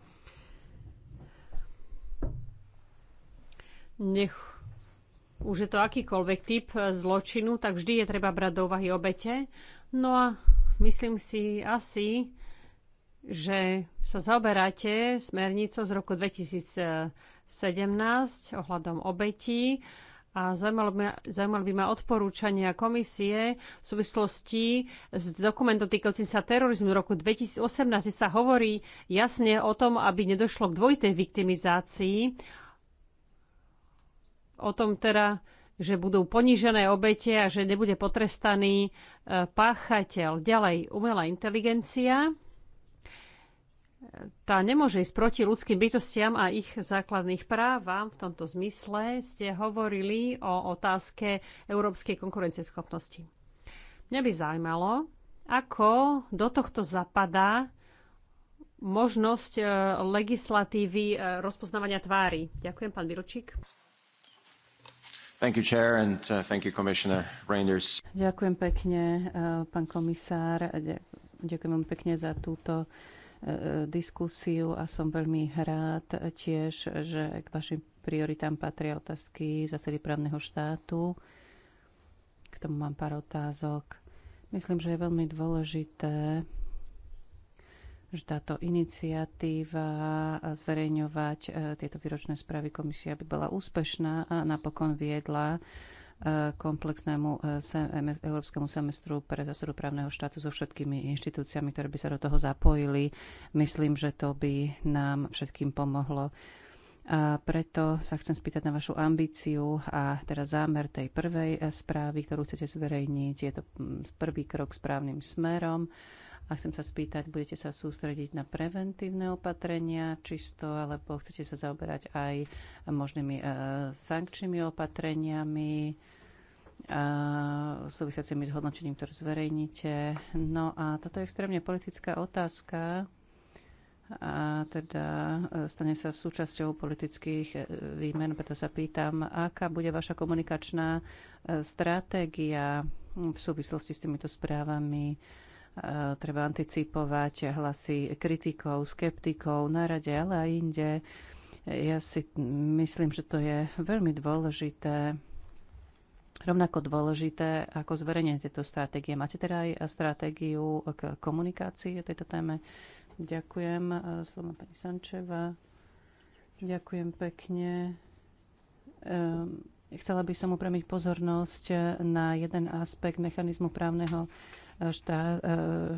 nech už je to akýkoľvek typ eh, zločinu, tak vždy je treba brať do úvahy obete. No a myslím si asi, že sa zaoberáte smernicou z roku 2017 ohľadom obetí a zaujímalo by, ma, zaujímalo by ma odporúčania komisie v súvislosti s dokumentom týkajúcim sa terorizmu v roku 2018, kde sa hovorí jasne o tom, aby nedošlo k dvojitej viktimizácii o tom teda, že budú ponížené obete a že nebude potrestaný e, páchateľ. Ďalej, umelá inteligencia. E, tá nemôže ísť proti ľudským bytostiam a ich základných právam. V tomto zmysle ste hovorili o otázke európskej konkurencieschopnosti. Mňa by zaujímalo, ako do tohto zapadá možnosť e, legislatívy rozpoznávania tvári. Ďakujem, pán Bilčík. Thank you, Chair, and uh, thank you, Commissioner Reinders. Ďakujem pekne, uh, pán komisár. Ďakujem vám pekne za túto uh, diskusiu a som veľmi rád tiež, že k vašim prioritám patria otázky zásady právneho štátu. K tomu mám pár otázok. Myslím, že je veľmi dôležité že táto iniciatíva zverejňovať e, tieto výročné správy komisia by bola úspešná a napokon viedla e, komplexnému e, európskemu semestru pre zásadu právneho štátu so všetkými inštitúciami, ktoré by sa do toho zapojili. Myslím, že to by nám všetkým pomohlo. A preto sa chcem spýtať na vašu ambíciu a teda zámer tej prvej správy, ktorú chcete zverejniť. Je to mm, prvý krok správnym smerom a chcem sa spýtať, budete sa sústrediť na preventívne opatrenia čisto, alebo chcete sa zaoberať aj možnými uh, sankčnými opatreniami, a e, súvisiacimi s hodnotením, ktoré zverejníte. No a toto je extrémne politická otázka a teda e, stane sa súčasťou politických výmen. Preto sa pýtam, aká bude vaša komunikačná stratégia v súvislosti s týmito správami Eh, treba anticipovať hlasy kritikov, skeptikov na rade, ale aj inde. Ja si myslím, že to je veľmi dôležité, rovnako dôležité ako zverejnenie tejto stratégie. Máte teda aj stratégiu k komunikácii o tejto téme? Ďakujem. Eh, slovo pani Sančeva. Ďakujem pekne. Ehm, chcela by som upremiť pozornosť na jeden aspekt mechanizmu právneho štá, eh,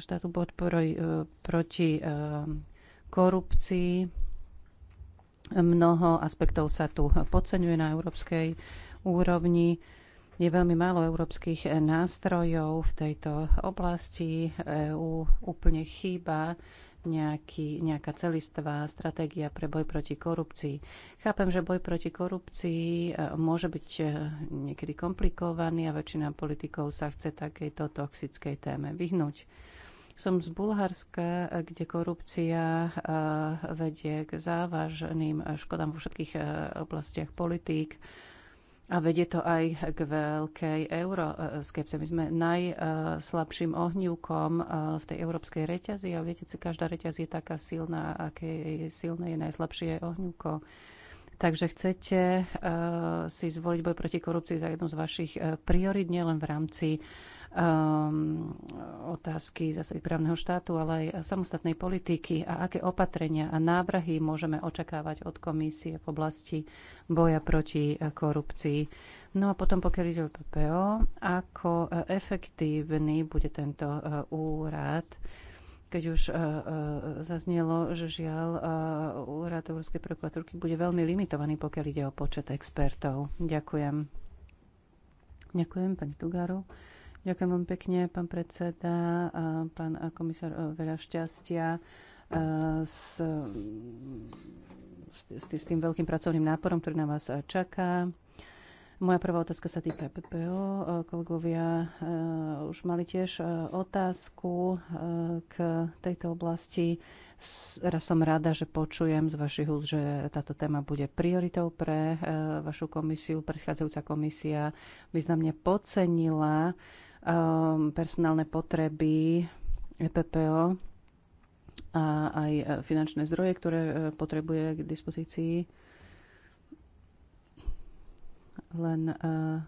štátu podporuj eh, proti eh, korupcii. Mnoho aspektov sa tu podceňuje na európskej úrovni. Je veľmi málo európskych nástrojov v tejto oblasti. EÚ úplne chýba nejaký, nejaká celistvá stratégia pre boj proti korupcii. Chápem, že boj proti korupcii eh, môže byť eh, niekedy komplikovaný a väčšina politikov sa chce takejto toxickej téme vyhnúť. Som z Bulharska, eh, kde korupcia vedie k závažným škodám vo všetkých oblastiach politík a vedie to aj k veľkej euroskepse. My sme najslabším ohňúkom eh, v tej európskej reťazi a viete, každá reťaz je taká silná, aké je silné je najslabšie ohňúko. Takže chcete eh, si zvoliť boj proti korupcii za jednu z vašich eh, priorit, nielen v rámci um, otázky zase právneho štátu, ale aj samostatnej politiky a aké opatrenia a návrhy môžeme očakávať od komisie v oblasti boja proti eh, korupcii. No a potom pokiaľ ide o PPO, ako efektívny bude tento úrad keď už uh, uh, zaznelo, že žiaľ uh, úrad Európskej prokuratúrky bude veľmi limitovaný, pokiaľ ide o počet expertov. Ďakujem. Ďakujem, pani Tugaru. Ďakujem vám pekne, pán predseda, uh, pán komisár, veľa šťastia s, s, s tým veľkým pracovným náporom, ktorý na vás čaká. Moja prvá otázka sa týka PPO. E, kolegovia e, už mali tiež e, otázku k tejto oblasti. Raz som rada, že počujem z vašich úst, že táto téma bude prioritou pre vašu komisiu. Predchádzajúca komisia významne podcenila personálne potreby PPO a aj finančné zdroje, ktoré potrebuje k dispozícii len eh,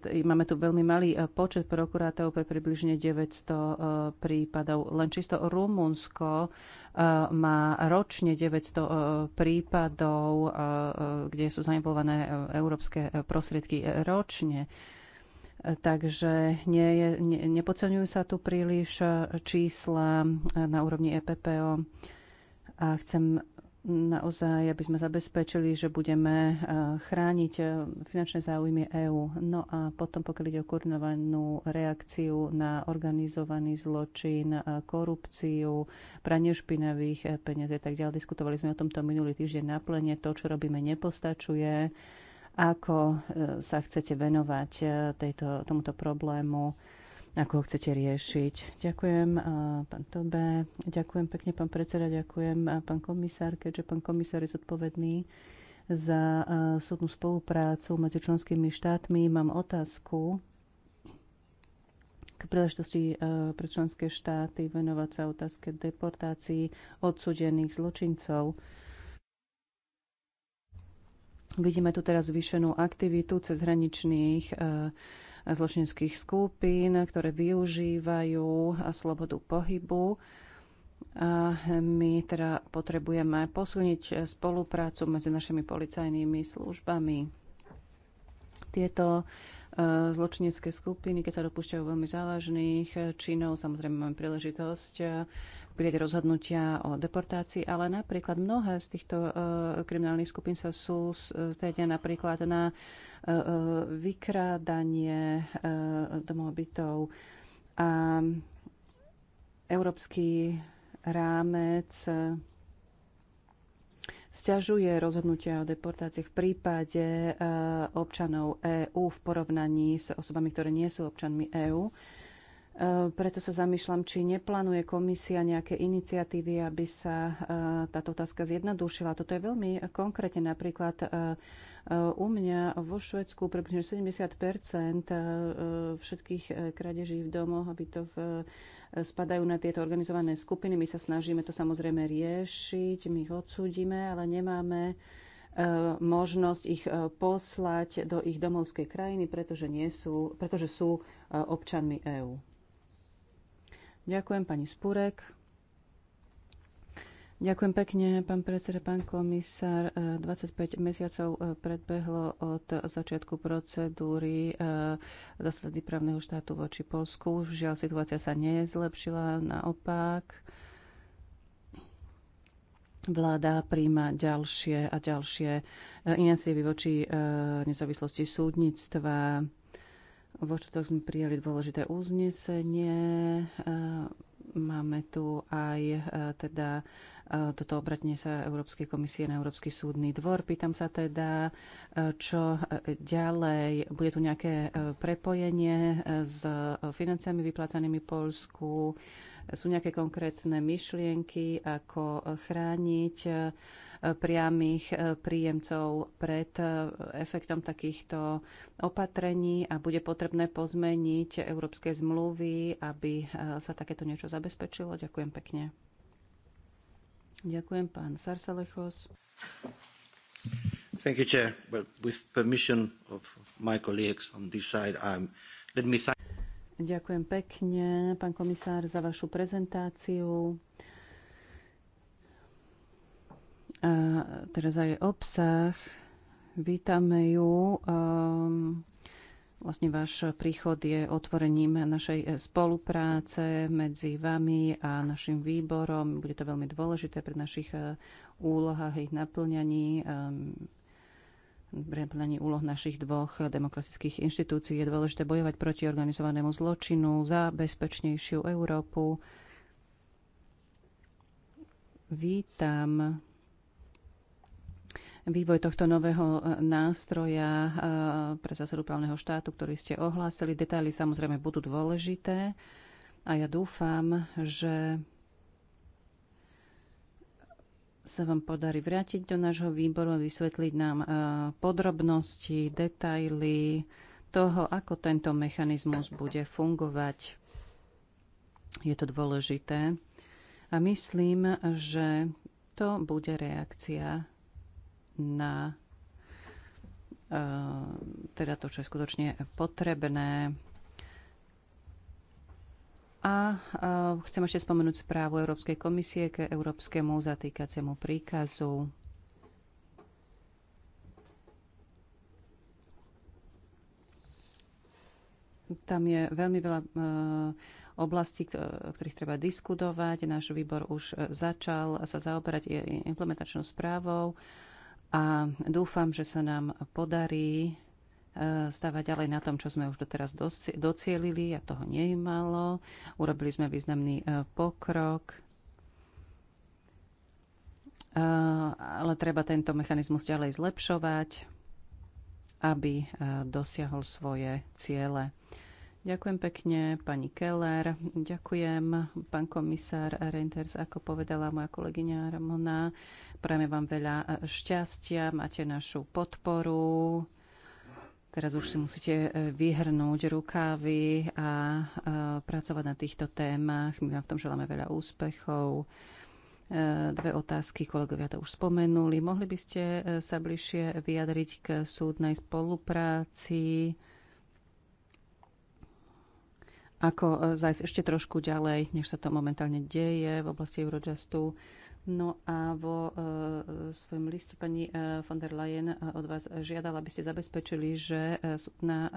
eh, Máme tu veľmi malý eh, počet prokurátov, približne 900 prípadov. Len čisto Rumunsko má ročne 900 prípadov, kde sú zainvolované európske prostriedky ročne. Takže nie je, ne, nepodceňujú sa tu príliš čísla na úrovni EPPO. A chcem naozaj, aby sme zabezpečili, že budeme eh, chrániť eh, finančné záujmy EÚ. No a potom, pokiaľ ide o koordinovanú reakciu na organizovaný zločin, eh, korupciu, pranie špinavých peniazí a tak ďalej. Diskutovali sme o tomto minulý týždeň na plene. To, čo robíme, nepostačuje. Ako sa chcete venovať tejto, tomuto problému? ako ho chcete riešiť. Ďakujem, eh, pán Tobe, ďakujem pekne, pán predseda, ďakujem, eh, pán komisár, keďže pán komisár je zodpovedný za eh, súdnu spoluprácu medzi členskými štátmi. Mám otázku k príležitosti pre členské štáty venovať sa otázke deportácií odsudených zločincov. Vidíme tu teraz zvýšenú aktivitu cez hraničných zločinských skupín, ktoré využívajú slobodu pohybu. A my teda potrebujeme posilniť spoluprácu medzi našimi policajnými službami. Tieto e, zločinecké skupiny, keď sa dopúšťajú veľmi závažných činov, samozrejme máme príležitosť prijať rozhodnutia o deportácii, ale napríklad mnohé z týchto uh, kriminálnych skupín sa e, stredia napríklad na uh, e, vykrádanie uh, domobytov a európsky rámec sťažuje rozhodnutia o deportácii v prípade občanov EÚ v porovnaní s osobami, ktoré nie sú občanmi EÚ. E, preto sa zamýšľam, či neplánuje komisia nejaké iniciatívy, aby sa e, táto otázka zjednodušila. Toto je veľmi konkrétne. Napríklad e, u mňa vo Švedsku približne 70 všetkých krádeží v domoch a bytov spadajú na tieto organizované skupiny. My sa snažíme to samozrejme riešiť, my ich odsúdime, ale nemáme možnosť ich poslať do ich domovskej krajiny, pretože, nie sú, pretože sú občanmi EÚ. Ďakujem pani Spurek. Ďakujem pekne, pán predseda, pán komisár. 25 e, mesiacov e, predbehlo od začiatku procedúry e, zásady právneho štátu voči Polsku. Žiaľ, situácia sa nezlepšila, naopak. Vláda príjma ďalšie a ďalšie iniciatívy voči nezávislosti súdnictva, vo čtvrtok sme prijali dôležité uznesenie. E, máme tu aj e, teda e, toto obratne sa Európskej komisie na Európsky súdny dvor. Pýtam sa teda, čo ďalej. Bude tu nejaké prepojenie s financiami vyplácanými Polsku? Sú nejaké konkrétne myšlienky, ako chrániť priamých e, príjemcov pred e, efektom takýchto opatrení a bude potrebné pozmeniť európske zmluvy, aby e, sa takéto niečo zabezpečilo. Ďakujem pekne. Ďakujem, pán Sarsalechos. Thank you, Chair. Well, with permission of my colleagues on this side, I'm, let me thank... Ďakujem pekne, pán komisár, za vašu prezentáciu. A teraz aj obsah. Vítame ju. Ehm, vlastne váš príchod je otvorením našej spolupráce medzi vami a našim výborom. Bude to veľmi dôležité pri našich e, úlohách, ich naplňaní ehm, plnení úloh našich dvoch demokratických inštitúcií je dôležité bojovať proti organizovanému zločinu za bezpečnejšiu Európu. Vítam vývoj tohto nového e, nástroja e, pre zásadu právneho štátu, ktorý ste ohlásili. Detaily samozrejme budú dôležité a ja dúfam, že sa vám podarí vrátiť do nášho výboru a vysvetliť nám e, podrobnosti, detaily toho, ako tento mechanizmus bude fungovať. Je to dôležité. A myslím, že to bude reakcia na eh, teda to, čo je skutočne potrebné. A eh, chcem ešte spomenúť správu Európskej komisie ke Európskemu zatýkaciemu príkazu. Tam je veľmi veľa eh, oblastí, o ktorých treba diskutovať. Náš výbor už začal sa zaoberať implementačnou správou a dúfam, že sa nám podarí e, stavať ďalej na tom, čo sme už doteraz docielili a toho nie je malo. Urobili sme významný e, pokrok, e, ale treba tento mechanizmus ďalej zlepšovať, aby dosiahol svoje ciele. Ďakujem pekne, pani Keller. Ďakujem, pán komisár Reinters, ako povedala moja kolegyňa Ramona. Prajeme vám veľa šťastia, máte našu podporu. Teraz už si musíte e, vyhrnúť rukávy a e, pracovať na týchto témach. My vám v tom želáme veľa úspechov. E, dve otázky, kolegovia to už spomenuli. Mohli by ste sa bližšie vyjadriť k súdnej spolupráci? ako e, zajsť ešte trošku ďalej, než sa to momentálne deje v oblasti Eurojustu. No a vo e, e svojom liste pani e, von der Leyen e, od vás žiadala, aby ste zabezpečili, že súdna e,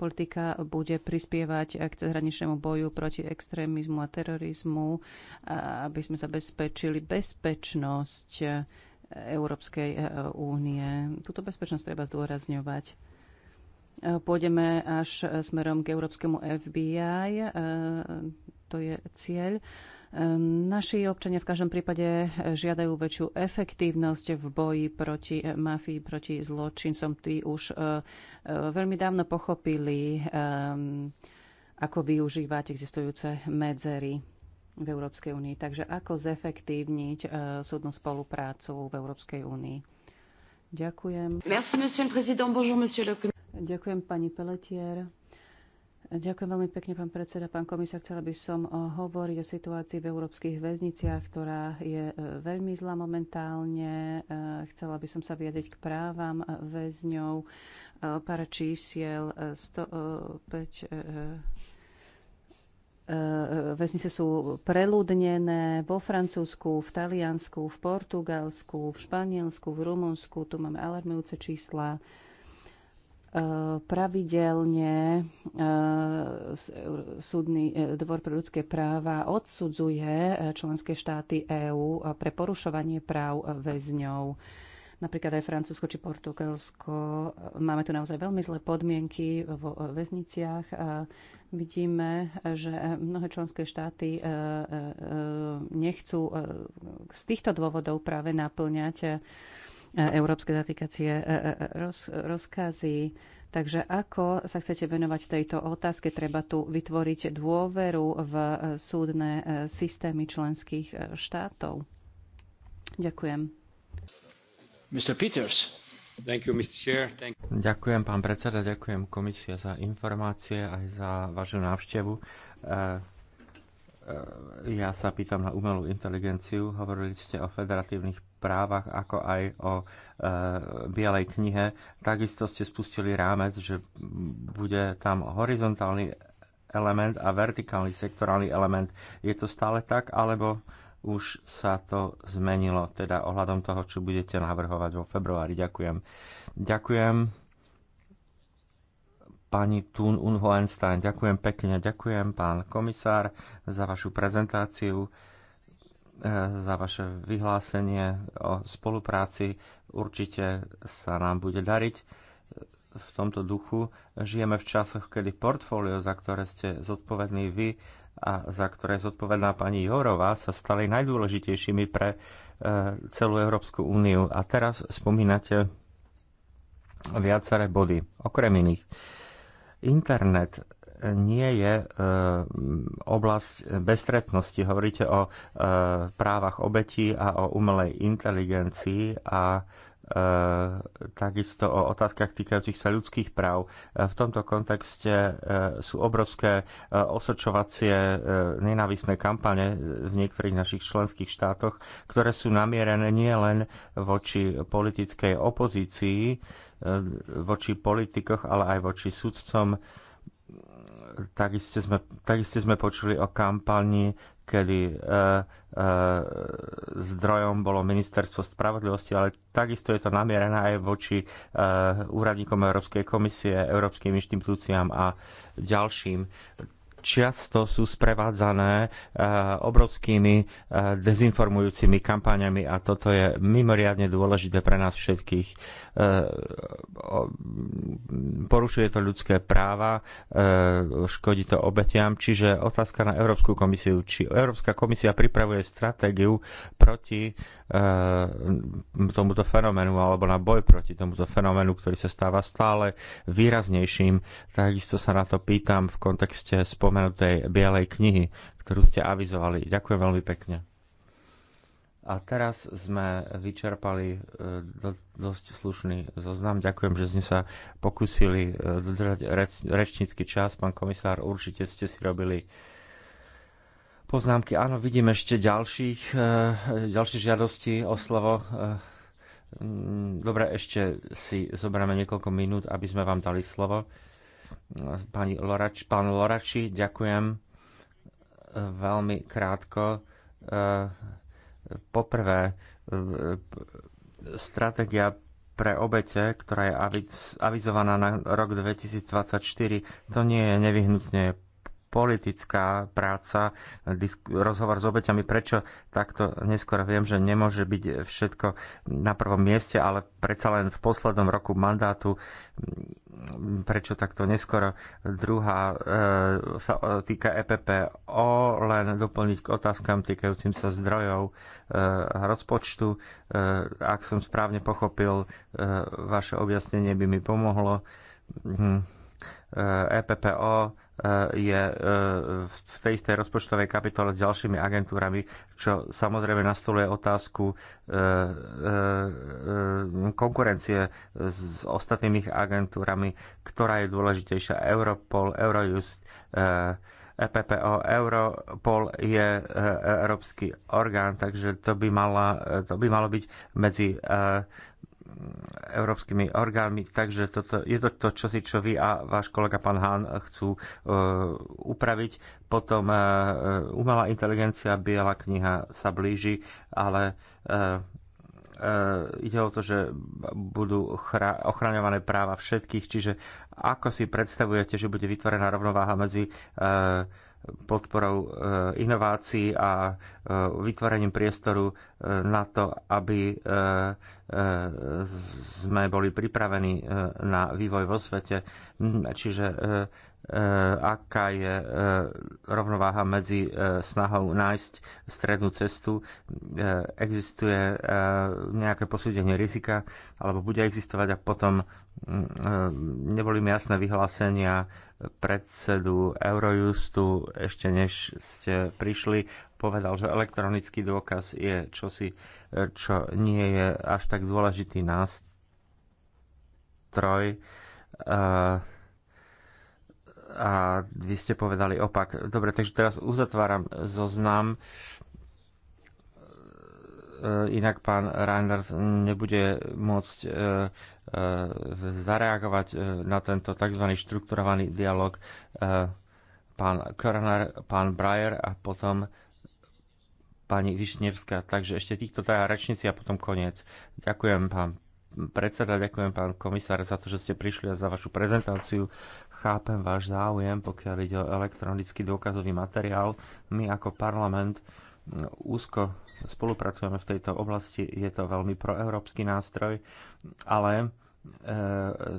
politika bude prispievať k zahraničnému boju proti extrémizmu a terorizmu, a aby sme zabezpečili bezpečnosť Európskej únie. Túto bezpečnosť treba zdôrazňovať pôjdeme až e, smerom k európskemu FBI. E, to je cieľ. E, naši občania v každom prípade žiadajú väčšiu efektívnosť v boji proti mafii, proti zločincom. Tí už veľmi dávno pochopili, ako využívať existujúce medzery v Európskej únii. Takže ako zefektívniť súdnu spoluprácu v Európskej únii. Ďakujem. Merci, monsieur le président. Bonjour, monsieur le Ďakujem pani Peletier. Ďakujem veľmi pekne, pán predseda. Pán komisár, chcela by som eh, hovoriť o situácii v európskych väzniciach, ktorá je eh, veľmi zlá momentálne. Eh, chcela by som sa vyjadriť k právam väzňov. Pár čísiel 105 väznice sú preludnené vo Francúzsku, v Taliansku, v Portugalsku, v Španielsku, v Rumunsku. Tu máme alarmujúce čísla. Eh, pravidelne eh, súdny eh, dvor pre ľudské práva odsudzuje členské štáty EÚ pre porušovanie práv väzňov. Napríklad aj Francúzsko či Portugalsko. Máme tu naozaj veľmi zlé podmienky vo väzniciach. A vidíme, že mnohé členské štáty nechcú z týchto dôvodov práve naplňať E, európske zatýkacie e, e, roz, rozkazy. Takže ako sa chcete venovať tejto otázke? Treba tu vytvoriť dôveru v súdne systémy členských štátov. Ďakujem. Mr. Peters. Thank you, Mr. Chair. Thank you. Ďakujem, pán predseda, ďakujem komisia za informácie aj za vašu návštevu. Ja sa pýtam na umelú inteligenciu. Hovorili ste o federatívnych právach, ako aj o e, Bielej knihe. Takisto ste spustili rámec, že bude tam horizontálny element a vertikálny sektorálny element. Je to stále tak, alebo už sa to zmenilo, teda ohľadom toho, čo budete navrhovať vo februári. Ďakujem. Ďakujem pani Thun Unhoenstein. Ďakujem pekne, ďakujem pán komisár za vašu prezentáciu. Eh, za vaše vyhlásenie o spolupráci. Určite sa nám bude dariť v tomto duchu. Žijeme v časoch, kedy portfólio, za ktoré ste zodpovední vy a za ktoré je zodpovedná pani Jorová, sa stali najdôležitejšími pre eh, celú Európsku úniu. A teraz spomínate viaceré body, okrem iných. Internet nie je e, oblasť bezstretnosti. Hovoríte o e, právach obetí a o umelej inteligencii a e, takisto o otázkach týkajúcich sa ľudských práv. V tomto kontexte sú obrovské osočovacie nenávisné kampane v niektorých našich členských štátoch, ktoré sú namierené nielen voči politickej opozícii, voči politikoch, ale aj voči sudcom, Takisto sme, takisto sme počuli o kampani, kedy e, e, zdrojom bolo ministerstvo spravodlivosti, ale takisto je to namierené aj voči e, úradníkom Európskej komisie, európskym inštitúciám a ďalším často sú sprevádzané eh, obrovskými eh, dezinformujúcimi kampáňami a toto je mimoriadne dôležité pre nás všetkých. Eh, porušuje to ľudské práva, škodí to obetiam, čiže otázka na Európsku komisiu, či Európska komisia pripravuje stratégiu proti tomuto fenoménu alebo na boj proti tomuto fenoménu, ktorý sa stáva stále výraznejším. Takisto sa na to pýtam v kontexte spoločnosti spomenutej Bielej knihy, ktorú ste avizovali. Ďakujem veľmi pekne. A teraz sme vyčerpali e, dosť slušný zoznam. Ďakujem, že sme sa pokusili e, dodržať reč, rečnícky čas. Pán komisár, určite ste si robili poznámky. Áno, vidím ešte ďalších, e, ďalšie žiadosti o slovo. Dobre, ešte si zoberieme niekoľko minút, aby sme vám dali slovo. Pani Lorač, pán Lorači, ďakujem veľmi krátko. Eh, poprvé, eh, stratégia pre obete, ktorá je avizovaná na rok 2024, to nie je nevyhnutne politická práca, rozhovor s obeťami, prečo takto neskôr viem, že nemôže byť všetko na prvom mieste, ale predsa len v poslednom roku mandátu, mm, prečo takto neskôr Druhá e, sa e, týka EPPO, len doplniť k otázkam týkajúcim sa zdrojov e, rozpočtu. Ak som správne pochopil, vaše objasnenie by mi pomohlo. Mhm. EPPO E, je e, v tej istej rozpočtovej kapitole s ďalšími agentúrami, čo samozrejme nastoluje otázku e, konkurencie s ostatnými agentúrami, ktorá je dôležitejšia. Europol, Eurojust, EPPO Europol je európsky orgán, takže to by, mala, to by malo byť medzi európskymi orgánmi. Takže toto, je to to, čo si čo vy a váš kolega pán Hán chcú uh, upraviť. Potom uh, umelá inteligencia, biela kniha sa blíži, ale uh, ide o to, že budú ochraňované práva všetkých, čiže ako si predstavujete, že bude vytvorená rovnováha medzi uh, podporou e, inovácií a e, vytvorením priestoru e, na to, aby sme boli pripravení na vývoj vo svete. Čiže aká je rovnováha medzi snahou nájsť strednú cestu, existuje nejaké posúdenie rizika, alebo bude existovať a potom Mm, e, neboli mi jasné vyhlásenia predsedu Eurojustu ešte než ste prišli. Povedal, že elektronický dôkaz je čosi, e, čo nie je až tak dôležitý nástroj. E, a vy ste povedali opak. Dobre, takže teraz uzatváram zoznam inak pán Reinders nebude môcť zareagovať e, na tento tzv. štrukturovaný dialog e, pán Körner, pán Breyer a potom pani Višnevská. Takže ešte týchto teda rečníci a potom koniec. Ďakujem pán predseda, ďakujem pán komisár za to, že ste prišli a za vašu prezentáciu. Chápem váš záujem, pokiaľ ide o elektronický dôkazový materiál. My ako parlament úzko spolupracujeme v tejto oblasti, je to veľmi proeurópsky nástroj, ale E,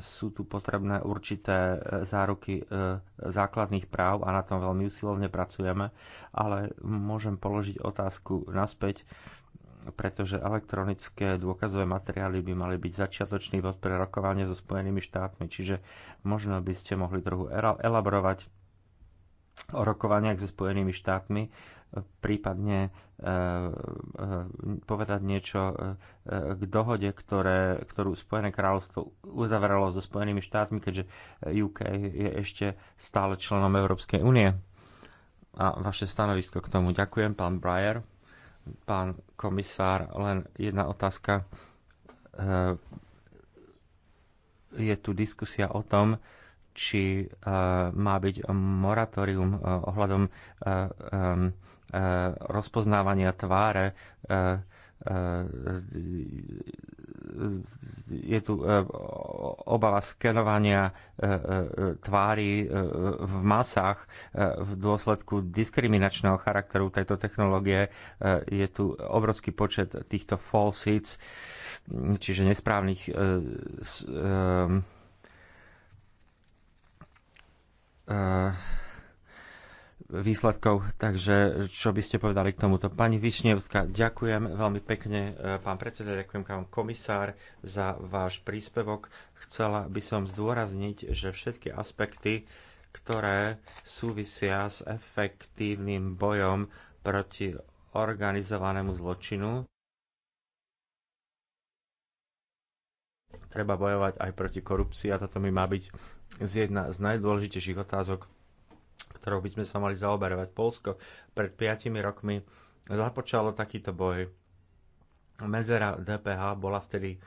sú tu potrebné určité e, záruky e, základných práv a na tom veľmi usilovne pracujeme, ale môžem položiť otázku naspäť, pretože elektronické dôkazové materiály by mali byť začiatočný bod pre rokovanie so Spojenými štátmi, čiže možno by ste mohli trochu elaborovať o rokovaniach so Spojenými štátmi prípadne e, e, povedať niečo e, k dohode, ktoré, ktorú Spojené kráľovstvo uzavralo so Spojenými štátmi, keďže UK je ešte stále členom Európskej únie. A vaše stanovisko k tomu. Ďakujem, pán Breyer. Pán komisár, len jedna otázka. Je tu diskusia o tom, či má byť moratórium ohľadom Eh, rozpoznávania tváre eh, eh, je tu obava skenovania tvári v masách v dôsledku diskriminačného charakteru tejto technológie. Je tu obrovský počet týchto falsits, čiže nesprávnych uh, výsledkov. Takže čo by ste povedali k tomuto? Pani Višnevská, ďakujem veľmi pekne, e, pán predseda, ďakujem vám komisár za váš príspevok. Chcela by som zdôrazniť, že všetky aspekty, ktoré súvisia s efektívnym bojom proti organizovanému zločinu, treba bojovať aj proti korupcii a toto mi má byť z jedna z najdôležitejších otázok ktorou by sme sa mali zaoberovať. Polsko pred 5 rokmi započalo takýto boj. Medzera DPH bola vtedy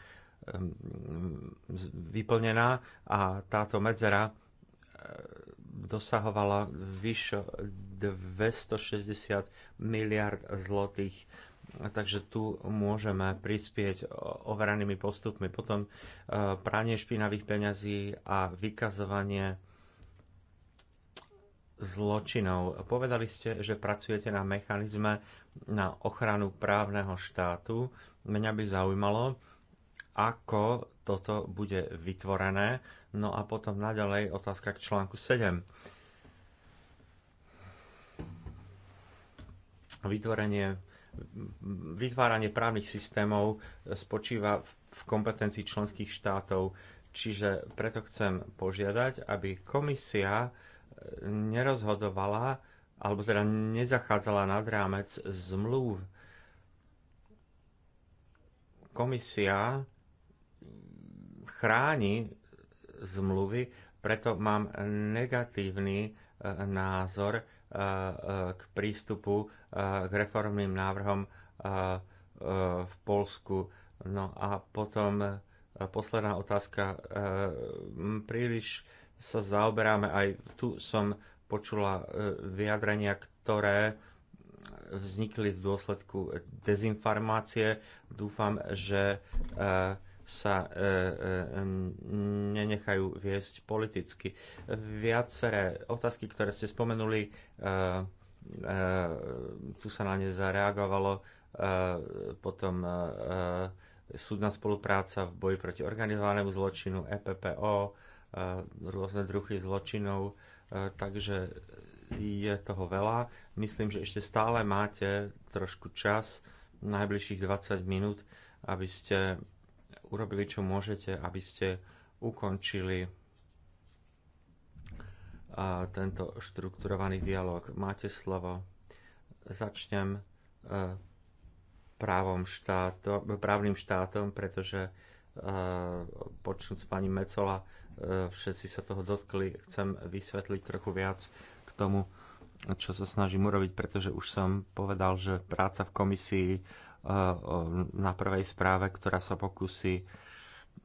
vyplnená a táto medzera e, dosahovala vyše 260 miliard zlotých. Takže tu môžeme prispieť overenými postupmi. Potom e, pranie špinavých peňazí a vykazovanie zločinov. Povedali ste, že pracujete na mechanizme na ochranu právneho štátu. Mňa by zaujímalo, ako toto bude vytvorené. No a potom naďalej otázka k článku 7. Vytvorenie, vytváranie právnych systémov spočíva v kompetencii členských štátov, čiže preto chcem požiadať, aby komisia nerozhodovala, alebo teda nezachádzala nad rámec zmluv. Komisia chráni zmluvy, preto mám negatívny e, názor e, e, k prístupu k reformným návrhom v Polsku. No a potom posledná otázka. Príliš sa zaoberáme. Aj tu som počula e, vyjadrenia, ktoré vznikli v dôsledku dezinformácie. Dúfam, že e, sa e, nenechajú viesť politicky. Viaceré otázky, ktoré ste spomenuli, tu sa na ne zareagovalo, potom súdna spolupráca v boji proti organizovanému zločinu, EPPO, rôzne druhy zločinov, e, takže je toho veľa. Myslím, že ešte stále máte trošku čas, najbližších 20 minút, aby ste urobili, čo môžete, aby ste ukončili e, tento štrukturovaný dialog. Máte slovo. Začnem e, právom štátom, právnym štátom, pretože počnúť s pani Mecola Eh, všetci sa toho dotkli. Chcem vysvetliť trochu viac k tomu, čo sa snažím urobiť, pretože už som povedal, že práca v komisii eh, na prvej správe, ktorá sa pokusí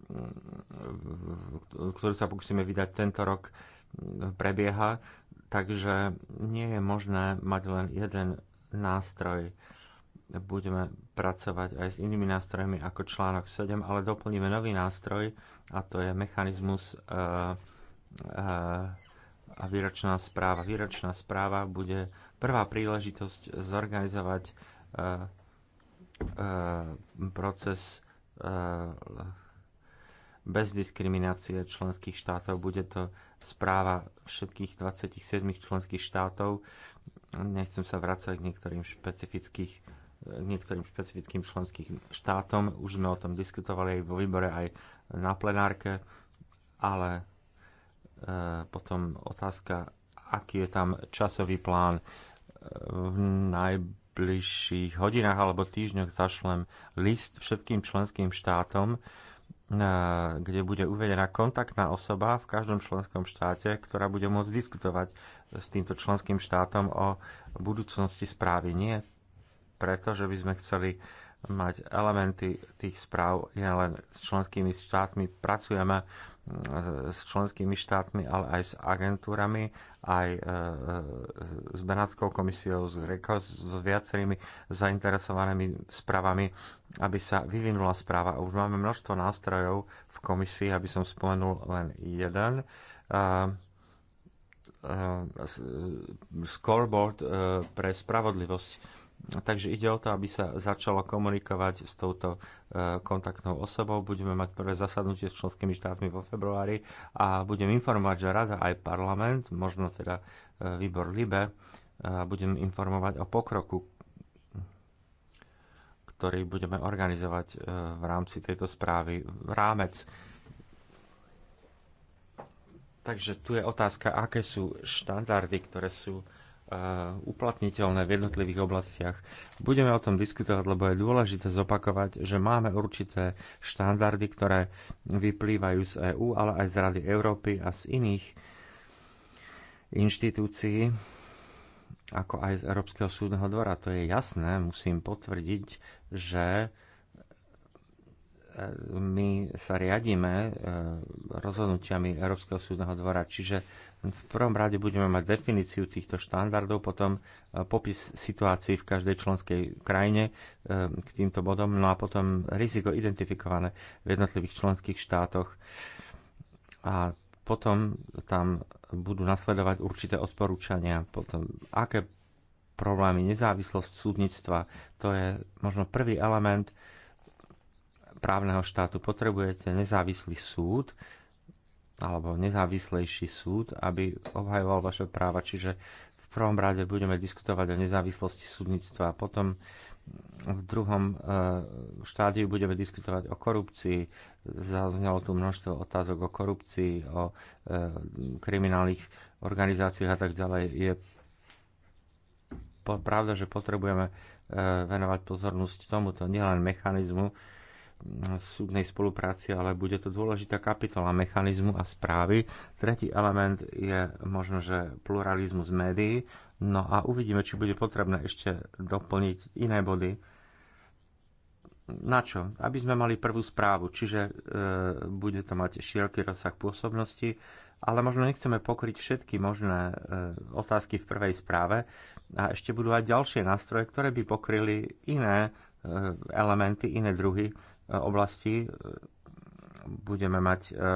mm, ktorú sa pokúsime vydať tento rok, mm, prebieha. Takže nie je možné mať len jeden nástroj budeme pracovať aj s inými nástrojmi ako článok 7, ale doplníme nový nástroj a to je mechanizmus uh, uh, a výročná správa. Výročná správa bude prvá príležitosť zorganizovať uh, proces bez diskriminácie členských štátov. Bude to správa všetkých 27 členských štátov. Nechcem sa vrácať k niektorým špecifických niektorým špecifickým členským štátom. Už sme o tom diskutovali aj vo výbore, aj na plenárke, ale e, potom otázka, aký je tam časový plán e, v najbližších hodinách alebo týždňoch zašlem list všetkým členským štátom, e, kde bude uvedená kontaktná osoba v každom členskom štáte, ktorá bude môcť diskutovať s týmto členským štátom o budúcnosti správy. Nie pretože by sme chceli mať elementy tých správ nielen s členskými štátmi. Pracujeme mm, s členskými štátmi, ale aj s agentúrami, aj e, e, s Benátskou komisiou, s, s viacerými zainteresovanými správami, aby sa vyvinula správa. Už máme množstvo nástrojov v komisii, aby som spomenul len jeden. E, scoreboard pre spravodlivosť Takže ide o to, aby sa začalo komunikovať s touto e, kontaktnou osobou. Budeme mať prvé zasadnutie s členskými štátmi vo februári a budem informovať, že rada aj parlament, možno teda e, výbor LIBE, e, budem informovať o pokroku, ktorý budeme organizovať v rámci tejto správy. Rámec. Takže tu je otázka, aké sú štandardy, ktoré sú uplatniteľné v jednotlivých oblastiach. Budeme o tom diskutovať, lebo je dôležité zopakovať, že máme určité štandardy, ktoré vyplývajú z EÚ, ale aj z Rady Európy a z iných inštitúcií, ako aj z Európskeho súdneho dvora. To je jasné, musím potvrdiť, že e, my sa riadíme e, rozhodnutiami Európskeho súdneho dvora, čiže v prvom rade budeme mať definíciu týchto štandardov, potom e, popis situácií v každej členskej krajine e, k týmto bodom, no a potom riziko identifikované v jednotlivých členských štátoch. A potom tam budú nasledovať určité odporúčania, potom aké problémy, nezávislosť súdnictva, to je možno prvý element právneho štátu. Potrebujete nezávislý súd, alebo nezávislejší súd, aby obhajoval vaše práva. Čiže v prvom rade budeme diskutovať o nezávislosti súdnictva a potom v druhom e, štádiu budeme diskutovať o korupcii. Zaznelo tu množstvo otázok o korupcii, o e, kriminálnych organizáciách a tak ďalej. Je pravda, že potrebujeme e, venovať pozornosť tomuto, nielen mechanizmu, súdnej spolupráci, ale bude to dôležitá kapitola mechanizmu a správy. Tretí element je možno, že pluralizmus médií. No a uvidíme, či bude potrebné ešte doplniť iné body. Na čo? Aby sme mali prvú správu, čiže e, bude to mať široký rozsah pôsobnosti, ale možno nechceme pokryť všetky možné e, otázky v prvej správe a ešte budú aj ďalšie nástroje, ktoré by pokryli iné e, elementy, iné druhy oblasti e, budeme mať e, e,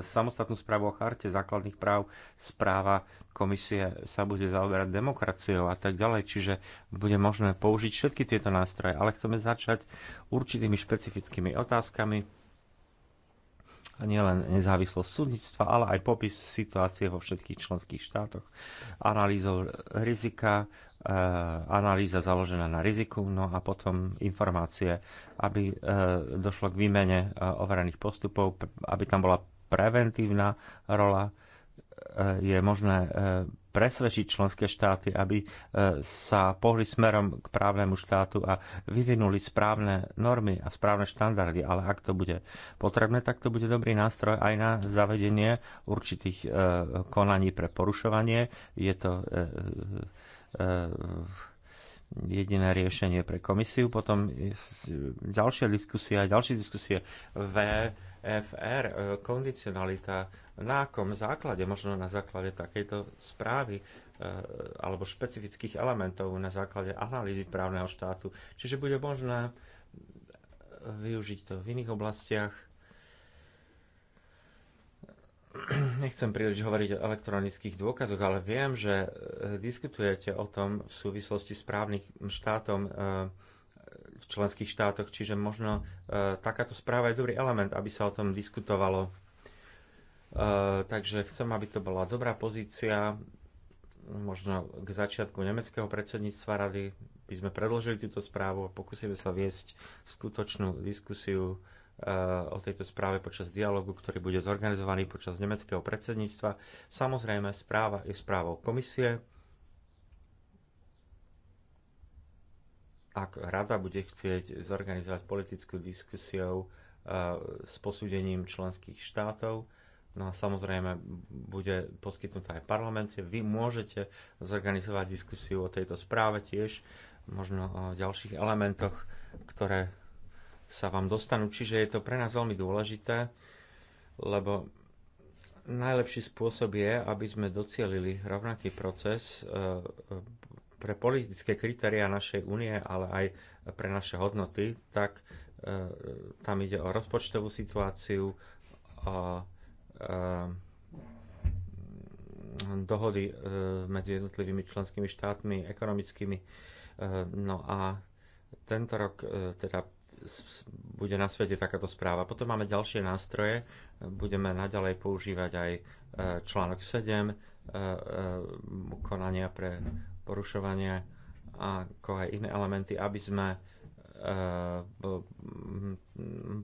samostatnú správu o charte základných práv, správa komisie sa bude zaoberať demokraciou a tak ďalej, čiže bude možné použiť všetky tieto nástroje, ale chceme začať určitými špecifickými otázkami, a nielen nezávislosť súdnictva, ale aj popis situácie vo všetkých členských štátoch, analýzou rizika, E, analýza založená na riziku, no a potom informácie, aby e, došlo k výmene e, overených postupov, aby tam bola preventívna rola, je možné presvedčiť členské štáty, aby e, sa pohli smerom k právnemu štátu a vyvinuli správne normy a správne štandardy. Ale ak to bude potrebné, tak to bude dobrý nástroj aj na zavedenie určitých e, konaní pre porušovanie. Je to e, jediné riešenie pre komisiu. Potom ďalšia diskusia, ďalšie diskusie V FR, e, kondicionalita, na akom základe, možno na základe takejto správy e, alebo špecifických elementov na základe analýzy právneho štátu. Čiže bude možné využiť to v iných oblastiach. Nechcem príliš hovoriť o elektronických dôkazoch, ale viem, že e, diskutujete o tom v súvislosti s právnym štátom v členských štátoch. Čiže možno e, takáto správa je dobrý element, aby sa o tom diskutovalo. E, takže chcem, aby to bola dobrá pozícia. Možno k začiatku nemeckého predsedníctva rady by sme predložili túto správu a pokúsime sa viesť skutočnú diskusiu e, o tejto správe počas dialogu, ktorý bude zorganizovaný počas nemeckého predsedníctva. Samozrejme, správa je správou komisie ak rada bude chcieť zorganizovať politickú diskusiu e, s posúdením členských štátov, no a samozrejme bude poskytnutá aj parlamente. Vy môžete zorganizovať diskusiu o tejto správe tiež, možno o ďalších elementoch, ktoré sa vám dostanú. Čiže je to pre nás veľmi dôležité, lebo najlepší spôsob je, aby sme docielili rovnaký proces e, pre politické kritéria našej únie, ale aj pre naše hodnoty, tak e, tam ide o rozpočtovú situáciu, o e, dohody e, medzi jednotlivými členskými štátmi, ekonomickými. No a tento rok teda bude na svete takáto správa. Potom máme ďalšie nástroje, budeme naďalej používať aj článok 7 konania pre porušovanie ako aj iné elementy, aby sme e,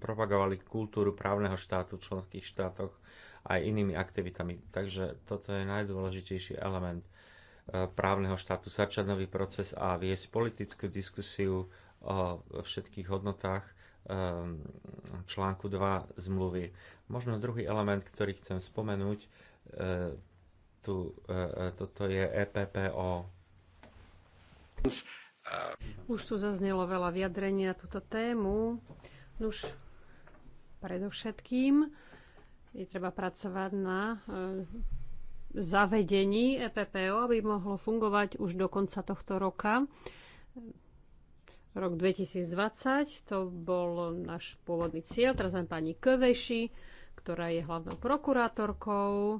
propagovali kultúru právneho štátu v členských štátoch aj inými aktivitami. Takže toto je najdôležitejší element e, právneho štátu, začať nový proces a viesť politickú diskusiu o všetkých hodnotách e, článku 2 zmluvy. Možno druhý element, ktorý chcem spomenúť, tu, toto je EPPO, už tu zaznelo veľa vyjadrení na túto tému. Nuž, predovšetkým je treba pracovať na e, zavedení EPPO, aby mohlo fungovať už do konca tohto roka. Rok 2020 to bol náš pôvodný cieľ. Teraz máme pani Köveši, ktorá je hlavnou prokurátorkou.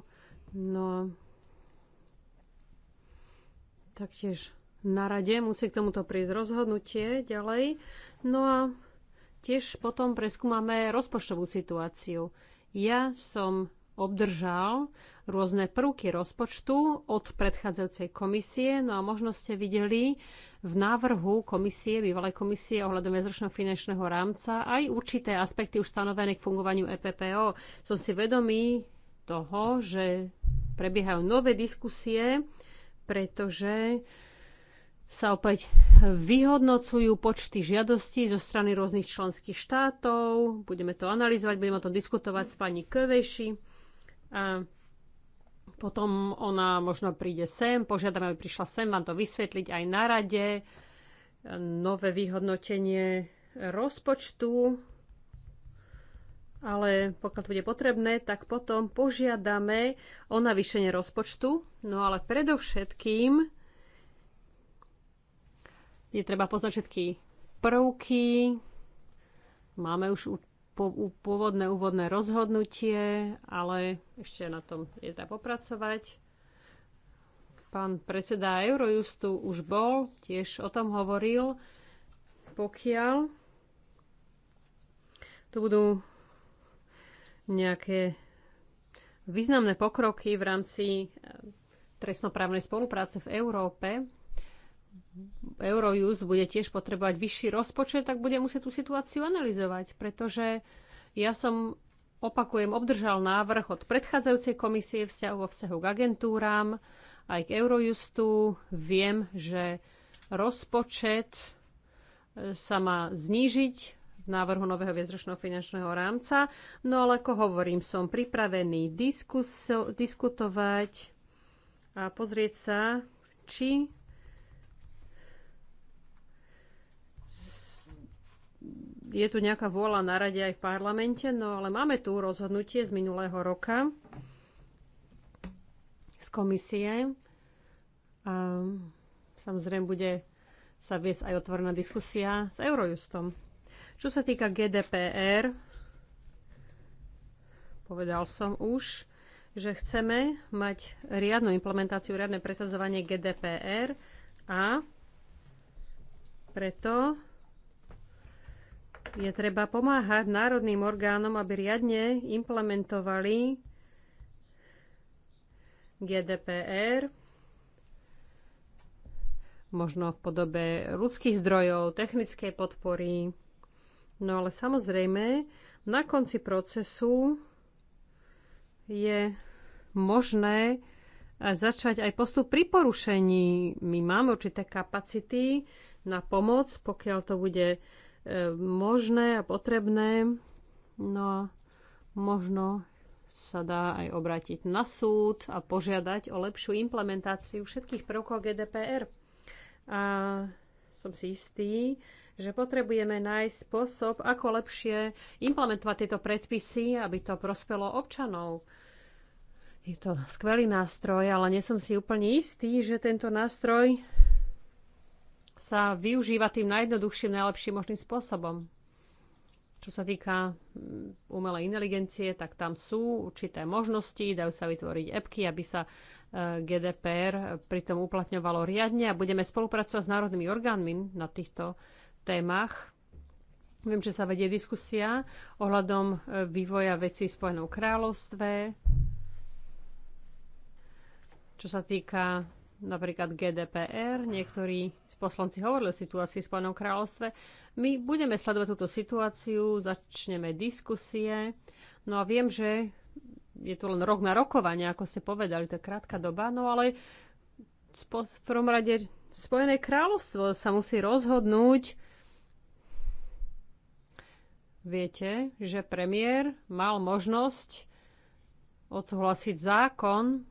No, taktiež na rade, musí k tomuto prísť rozhodnutie ďalej. No a tiež potom preskúmame rozpočtovú situáciu. Ja som obdržal rôzne prvky rozpočtu od predchádzajúcej komisie. No a možno ste videli v návrhu komisie, bývalej komisie ohľadom viacročného finančného rámca aj určité aspekty už stanovené k fungovaniu EPPO. Som si vedomý toho, že prebiehajú nové diskusie, pretože sa opäť vyhodnocujú počty žiadostí zo strany rôznych členských štátov. Budeme to analyzovať, budeme o tom diskutovať s pani Kövejši. A potom ona možno príde sem, požiadame, aby prišla sem vám to vysvetliť aj na rade. Nové vyhodnotenie rozpočtu, ale pokiaľ to bude potrebné, tak potom požiadame o navýšenie rozpočtu. No ale predovšetkým je treba poznať všetky prvky. Máme už pôvodné úvodné rozhodnutie, ale ešte na tom je treba popracovať. Pán predseda Eurojustu už bol, tiež o tom hovoril. Pokiaľ tu budú nejaké významné pokroky v rámci eh, trestnoprávnej spolupráce v Európe, Eurojust bude tiež potrebovať vyšší rozpočet, tak bude musieť tú situáciu analyzovať, pretože ja som, opakujem, obdržal návrh od predchádzajúcej komisie vzťahu vo vzťahu k agentúram, aj k Eurojustu. Viem, že rozpočet e, sa má znížiť v návrhu nového viedročného finančného rámca. No ale ako hovorím, som pripravený diskus, diskutovať a pozrieť sa, či je tu nejaká vôľa na rade aj v parlamente, no ale máme tu rozhodnutie z minulého roka z komisie. A samozrejme bude sa viesť aj otvorená diskusia s Eurojustom. Čo sa týka GDPR, povedal som už, že chceme mať riadnu implementáciu, riadne presadzovanie GDPR a preto je treba pomáhať národným orgánom, aby riadne implementovali GDPR, možno v podobe ľudských zdrojov, technickej podpory. No ale samozrejme, na konci procesu je možné začať aj postup pri porušení. My máme určité kapacity na pomoc, pokiaľ to bude možné a potrebné. No a možno sa dá aj obrátiť na súd a požiadať o lepšiu implementáciu všetkých prvkov GDPR. A som si istý, že potrebujeme nájsť spôsob, ako lepšie implementovať tieto predpisy, aby to prospelo občanov. Je to skvelý nástroj, ale nie som si úplne istý, že tento nástroj sa využíva tým najjednoduchším, najlepším možným spôsobom. Čo sa týka mm, umelej inteligencie, tak tam sú určité možnosti, dajú sa vytvoriť epky, aby sa e, GDPR pritom uplatňovalo riadne a budeme spolupracovať s národnými orgánmi na týchto témach. Viem, že sa vedie diskusia ohľadom e, vývoja vecí v Spojenom kráľovstve, čo sa týka napríklad GDPR. Niektorí poslanci hovorili o situácii v Spojenom kráľovstve. My budeme sledovať túto situáciu, začneme diskusie. No a viem, že je to len rok na rokovanie, ako ste povedali, to je krátka doba, no ale v prvom rade Spojené kráľovstvo sa musí rozhodnúť. Viete, že premiér mal možnosť odsúhlasiť zákon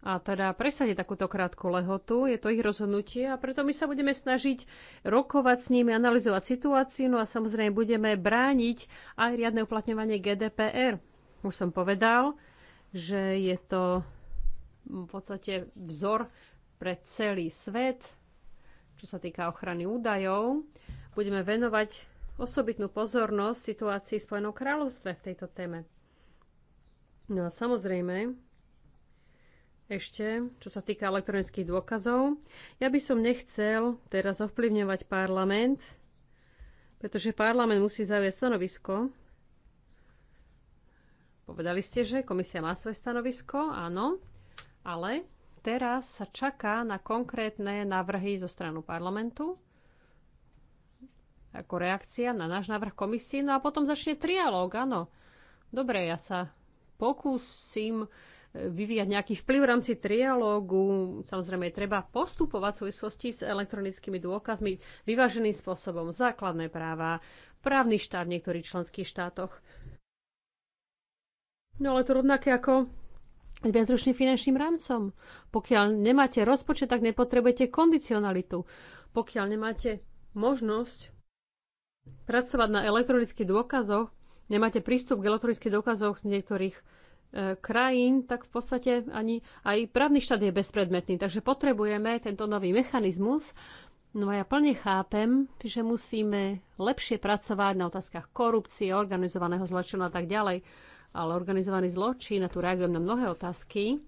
a teda presadiť takúto krátku lehotu. Je to ich rozhodnutie a preto my sa budeme snažiť rokovať s nimi, analyzovať situáciu no a samozrejme budeme brániť aj riadne uplatňovanie GDPR. Už som povedal, že je to v podstate vzor pre celý svet, čo sa týka ochrany údajov. Budeme venovať osobitnú pozornosť situácii Spojeného kráľovstve v tejto téme. No a samozrejme, ešte, čo sa týka elektronických dôkazov. Ja by som nechcel teraz ovplyvňovať parlament, pretože parlament musí zaujať stanovisko. Povedali ste, že komisia má svoje stanovisko, áno, ale teraz sa čaká na konkrétne návrhy zo stranu parlamentu ako reakcia na náš návrh komisie, no a potom začne trialóg, áno. Dobre, ja sa pokúsim vyvíjať nejaký vplyv v rámci trialógu. Samozrejme, treba postupovať v súvislosti s elektronickými dôkazmi vyváženým spôsobom základné práva, právny štát v niektorých členských štátoch. No ale to rovnaké ako s bezručným finančným rámcom. Pokiaľ nemáte rozpočet, tak nepotrebujete kondicionalitu. Pokiaľ nemáte možnosť pracovať na elektronických dôkazoch, nemáte prístup k elektronických dôkazoch z niektorých E, krajín, tak v podstate ani aj právny štát je bezpredmetný. Takže potrebujeme tento nový mechanizmus. No a ja plne chápem, že musíme lepšie pracovať na otázkach korupcie, organizovaného zločinu a tak ďalej. Ale organizovaný zločin, a tu reagujem na mnohé otázky,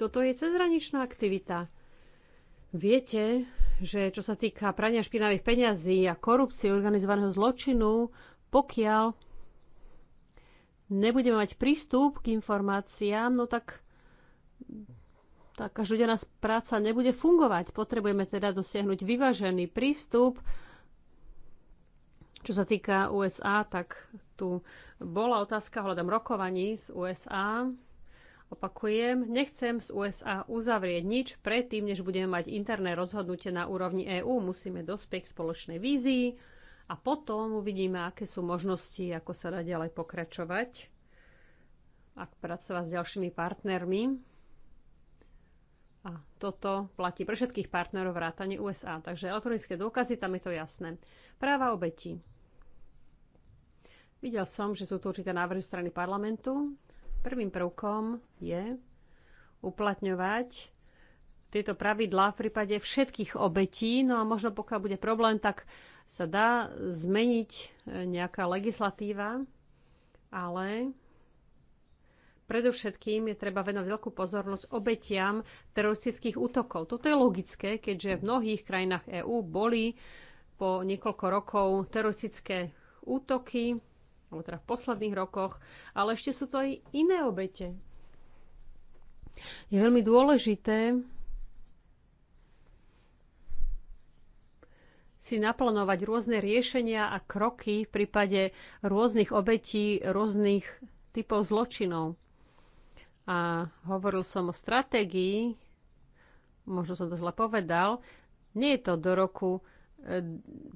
toto je cezhraničná aktivita. Viete, že čo sa týka prania špinavých peňazí a korupcie organizovaného zločinu, pokiaľ nebudeme mať prístup k informáciám, no tak tá každodenná práca nebude fungovať. Potrebujeme teda dosiahnuť vyvážený prístup. Čo sa týka USA, tak tu bola otázka hľadom rokovaní z USA. Opakujem, nechcem z USA uzavrieť nič predtým, než budeme mať interné rozhodnutie na úrovni EÚ. Musíme dospieť k spoločnej vízii a potom uvidíme, aké sú možnosti, ako sa dá ďalej pokračovať, ak pracovať s ďalšími partnermi. A toto platí pre všetkých partnerov vrátane USA. Takže elektronické dôkazy, tam je to jasné. Práva obeti. Videl som, že sú tu určité návrhy strany parlamentu. Prvým prvkom je uplatňovať tieto pravidlá v prípade všetkých obetí. No a možno pokiaľ bude problém, tak sa dá zmeniť e, nejaká legislatíva, ale predovšetkým je treba venovať veľkú pozornosť obetiam teroristických útokov. Toto je logické, keďže v mnohých krajinách EÚ boli po niekoľko rokov teroristické útoky, alebo teda v posledných rokoch, ale ešte sú to aj iné obete. Je veľmi dôležité si naplánovať rôzne riešenia a kroky v prípade rôznych obetí, rôznych typov zločinov. A hovoril som o stratégii, možno som to zle povedal, nie je to do roku e,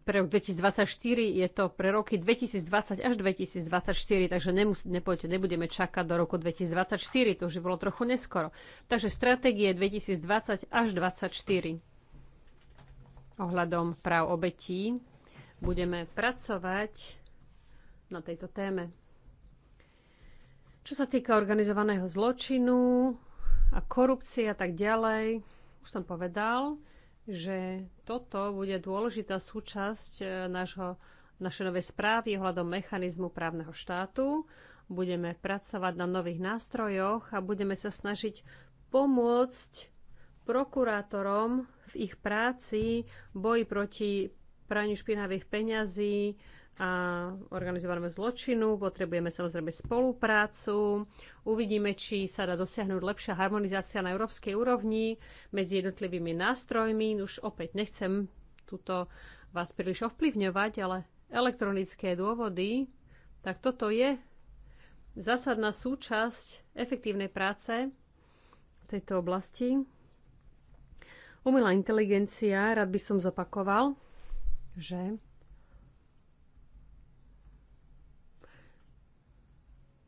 pre rok 2024, je to pre roky 2020 až 2024, takže nemus- nepoďte, nebudeme čakať do roku 2024, to už bolo trochu neskoro. Takže stratégie 2020 až 2024 ohľadom práv obetí. Budeme pracovať na tejto téme. Čo sa týka organizovaného zločinu a korupcie a tak ďalej, už som povedal, že toto bude dôležitá súčasť e, našho, našej novej správy ohľadom mechanizmu právneho štátu. Budeme pracovať na nových nástrojoch a budeme sa snažiť pomôcť prokurátorom v ich práci, boji proti praniu špinavých peňazí a organizovanému zločinu. Potrebujeme samozrejme spoluprácu. Uvidíme, či sa dá dosiahnuť lepšia harmonizácia na európskej úrovni medzi jednotlivými nástrojmi. Už opäť nechcem tuto vás príliš ovplyvňovať, ale elektronické dôvody, tak toto je zásadná súčasť efektívnej práce v tejto oblasti. Umelá inteligencia, rád by som zopakoval, že –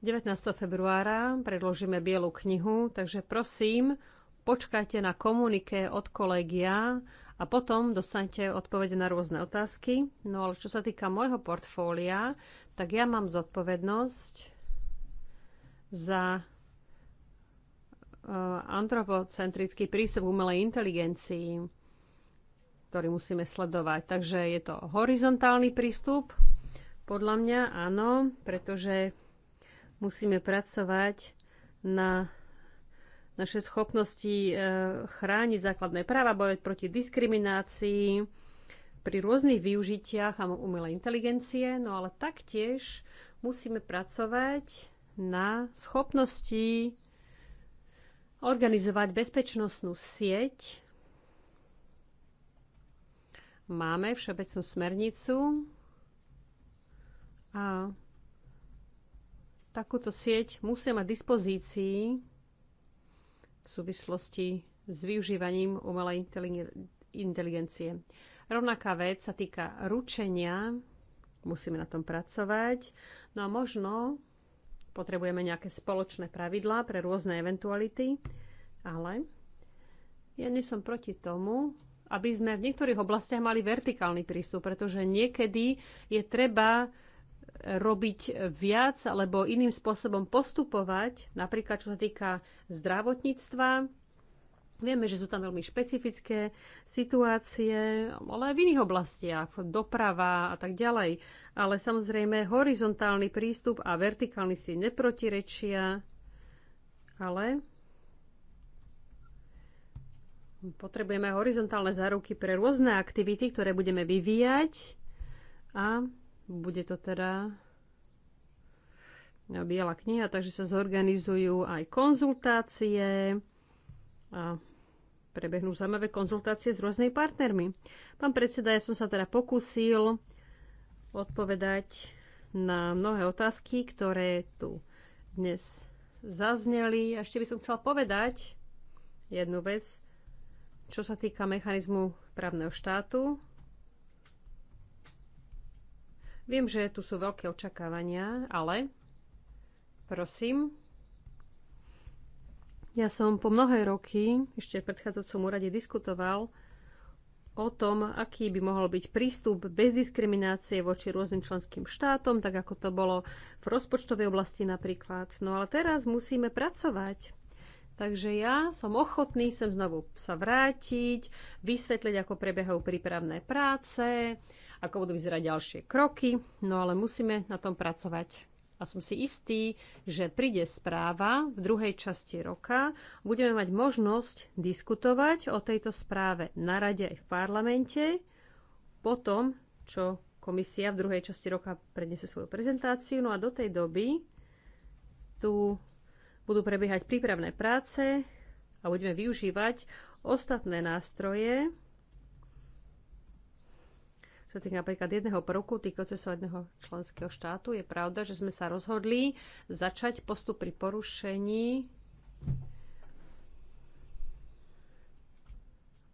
19. februára predložíme Bielu knihu, takže prosím, počkajte na komunike od kolegia a potom dostanete odpovede na rôzne otázky. No ale čo sa týka môjho portfólia, tak ja mám zodpovednosť za Eh, antropocentrický prístup k umelej inteligencii, ktorý musíme sledovať. Takže je to horizontálny prístup, podľa mňa áno, pretože musíme pracovať na naše schopnosti eh, chrániť základné práva, bojovať proti diskriminácii pri rôznych využitiach a umelej inteligencie, no ale taktiež musíme pracovať na schopnosti organizovať bezpečnostnú sieť. Máme všeobecnú smernicu a takúto sieť musia mať dispozícii v súvislosti s využívaním umelej inteligencie. Rovnaká vec sa týka ručenia, musíme na tom pracovať. No a možno Potrebujeme nejaké spoločné pravidlá pre rôzne eventuality, ale ja nie som proti tomu, aby sme v niektorých oblastiach mali vertikálny prístup, pretože niekedy je treba robiť viac alebo iným spôsobom postupovať, napríklad čo sa týka zdravotníctva, Vieme, že sú tam veľmi špecifické situácie, ale aj v iných oblastiach, doprava a tak ďalej. Ale samozrejme, horizontálny prístup a vertikálny si neprotirečia, ale potrebujeme horizontálne záruky pre rôzne aktivity, ktoré budeme vyvíjať a bude to teda biela kniha, takže sa zorganizujú aj konzultácie, a prebehnú zaujímavé konzultácie s rôznymi partnermi. Pán predseda, ja som sa teda pokúsil odpovedať na mnohé otázky, ktoré tu dnes zazneli. A ešte by som chcela povedať jednu vec, čo sa týka mechanizmu právneho štátu. Viem, že tu sú veľké očakávania, ale prosím, ja som po mnohé roky, ešte v predchádzajúcom úrade, diskutoval o tom, aký by mohol byť prístup bez diskriminácie voči rôznym členským štátom, tak ako to bolo v rozpočtovej oblasti napríklad. No ale teraz musíme pracovať. Takže ja som ochotný sem znovu sa vrátiť, vysvetliť, ako prebiehajú prípravné práce, ako budú vyzerať ďalšie kroky, no ale musíme na tom pracovať a som si istý, že príde správa v druhej časti roka. Budeme mať možnosť diskutovať o tejto správe na rade aj v parlamente po tom, čo komisia v druhej časti roka predniesie svoju prezentáciu. No a do tej doby tu budú prebiehať prípravné práce a budeme využívať ostatné nástroje, čo týka napríklad jedného prvku týkajúce sa jedného členského štátu. Je pravda, že sme sa rozhodli začať postup pri porušení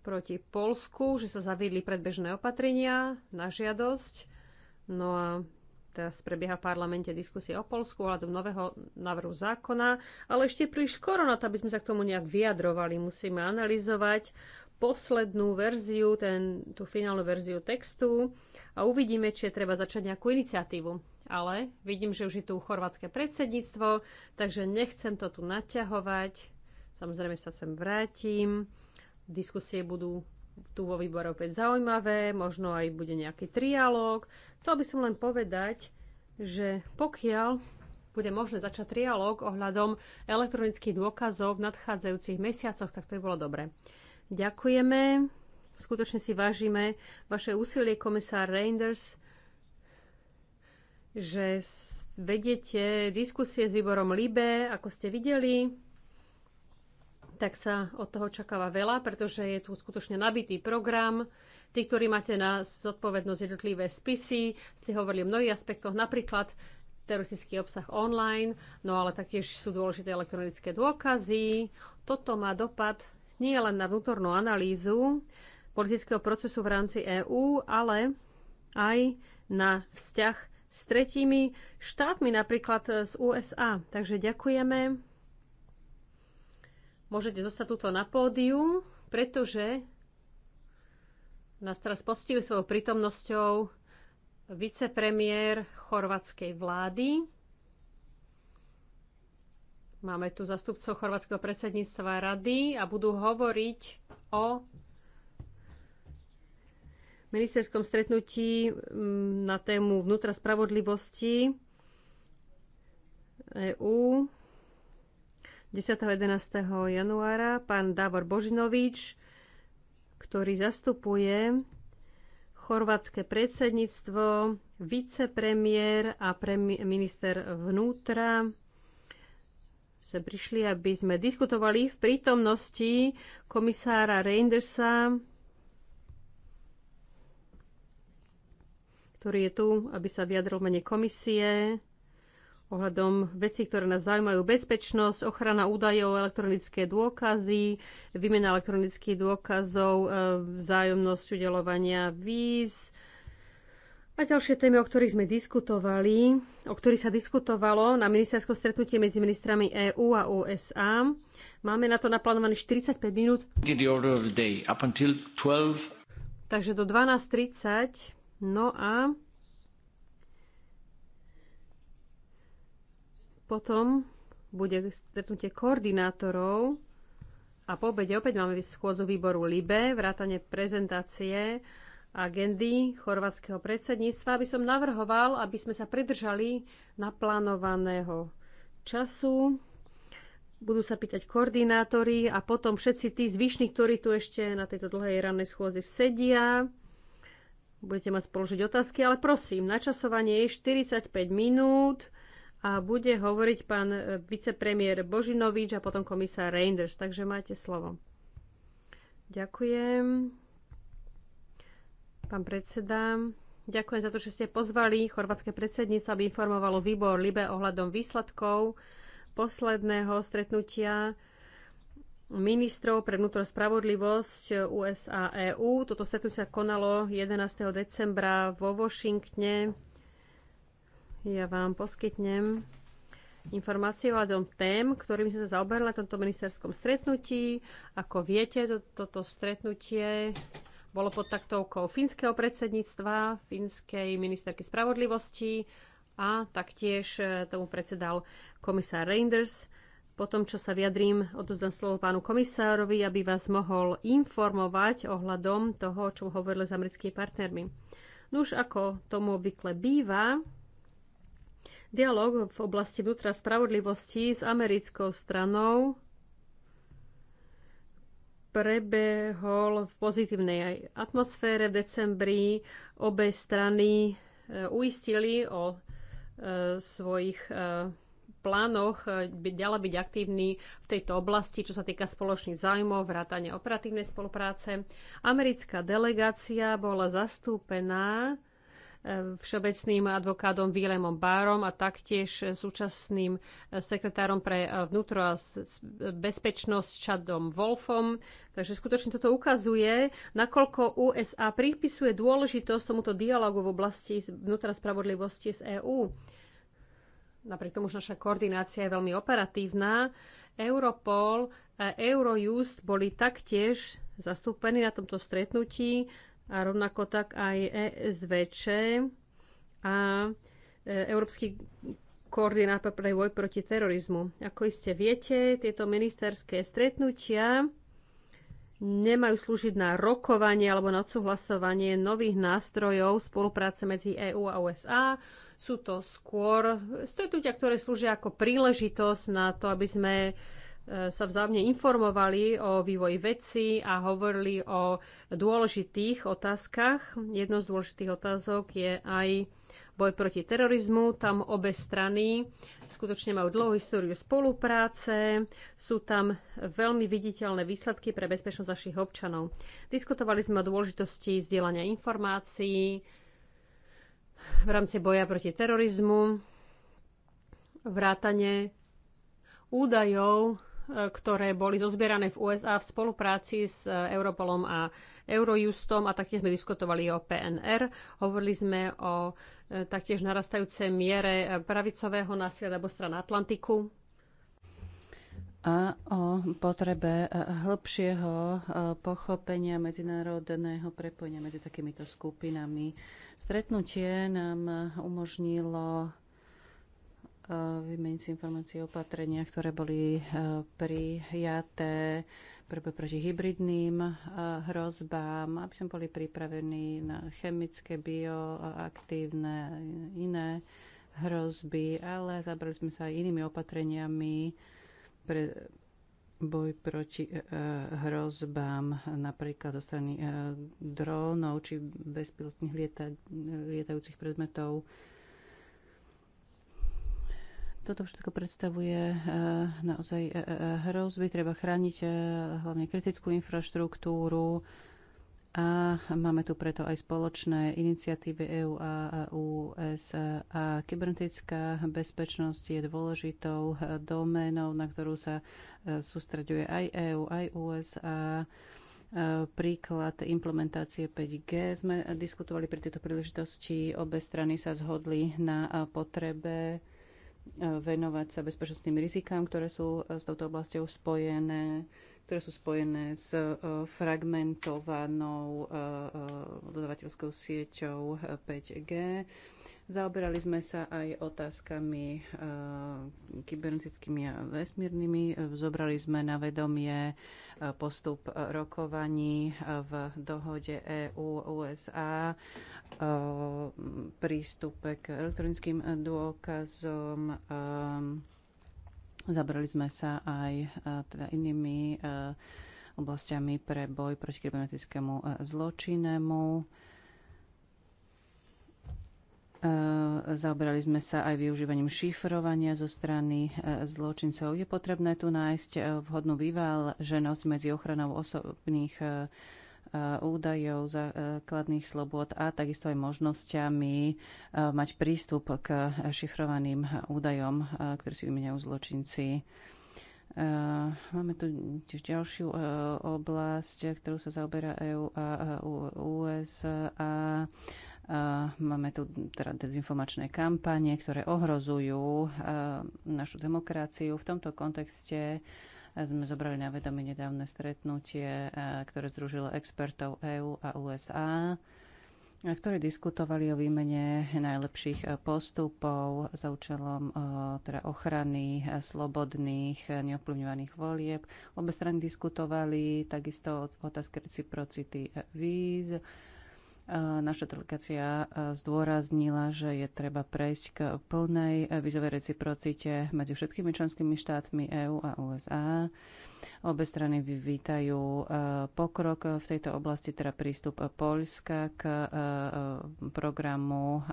proti Polsku, že sa zaviedli predbežné opatrenia na žiadosť. No a teraz prebieha v parlamente diskusia o Polsku ohľadom nového návrhu zákona, ale ešte príliš skoro na to, aby sme sa k tomu nejak vyjadrovali. Musíme analyzovať poslednú verziu, ten, tú finálnu verziu textu a uvidíme, či je treba začať nejakú iniciatívu. Ale vidím, že už je tu chorvátske predsedníctvo, takže nechcem to tu naťahovať. Samozrejme sa sem vrátim. Diskusie budú tu vo výbore opäť zaujímavé, možno aj bude nejaký trialóg. Chcel by som len povedať, že pokiaľ bude možné začať trialóg ohľadom elektronických dôkazov v nadchádzajúcich mesiacoch, tak to by bolo dobre. Ďakujeme. Skutočne si vážime vaše úsilie, komisár Reinders, že vediete diskusie s výborom LIBE, ako ste videli, tak sa od toho čakáva veľa, pretože je tu skutočne nabitý program. Tí, ktorí máte na zodpovednosť jednotlivé spisy, ste hovorili o mnohých aspektoch, napríklad teroristický obsah online, no ale taktiež sú dôležité elektronické dôkazy. Toto má dopad nie len na vnútornú analýzu politického procesu v rámci EÚ, ale aj na vzťah s tretími štátmi, napríklad z USA. Takže ďakujeme. Môžete zostať tuto na pódiu, pretože nás teraz postihli svojou prítomnosťou vicepremiér chorvatskej vlády, Máme tu zastupcov chorvátskeho predsedníctva rady a budú hovoriť o ministerskom stretnutí mm, na tému vnútra spravodlivosti EÚ 10. 11. januára pán Davor Božinovič, ktorý zastupuje chorvátske predsedníctvo, vicepremiér a minister vnútra sme prišli, aby sme diskutovali v prítomnosti komisára Reindersa, ktorý je tu, aby sa vyjadril mene komisie ohľadom vecí, ktoré nás zaujímajú. Bezpečnosť, ochrana údajov, elektronické dôkazy, výmena elektronických dôkazov, e, vzájomnosť udelovania víz, a ďalšie témy, o ktorých sme diskutovali, o ktorých sa diskutovalo na ministerskom stretnutí medzi ministrami EÚ a USA. Máme na to naplánovaných 45 minút. Day, Takže do 12.30. No a potom bude stretnutie koordinátorov a po obede opäť máme schôdzu výboru LIBE, vrátane prezentácie agendy chorvátskeho predsedníctva, by som navrhoval, aby sme sa pridržali naplánovaného času. Budú sa pýtať koordinátori a potom všetci tí zvyšní, ktorí tu ešte na tejto dlhej rannej schôze sedia. Budete mať položiť otázky, ale prosím, načasovanie je 45 minút a bude hovoriť pán vicepremiér Božinovič a potom komisár Reinders. Takže máte slovo. Ďakujem. Pán predseda, ďakujem za to, že ste pozvali chorvátske predsedníctvo, aby informovalo výbor Libe ohľadom výsledkov posledného stretnutia ministrov pre vnútro spravodlivosť USA EU. Toto stretnutie sa konalo 11. decembra vo Washingtone. Ja vám poskytnem informácie o hľadom tém, ktorým sme sa zaoberali na tomto ministerskom stretnutí. Ako viete, to, toto stretnutie bolo pod taktovkou fínskeho predsedníctva, fínskej ministerky spravodlivosti a taktiež e, tomu predsedal komisár Reinders. Po tom, čo sa vyjadrím, odozdám slovo pánu komisárovi, aby vás mohol informovať ohľadom toho, čo hovorili s americkými partnermi. No už ako tomu obvykle býva, dialog v oblasti vnútra spravodlivosti s americkou stranou prebehol v pozitívnej atmosfére. V decembri obe strany eh, uistili o eh, svojich eh, plánoch ďalej byť aktívny v tejto oblasti, čo sa týka spoločných zájmov, vrátania operatívnej spolupráce. Americká delegácia bola zastúpená všeobecným advokátom Vilemom Bárom a taktiež súčasným sekretárom pre vnútro a bezpečnosť Chadom Wolfom. Takže skutočne toto ukazuje, nakoľko USA pripisuje dôležitosť tomuto dialogu v oblasti vnútra spravodlivosti z EÚ. Napriek tomu, že naša koordinácia je veľmi operatívna, Europol a Eurojust boli taktiež zastúpení na tomto stretnutí a rovnako tak aj ESVČ a e, Európsky koordinátor pre boj proti terorizmu. Ako iste viete, tieto ministerské stretnutia nemajú slúžiť na rokovanie alebo na odsúhlasovanie nových nástrojov spolupráce medzi EÚ a USA. Sú to skôr stretnutia, ktoré slúžia ako príležitosť na to, aby sme sa vzájomne informovali o vývoji veci a hovorili o dôležitých otázkach. Jednou z dôležitých otázok je aj boj proti terorizmu. Tam obe strany skutočne majú dlhú históriu spolupráce. Sú tam veľmi viditeľné výsledky pre bezpečnosť našich občanov. Diskutovali sme o dôležitosti zdieľania informácií v rámci boja proti terorizmu, vrátane údajov ktoré boli zozbierané v USA v spolupráci s e, Europolom a Eurojustom a taktiež sme diskutovali o PNR. Hovorili sme o e, taktiež narastajúcej miere e, pravicového násilia alebo stran Atlantiku a o potrebe hĺbšieho pochopenia medzinárodného prepojenia medzi takýmito skupinami. Stretnutie nám umožnilo vymeniť si informácie o opatreniach, ktoré boli prijaté pre proti hybridným hrozbám, aby sme boli pripravení na chemické, bioaktívne, iné hrozby, ale zabrali sme sa aj inými opatreniami pre boj proti hrozbám, napríklad zo strany drónov či bezpilotných lietajúcich predmetov. Toto všetko predstavuje eh, naozaj eh, eh, hrozby. Treba chrániť hlavne kritickú infraštruktúru a máme tu preto aj spoločné iniciatívy EU a USA. Kybernetická bezpečnosť je dôležitou doménou, na ktorú sa sústreďuje aj EU, aj USA príklad implementácie 5G. Sme diskutovali pri tejto príležitosti, obe strany sa zhodli na potrebe venovať sa bezpečnostným rizikám, ktoré sú eh, s touto oblasťou spojené, ktoré sú spojené s eh, fragmentovanou eh, dodavateľskou sieťou 5G, Zaoberali sme sa aj otázkami e, kybernetickými a vesmírnymi. Zobrali sme na vedomie eh, postup rokovaní eh, v dohode EU-USA, e, prístupe k elektronickým dôkazom. E, zabrali sme sa aj teda inými oblastiami pre boj proti kybernetickému zločinnému Eh, zaoberali sme sa aj využívaním šifrovania zo strany eh, zločincov. Je potrebné tu nájsť eh, vhodnú vyváženosť medzi ochranou osobných údajov, základných slobod a takisto aj možnosťami mať prístup k šifrovaným údajom, ktoré si vymeniajú zločinci. Máme tu tiež ďalšiu oblasť, ktorú sa zaoberá EU a USA Eh, máme tu teda dezinformačné kampanie, ktoré ohrozujú eh, našu demokraciu. V tomto kontexte eh, sme zobrali na vedomie nedávne stretnutie, ktoré združilo expertov EÚ a USA, ktorí diskutovali o výmene najlepších postupov za účelom teda ochrany slobodných, neovplyvňovaných volieb. Obe strany diskutovali takisto o otázke reciprocity víz, Naša delegácia e, zdôraznila, že je treba prejsť k plnej e, vízovej reciprocite medzi všetkými členskými štátmi EÚ a USA. Obe strany vyvítajú e, pokrok v tejto oblasti, teda prístup Polska k programu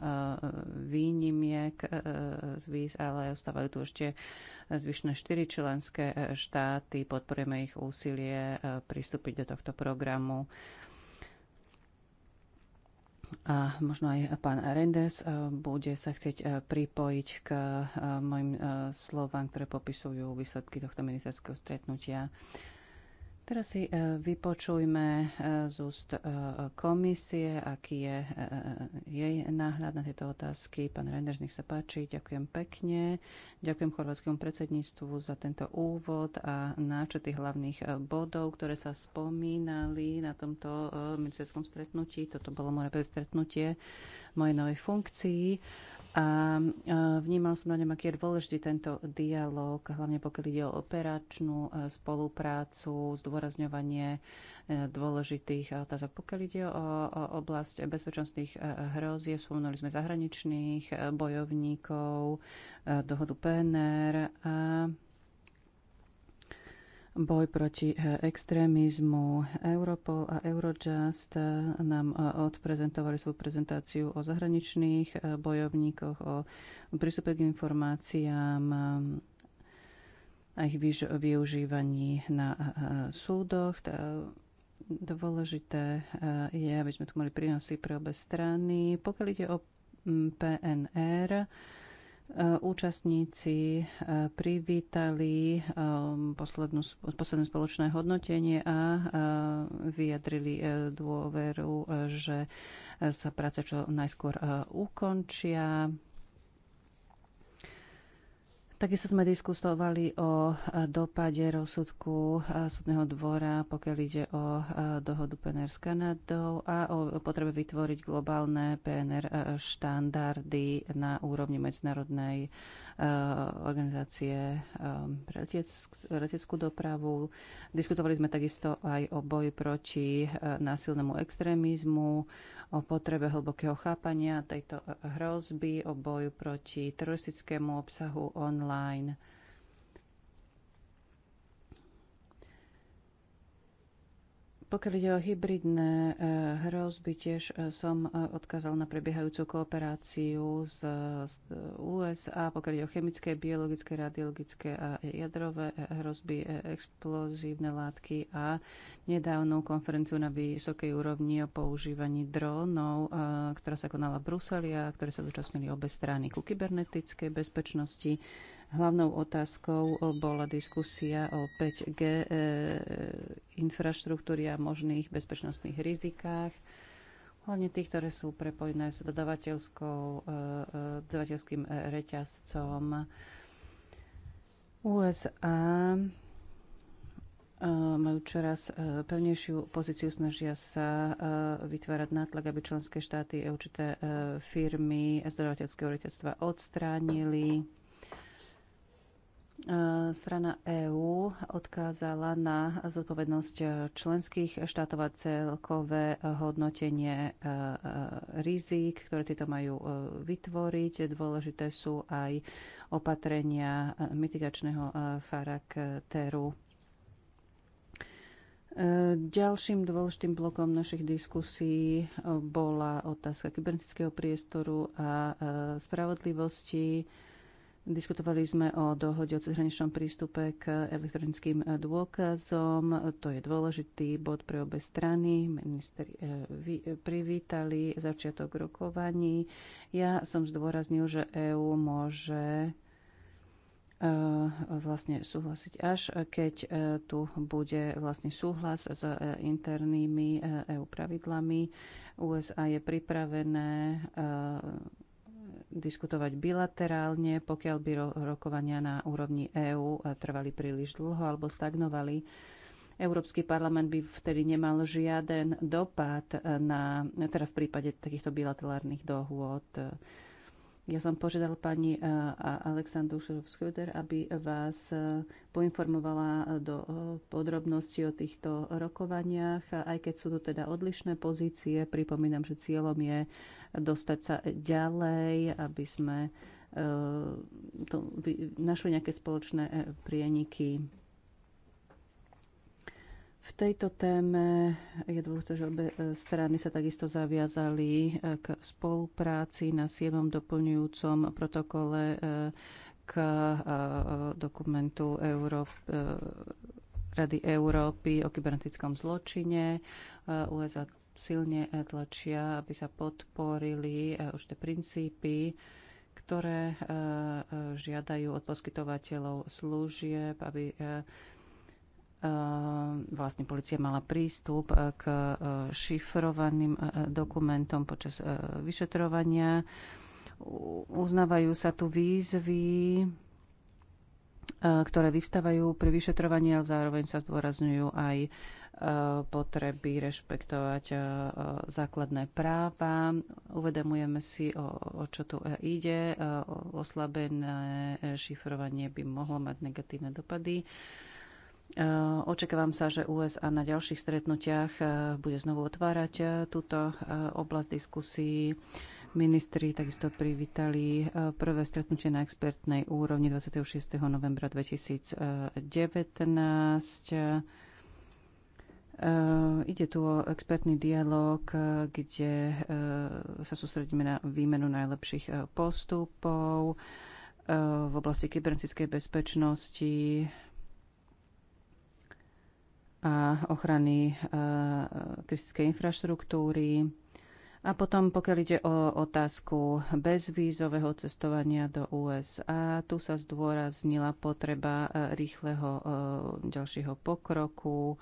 výnimiek z víz, ale ostávajú tu ešte zvyšné štyri členské štáty. Podporujeme ich úsilie pristúpiť do tohto programu a možno aj pán Renders bude sa chcieť e, pripojiť k e, mojim e, slovám, ktoré popisujú výsledky tohto ministerského stretnutia. Teraz si e, vypočujme e, z úst e, komisie, aký je jej náhľad na tieto otázky. Pán Renders, nech sa páči, ďakujem pekne. Ďakujem chorvátskému predsedníctvu za tento úvod a náčet tých hlavných bodov, ktoré sa spomínali na tomto ministerskom stretnutí. Toto bolo moje prvé stretnutie mojej novej funkcii. A vnímal som na ňom, aký je dôležitý tento dialog, hlavne pokiaľ ide o operačnú e, spoluprácu, zdôrazňovanie e, dôležitých otázok. Pokiaľ ide o, oblasť bezpečnostných e, hrozie, spomenuli sme zahraničných bojovníkov, dohodu PNR a boj proti e, extrémizmu. Europol a Eurojust e, nám e, odprezentovali svoju prezentáciu o zahraničných bojovníkoch, o prístupe k informáciám a ich využívaní na súdoch. Dôležité je, aby sme tu mali prínosy pre obe strany. Pokiaľ ide o PNR, Eh, účastníci eh, privítali ehm, poslednú, posledné spoločné hodnotenie a eh, vyjadrili dôveru, že sa práce čo najskôr ukončia Takisto sme diskutovali o e, dopade rozsudku e, súdneho dvora, pokiaľ ide o e, dohodu PNR s Kanadou a o potrebe vytvoriť globálne PNR štandardy na úrovni Medzinárodnej organizácie pre leteckú dopravu. Diskutovali sme takisto aj o boji proti násilnému extrémizmu, o potrebe hlbokého chápania tejto hrozby, o boju proti teroristickému obsahu online online. Pokiaľ ide o hybridné e, hrozby, tiež e, som e, odkázal na prebiehajúcu kooperáciu z USA. Pokiaľ ide o chemické, biologické, radiologické a jadrové hrozby, explozívne látky a nedávnu konferenciu na vysokej úrovni o používaní drónov, ktorá sa konala v Bruseli a ktoré sa zúčastnili obe strany ku kybernetickej bezpečnosti Hlavnou otázkou eh, bola diskusia o 5G e, eh, infraštruktúry a možných bezpečnostných rizikách, hlavne tých, ktoré sú prepojené s dodavateľskou, e, dodavateľským reťazcom. USA majú čoraz pevnejšiu pozíciu, snažia sa vytvárať nátlak, aby členské štáty a určité firmy z dodavateľského reťazstva odstránili. E, strana EÚ odkázala na zodpovednosť členských štátov a celkové hodnotenie e, e, rizik, ktoré tieto majú vytvoriť. Dôležité sú aj opatrenia mitigačného charakteru. Ďalším dôležitým blokom našich diskusí bola otázka kybernetického priestoru a spravodlivosti. Diskutovali sme o dohode o cezhraničnom prístupe k elektronickým e, dôkazom. To je dôležitý bod pre obe strany. Minister e, privítali začiatok rokovaní. Ja som zdôraznil, že EÚ môže e, vlastne súhlasiť až keď tu bude vlastne súhlas s internými EU pravidlami. USA je pripravené diskutovať bilaterálne, pokiaľ by rokovania na úrovni EÚ eh, trvali príliš dlho alebo stagnovali. Európsky parlament by vtedy nemal žiaden dopad eh, na, teda v prípade takýchto bilaterálnych dohôd. Ja som požiadal pani eh, Aleksandru Schröder, aby vás poinformovala do podrobností o týchto rokovaniach, aj keď sú tu teda odlišné pozície. Pripomínam, že cieľom je dostať sa ďalej, aby sme e, to, našli nejaké spoločné e, prieniky. V tejto téme je dôležité, že obe e, strany sa takisto zaviazali k spolupráci na 7. doplňujúcom protokole k dokumentu Európy, Rady Európy o kybernetickom zločine. USA silne eh, tlačia, aby sa podporili eh, tie princípy, ktoré eh, žiadajú od poskytovateľov služieb, aby vlastne policia mala prístup k šifrovaným dokumentom počas vyšetrovania. Uznávajú sa tu výzvy, ktoré vyvstávajú pri vyšetrovaní ale zároveň sa zdôrazňujú aj Eh, potreby rešpektovať eh, eh, základné práva. Uvedomujeme si, o, o čo tu ide. Oslabené šifrovanie by mohlo mať negatívne dopady. Očakávam sa, že USA na ďalších stretnutiach bude znovu otvárať túto oblasť diskusí. Ministri takisto privítali prvé stretnutie na expertnej úrovni 26. novembra 2019 Eh, ide tu o expertný dialog, kde eh, sa sústredíme na výmenu najlepších eh, postupov v oblasti kybernetickej bezpečnosti a ochrany kritickej infraštruktúry. A potom, pokiaľ ide o otázku bezvízového cestovania do USA, tu sa zdôraznila potreba rýchleho ďalšieho pokroku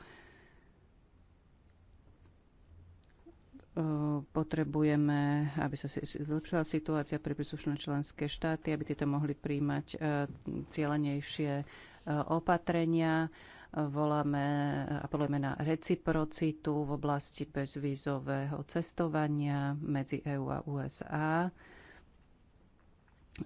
potrebujeme, aby sa zlepšila situácia pre príslušné členské štáty, aby tieto mohli príjmať e, cieľenejšie e, opatrenia. Voláme, apelujeme na reciprocitu v oblasti bezvízového cestovania medzi EÚ a USA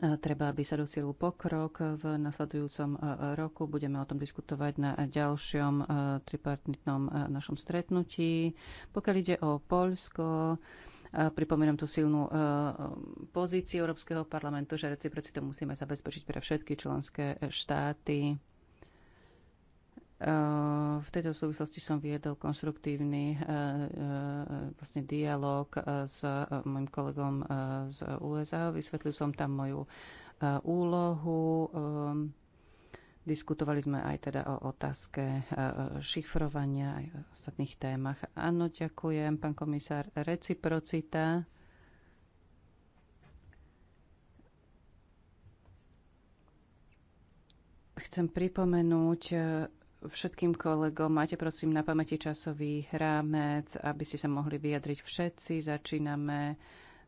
Treba, aby sa dosielil pokrok v nasledujúcom e, e, roku. Budeme o tom diskutovať na ďalšom e, tripartitnom našom stretnutí. Pokiaľ ide o Polsko, pripomínam tú silnú pozíciu Európskeho parlamentu, že reciprocitu musíme zabezpečiť pre všetky členské štáty v tejto súvislosti som viedol konštruktívny eh, eh, vlastne dialog eh, s môjim kolegom z USA. Vysvetlil som tam moju úlohu. Diskutovali sme aj teda o otázke šifrovania aj o ostatných témach. Áno, ďakujem, pán komisár. Reciprocita. chcem pripomenúť všetkým kolegom. Máte prosím na pamäti časový rámec, aby ste sa mohli vyjadriť všetci. Začíname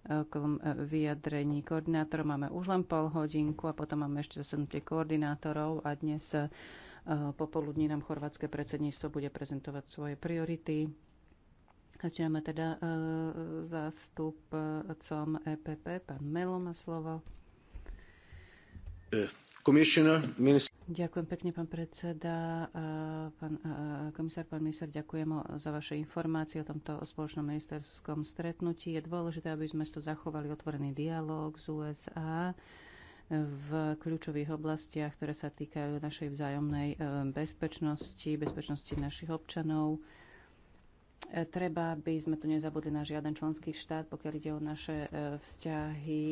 okolo eh, eh, vyjadrení koordinátorov. Máme už len pol hodinku a potom máme ešte zasadnutie koordinátorov a dnes eh, popoludní nám chorvátske predsedníctvo bude prezentovať svoje priority. Začíname teda zástupcom EPP. Pán Melo má slovo. Commissioner, minister. Ďakujem pekne, pán predseda. Pán komisár, pán minister, ďakujem za vaše informácie o tomto spoločnom ministerskom stretnutí. Je dôležité, aby sme tu zachovali otvorený dialog z USA v kľúčových oblastiach, ktoré sa týkajú našej vzájomnej e, bezpečnosti, bezpečnosti našich občanov. E, treba, aby sme tu nezabudli na žiaden členský štát, pokiaľ ide o naše e, vzťahy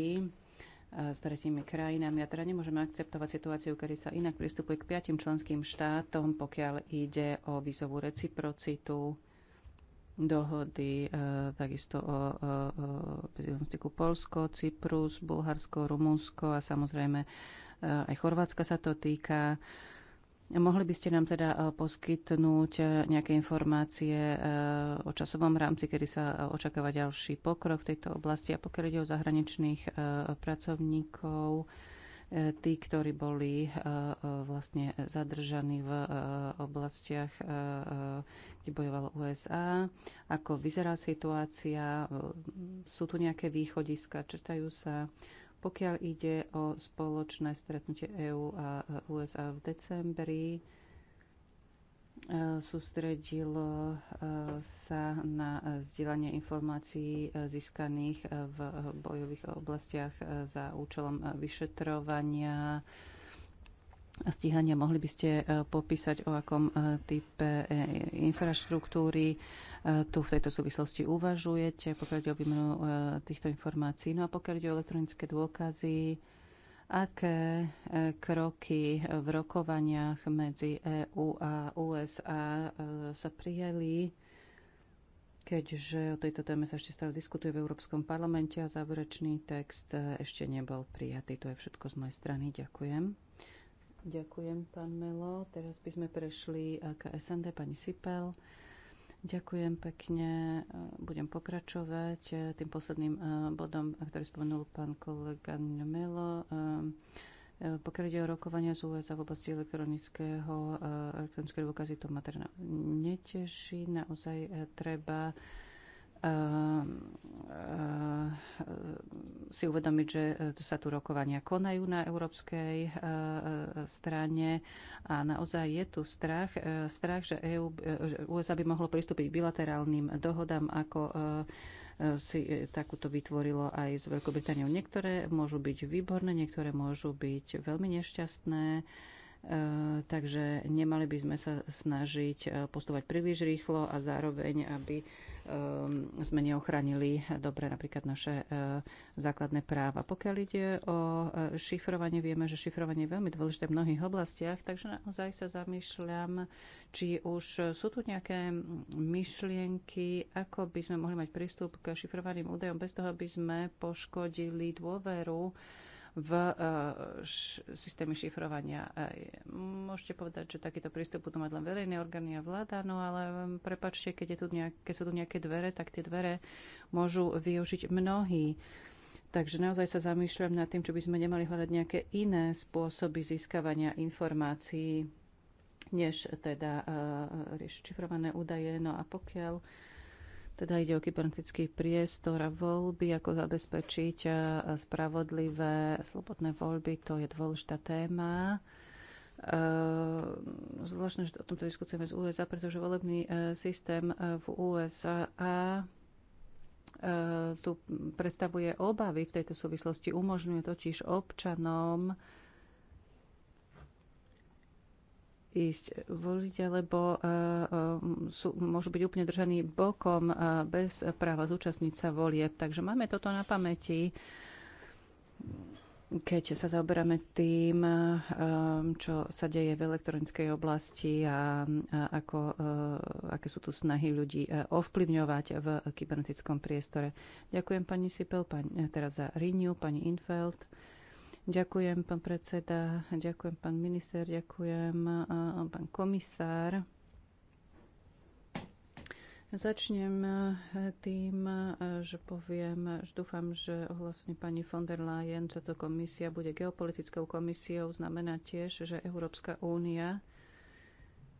s tretími krajinami. A teda nemôžeme akceptovať situáciu, kedy sa inak pristupuje k piatim členským štátom, pokiaľ ide o vízovú reciprocitu, dohody, e, takisto o, o, styku Polsko, Cyprus, Bulharsko, Rumunsko a samozrejme e, aj Chorvátska sa to týka. Mohli by ste nám teda eh, poskytnúť eh, nejaké informácie eh, o časovom rámci, kedy sa očakáva ďalší pokrok v tejto oblasti a pokiaľ ide o zahraničných pracovníkov, tí, ktorí boli vlastne zadržaní v oblastiach, kde bojovalo USA. Ako vyzerá situácia? Sú tu nejaké východiska? čertajú sa? Pokiaľ ide o spoločné stretnutie EÚ a USA v decembri, e, sústredilo e, sa na zdieľanie informácií e, získaných v bojových oblastiach za účelom vyšetrovania a stíhania. Mohli by ste e, popísať, o akom e, type e, infraštruktúry tu v tejto súvislosti uvažujete, pokiaľ ide o výmenu týchto informácií. No a pokiaľ ide o elektronické dôkazy, aké kroky v rokovaniach medzi EÚ a USA sa prijali, keďže o tejto téme sa ešte stále diskutuje v Európskom parlamente a záverečný text ešte nebol prijatý. To je všetko z mojej strany. Ďakujem. Ďakujem, pán Melo. Teraz by sme prešli eh, k SND, pani Sipel. Ďakujem pekne. Eh, budem pokračovať eh, tým posledným bodom, ktorý spomenul pán kolega Melo. Pokiaľ ide o rokovania z USA v oblasti elektronického elektronické dôkazy, to ma teda neteší. Naozaj treba Ehm, ehm, si uvedomiť, že e, sa tu rokovania konajú na európskej e, e, strane a naozaj je tu strach, strach že EU, USA by mohlo pristúpiť k bilaterálnym dohodám, ako si takúto vytvorilo aj s Veľkou Britániou. Niektoré môžu byť výborné, niektoré môžu byť veľmi nešťastné Eh, takže nemali by sme sa snažiť eh, postovať príliš rýchlo a zároveň, aby ehm, sme neochránili dobre napríklad naše eh, základné práva. Pokiaľ ide o šifrovanie, vieme, že šifrovanie je veľmi dôležité v mnohých oblastiach, takže naozaj sa zamýšľam, či už sú tu nejaké myšlienky, ako by sme mohli mať prístup k šifrovaným údajom bez toho, aby sme poškodili dôveru v e, systéme šifrovania. Môžete povedať, že takýto prístup budú mať len verejné orgány a vláda, no ale e, prepačte, keď, je tu nejak, keď sú tu nejaké dvere, tak tie dvere môžu využiť mnohí. Takže naozaj sa zamýšľam nad tým, či by sme nemali hľadať nejaké iné spôsoby získavania informácií, než teda uh, riešiť šifrované údaje. No a pokiaľ uh, teda ide o kybernetický priestor a voľby, ako zabezpečiť e, spravodlivé slobodné voľby, to je dôležitá téma. E, zvláštne, že o tomto diskutujeme z USA, pretože volebný e, systém v USA tu predstavuje obavy v tejto súvislosti. Umožňuje totiž občanom ísť voliť, alebo e, e, sú, môžu byť úplne držaní bokom e, bez práva zúčastniť sa volieb. Takže máme toto na pamäti, keď sa zaoberáme tým, čo sa deje v elektronickej oblasti a ako, aké sú tu snahy ľudí ovplyvňovať v kybernetickom priestore. Ďakujem pani Sipel, pani, teraz za Riniu, pani Infeld. Ďakujem, pán predseda, ďakujem, pán minister, ďakujem, pán komisár. Začnem e, tým, e, že poviem, že dúfam, že ohlasne pani von der Leyen, táto komisia bude geopolitickou komisiou, znamená tiež, že Európska únia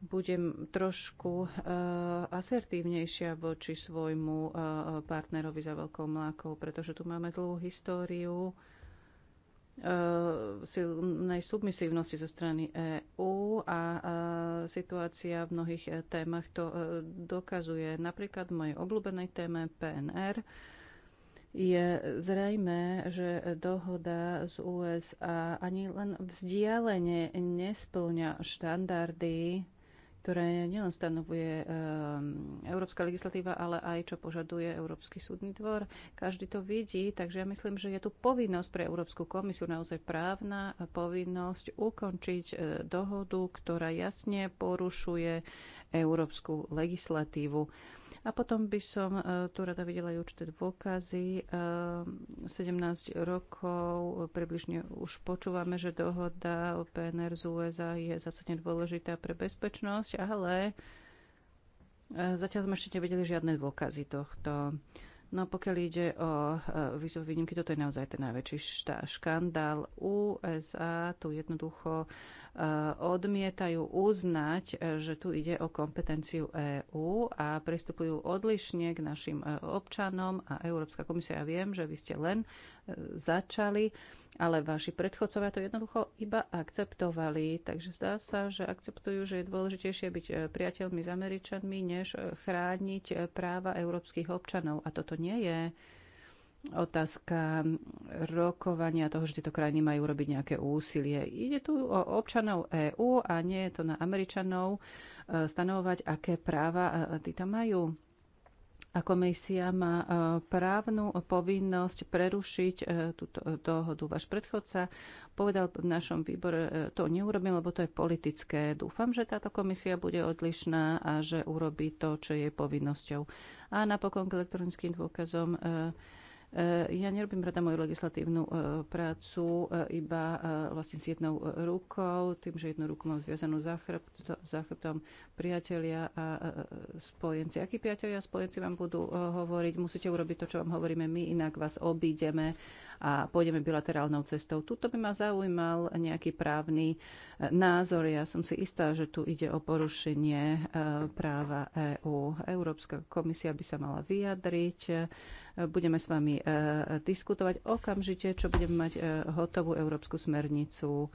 bude trošku e, asertívnejšia voči svojmu partnerovi za veľkou mlákou, pretože tu máme dlhú históriu Eh, silnej submisívnosti zo strany EÚ a eh, situácia v mnohých eh, témach to dokazuje. Napríklad v mojej obľúbenej téme PNR je zrejme, že dohoda z USA ani len vzdialene nesplňa štandardy ktoré nielen stanovuje ehm, európska legislatíva, ale aj čo požaduje Európsky súdny dvor. Každý to vidí, takže ja myslím, že je tu povinnosť pre Európsku komisiu, naozaj právna povinnosť ukončiť e, dohodu, ktorá jasne porušuje európsku legislatívu. A potom by som e, tu rada videla aj určité dôkazy. 17 e, rokov e, približne už počúvame, že dohoda o PNR z USA je zásadne dôležitá pre bezpečnosť, ale zatiaľ sme ešte nevedeli žiadne dôkazy tohto. No pokiaľ ide o výzvy výnimky, toto je naozaj ten najväčší štá, škandál USA. Tu jednoducho Eh, odmietajú uznať, eh, že tu ide o kompetenciu EÚ a pristupujú odlišne k našim eh, občanom a Európska komisia, ja viem, že vy ste len začali, ale vaši predchodcovia to jednoducho iba akceptovali. Takže zdá sa, že akceptujú, že je dôležitejšie byť priateľmi s Američanmi, než chrániť práva európskych občanov. A toto nie je otázka rokovania toho, že tieto krajiny majú urobiť nejaké úsilie. Ide tu o občanov EÚ a nie je to na Američanov e, stanovovať, aké práva e, e, tí tam majú. A komisia má právnu povinnosť prerušiť túto dohodu. Váš predchodca povedal v našom výbore, to neurobím, lebo to je politické. Dúfam, že táto komisia bude odlišná a že urobí to, čo je povinnosťou. A napokon k elektronickým dôkazom Eh, ja nerobím rada moju legislatívnu eh, prácu eh, iba vlastne s jednou rukou, tým, že jednu ruku mám zviazanú za, chrbt, za chrbtom priatelia a spojenci. Akí priatelia a spojenci vám budú hovoriť, musíte urobiť to, čo vám hovoríme my, inak vás obídeme a pôjdeme bilaterálnou cestou. Tuto by ma zaujímal nejaký právny e, názor. Ja som si istá, že tu ide o porušenie e, práva EÚ. Európska komisia by sa mala vyjadriť. E, budeme s vami diskutovať okamžite, čo budeme mať hotovú európsku smernicu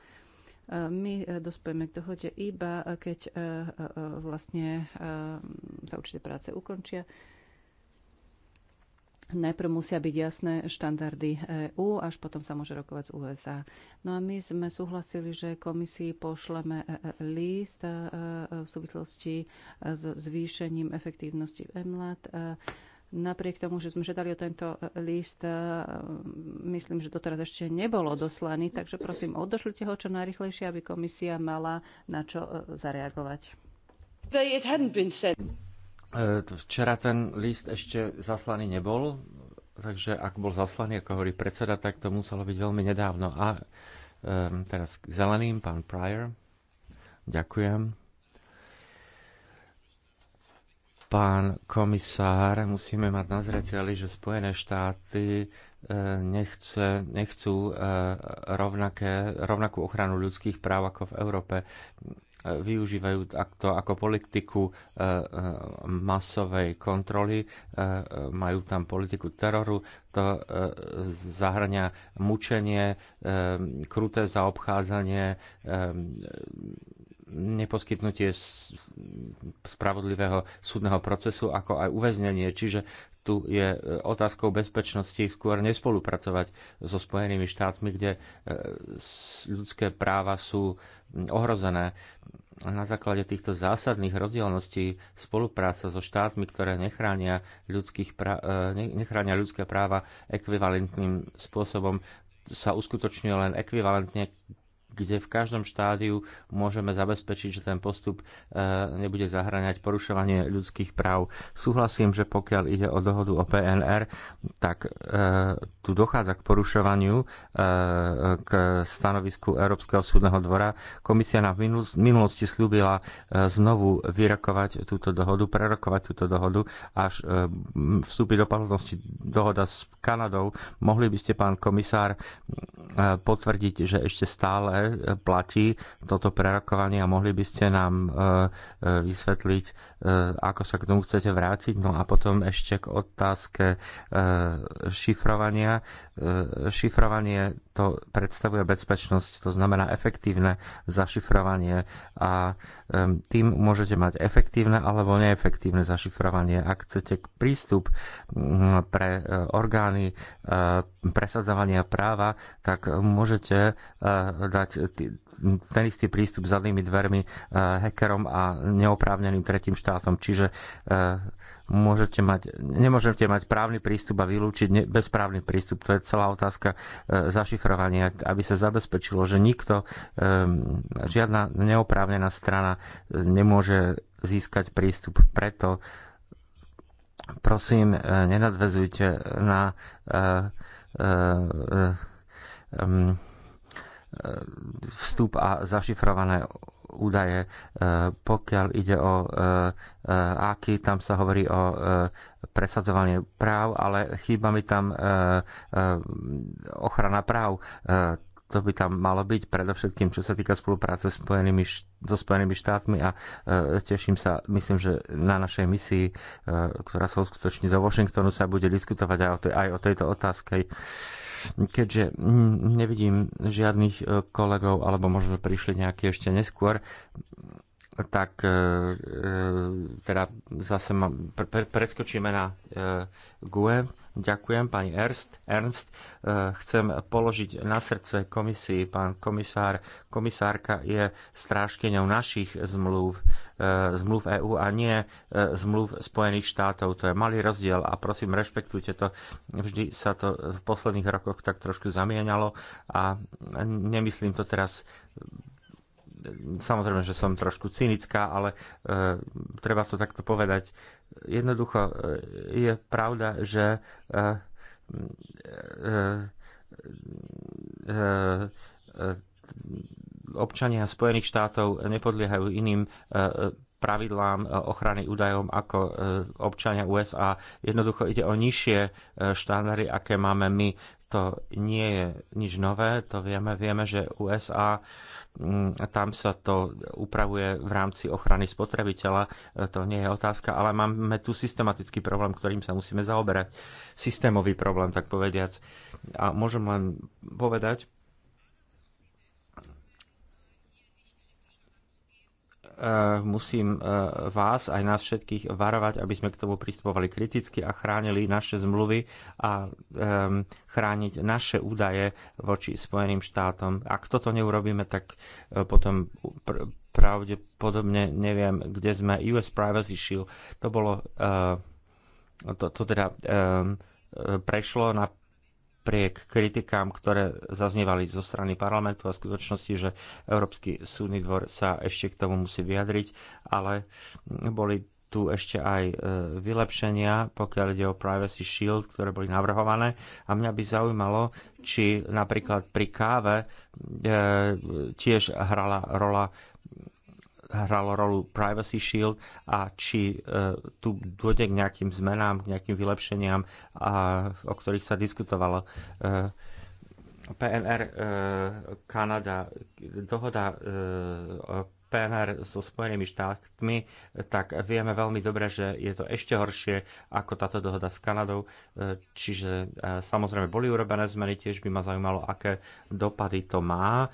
my dospojeme k dohode iba, keď vlastne sa určite práce ukončia. Najprv musia byť jasné štandardy EÚ, až potom sa môže rokovať z USA. No a my sme súhlasili, že komisii pošleme e, e, list e, v súvislosti s zvýšením efektívnosti MLAT. Napriek tomu, že sme žiadali o tento list, myslím, že doteraz ešte nebolo doslaný, takže prosím, odošlite ho čo najrychlejšie, aby komisia mala na čo zareagovať. They, E, včera ten list ešte zaslaný nebol, takže ak bol zaslaný, ako hovorí predseda, tak to muselo byť veľmi nedávno. A teraz k zeleným, pán Pryor. Ďakujem. Pán komisár, musíme mať na zreteli, že Spojené štáty e, nechce, nechcú e, rovnaké, rovnakú ochranu ľudských práv ako v Európe využívajú to ako politiku e, e, masovej kontroly, e, majú tam politiku teroru, to zahrania mučenie, kruté zaobchádzanie, neposkytnutie spravodlivého súdneho procesu, ako aj uväznenie. Čiže tu je otázkou bezpečnosti skôr nespolupracovať so Spojenými štátmi, kde ľudské práva sú ohrozené. Na základe týchto zásadných rozdielností spolupráca so štátmi, ktoré nechránia, pra- e, nechránia ľudské práva ekvivalentným spôsobom, sa uskutočňuje len ekvivalentne kde v každom štádiu môžeme zabezpečiť, že ten postup e, nebude zahraňať porušovanie ľudských práv. Súhlasím, že pokiaľ ide o dohodu o PNR, tak e, tu dochádza k porušovaniu e, k stanovisku Európskeho súdneho dvora. Komisia na minulosti slúbila znovu vyrokovať túto dohodu, prerokovať túto dohodu, až vstúpi do platnosti dohoda s Kanadou. Mohli by ste, pán komisár, potvrdiť, že ešte stále platí toto prerokovanie a mohli by ste nám e, e, vysvetliť, e, ako sa k tomu chcete vrátiť. No a potom ešte k otázke šifrovania. Šifrovanie to predstavuje bezpečnosť, to znamená efektívne zašifrovanie a tým môžete mať efektívne alebo neefektívne zašifrovanie. Ak chcete prístup pre orgány presadzovania práva, tak môžete dať dať eh, ten istý prístup zadnými dvermi eh, hackerom a neoprávneným tretím štátom. Čiže eh, môžete mať, nemôžete mať právny prístup a vylúčiť ne, bezprávny prístup. To je celá otázka e, zašifrovania, aby sa zabezpečilo, že nikto, e, žiadna neoprávnená strana nemôže získať prístup. Preto prosím, e, nenadvezujte na e, e, e, vstup a zašifrované údaje. E, pokiaľ ide o e, e, aký, tam sa hovorí o presadzovanie práv, ale chýba mi tam ochrana práv. To by tam malo byť, predovšetkým čo sa týka spolupráce spojenými, so Spojenými štátmi a teším sa, myslím, že na našej misii, ktorá sa uskutoční do Washingtonu, sa bude diskutovať aj o, tej, aj o tejto otázke. Keďže mm, nevidím žiadnych e, kolegov, alebo možno prišli nejaké ešte neskôr, tak e, e, teda zase ma, pre, preskočíme na e, GUE. Ďakujem pani Ernst. Ernst. Chcem položiť na srdce komisii. Pán komisár, komisárka je strážkyňou našich zmluv, zmluv EÚ a nie zmluv Spojených štátov. To je malý rozdiel a prosím, rešpektujte to. Vždy sa to v posledných rokoch tak trošku zamienalo. a nemyslím to teraz samozrejme, že som trošku cynická, ale e, treba to takto povedať. Jednoducho e, je pravda, že e, e, e, e občania Spojených štátov nepodliehajú iným pravidlám ochrany údajom ako občania USA. Jednoducho ide o nižšie štandardy, aké máme my to nie je nič nové, to vieme. Vieme, že USA, mm, tam sa to upravuje v rámci ochrany spotrebiteľa, e, to nie je otázka, ale máme tu systematický problém, ktorým sa musíme zaoberať. Systémový problém, tak povediac. A môžem len povedať, Eh, musím eh, vás aj nás všetkých varovať, aby sme k tomu pristupovali kriticky a chránili naše zmluvy a ehm, chrániť naše údaje voči Spojeným štátom. Ak toto neurobíme, tak eh, potom pravdepodobne neviem, kde sme. US Privacy Shield, to bolo, to, to teda ehm, prešlo na napriek kritikám, ktoré zaznievali zo strany parlamentu a skutočnosti, že Európsky súdny dvor sa ešte k tomu musí vyjadriť, ale boli tu ešte aj e, vylepšenia, pokiaľ ide o Privacy Shield, ktoré boli navrhované. A mňa by zaujímalo, či napríklad pri káve e, tiež hrala rola hralo rolu Privacy Shield a či e, tu dôjde k nejakým zmenám, k nejakým vylepšeniam, a, o ktorých sa diskutovalo. E, PNR e, Kanada, dohoda o PNR so Spojenými štátmi, tak vieme veľmi dobre, že je to ešte horšie ako táto dohoda s Kanadou. Čiže samozrejme boli urobené zmeny, tiež by ma zaujímalo, aké dopady to má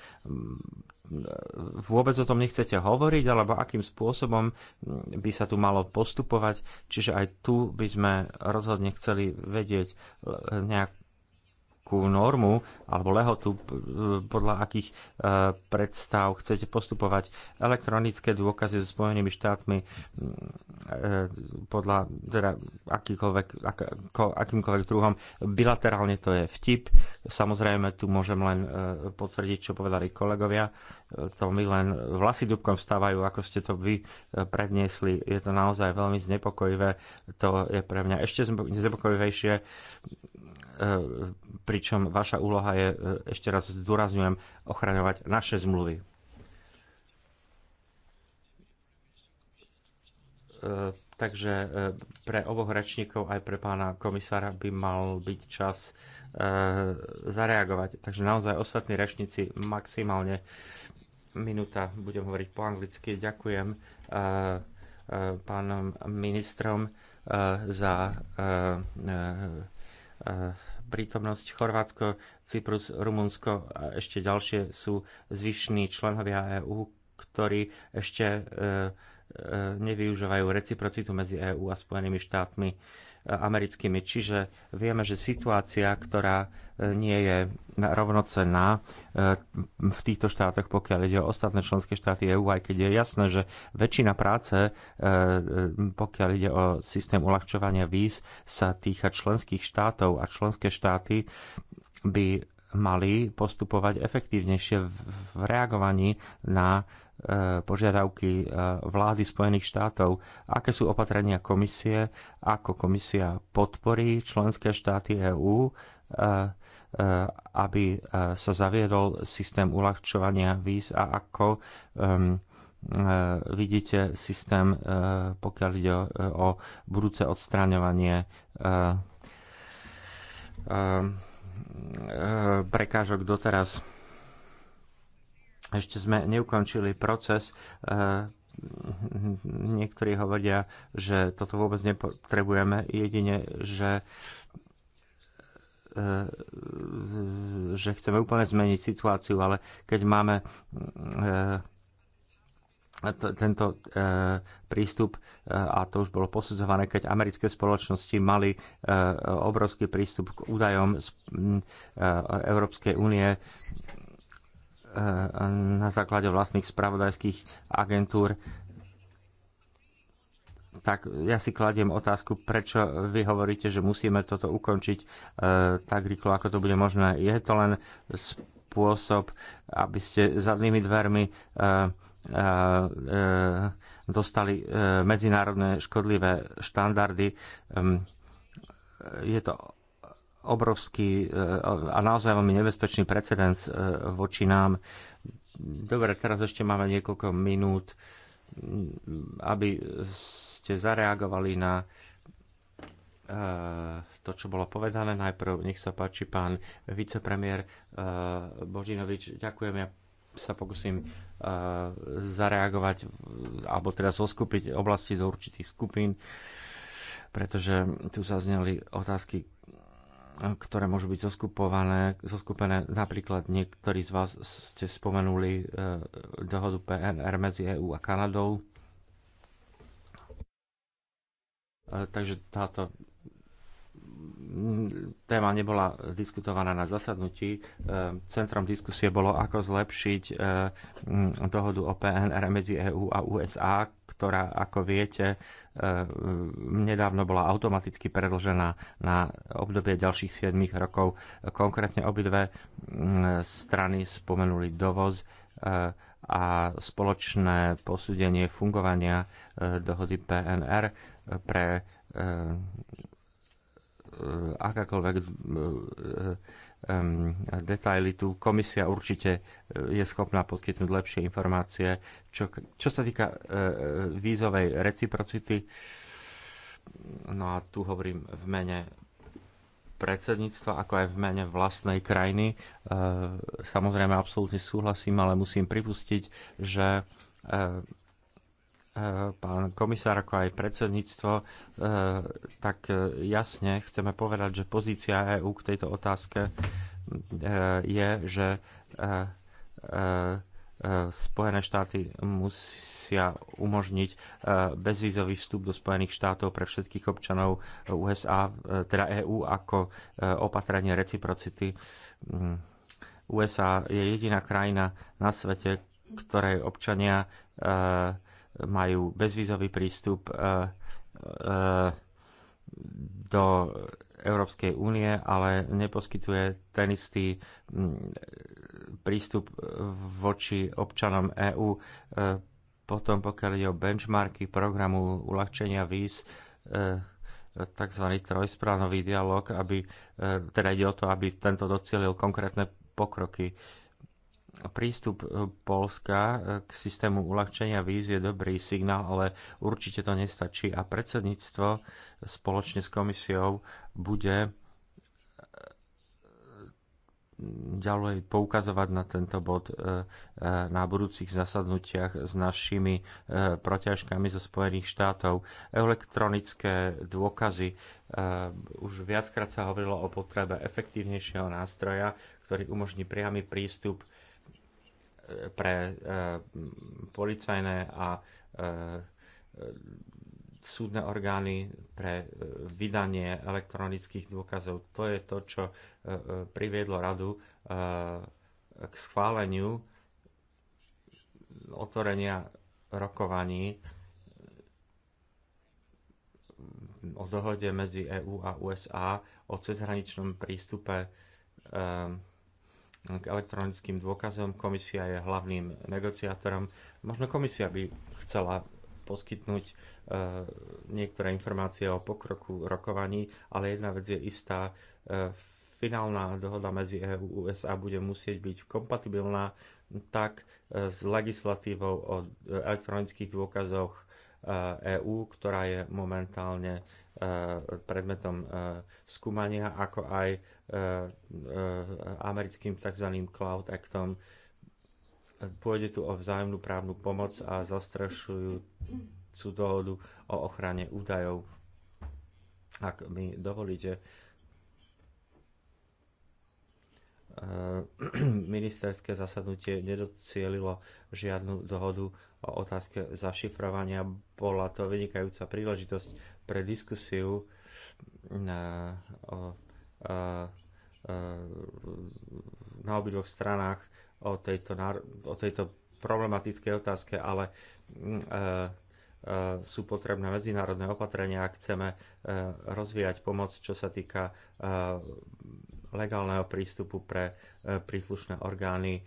vôbec o tom nechcete hovoriť, alebo akým spôsobom by sa tu malo postupovať. Čiže aj tu by sme rozhodne chceli vedieť e, nejak nejakú normu alebo lehotu, e, podľa akých e, predstav chcete postupovať. Elektronické dôkazy so Spojenými štátmi mm, e, podľa teda akýkoľvek, ak, akýmkoľvek druhom. Bilaterálne to je vtip. Samozrejme, tu môžem len potvrdiť, čo povedali kolegovia. To mi len vlasy dubkom vstávajú, ako ste to vy predniesli. Je to naozaj veľmi znepokojivé. To je pre mňa ešte znepokojivejšie E, pričom vaša úloha je, e, ešte raz zdôrazňujem, ochraňovať naše zmluvy. E, takže pre oboch rečníkov, aj pre pána komisára by mal byť čas zareagovať. Takže naozaj ostatní rečníci maximálne minúta, budem hovoriť po anglicky. Ďakujem pánom ministrom za Eh, prítomnosť Chorvátsko, Cyprus, Rumunsko a ešte ďalšie sú zvyšní členovia EÚ, ktorí ešte eh, eh, nevyužívajú reciprocitu medzi EÚ a Spojenými štátmi americkými. Čiže vieme, že situácia, ktorá e, nie je rovnocená e, v týchto štátoch, pokiaľ ide o ostatné členské štáty EÚ, aj keď je jasné, že väčšina práce, e, pokiaľ ide o systém uľahčovania víz, sa týka členských štátov a členské štáty by mali postupovať efektívnejšie v reagovaní na E, požiadavky e, vlády Spojených štátov, aké sú opatrenia komisie, ako komisia podporí členské štáty EÚ, e, aby sa zaviedol systém uľahčovania víz a ako vidíte systém, pokiaľ ide o budúce odstraňovanie prekážok doteraz ešte sme neukončili proces. Eh, niektorí hovoria, že toto vôbec nepotrebujeme, jedine, že eh, že chceme úplne zmeniť situáciu, ale keď máme eh, tento prístup, a to už bolo posudzované, keď americké spoločnosti mali obrovský prístup k údajom z mm, Európskej únie, Eh, na základe vlastných spravodajských agentúr, tak ja si kladiem otázku, prečo vy hovoríte, že musíme toto ukončiť eh, tak rýchlo, ako to bude možné. Je to len spôsob, aby ste zadnými dvermi eh, dostali medzinárodné škodlivé štandardy. Ehm, je to obrovský eh, a naozaj veľmi nebezpečný precedens eh, voči nám. Dobre, teraz ešte máme niekoľko minút, mm, aby ste zareagovali na eh, to, čo bolo povedané. Najprv nech sa páči pán vicepremiér Božinovič. Ďakujem, ja sa pokúsim zareagovať alebo teda zoskupiť oblasti do určitých skupín, pretože tu zazneli otázky ktoré môžu byť zoskupované, zoskupené. Napríklad niektorí z vás ste spomenuli e, dohodu PNR medzi EÚ a Kanadou. E, takže táto téma nebola diskutovaná na zasadnutí. E, centrom diskusie bolo, ako zlepšiť dohodu o PNR medzi EÚ a USA, ktorá, ako viete, e, nedávno bola automaticky predlžená na obdobie ďalších 7 rokov. Konkrétne obidve strany spomenuli dovoz e, a spoločné posúdenie fungovania e, dohody PNR pre akákoľvek detaily tu komisia určite e, je schopná poskytnúť lepšie informácie. Čo, čo sa týka e, e, vízovej reciprocity, no a tu hovorím v mene predsedníctva, ako aj v mene vlastnej krajiny. Samozrejme, absolútne súhlasím, ale musím pripustiť, že Eh, pán komisár, ako aj predsedníctvo, eh, tak eh, jasne chceme povedať, že pozícia EÚ k tejto otázke je, že Spojené štáty musia umožniť bezvízový vstup do Spojených štátov pre všetkých občanov USA, teda EÚ ako opatrenie reciprocity. Mm, USA je jediná krajina na svete, ktorej občania majú bezvízový prístup e, e, do Európskej únie, ale neposkytuje ten istý prístup voči občanom EÚ. E, potom, pokiaľ ide o benchmarky programu uľahčenia víz, tzv. trojsprávnový dialog, aby, teda ide o to, aby tento docielil konkrétne pokroky prístup e, Polska e, k systému uľahčenia víz je dobrý signál, ale určite to nestačí a predsedníctvo spoločne s komisiou bude e, ďalej poukazovať na tento bod na budúcich zasadnutiach s našimi protiažkami zo Spojených štátov. Elektronické dôkazy. Už viackrát sa hovorilo o potrebe efektívnejšieho nástroja, ktorý umožní priamy prístup pre e, policajné a e, súdne orgány pre e, vydanie elektronických dôkazov. To je to, čo priviedlo radu k schváleniu otvorenia rokovaní mm, o dohode medzi EÚ a USA o cezhraničnom prístupe k elektronickým dôkazom. Komisia je hlavným negociátorom. Možno komisia by chcela poskytnúť e, niektoré informácie o pokroku rokovaní, ale jedna vec je istá. E, finálna dohoda medzi EU a USA bude musieť byť kompatibilná tak e, s legislatívou o elektronických dôkazoch EÚ, eh, e ktorá je momentálne eh, predmetom eh, skúmania, ako aj americkým tzv. Cloud Actom. Pôjde tu o vzájomnú právnu pomoc a zastrašujúcu dohodu o ochrane údajov. Ak mi dovolíte, [CLEARS THROAT] ministerské zasadnutie nedocielilo žiadnu dohodu o otázke zašifrovania bola to vynikajúca príležitosť pre diskusiu na, o, a, a, na obidvoch stranách o tejto, o tejto problematickej otázke, ale mm, a, sú potrebné medzinárodné opatrenia, ak chceme e, rozvíjať pomoc, čo sa týka e, legálneho prístupu pre e, príslušné orgány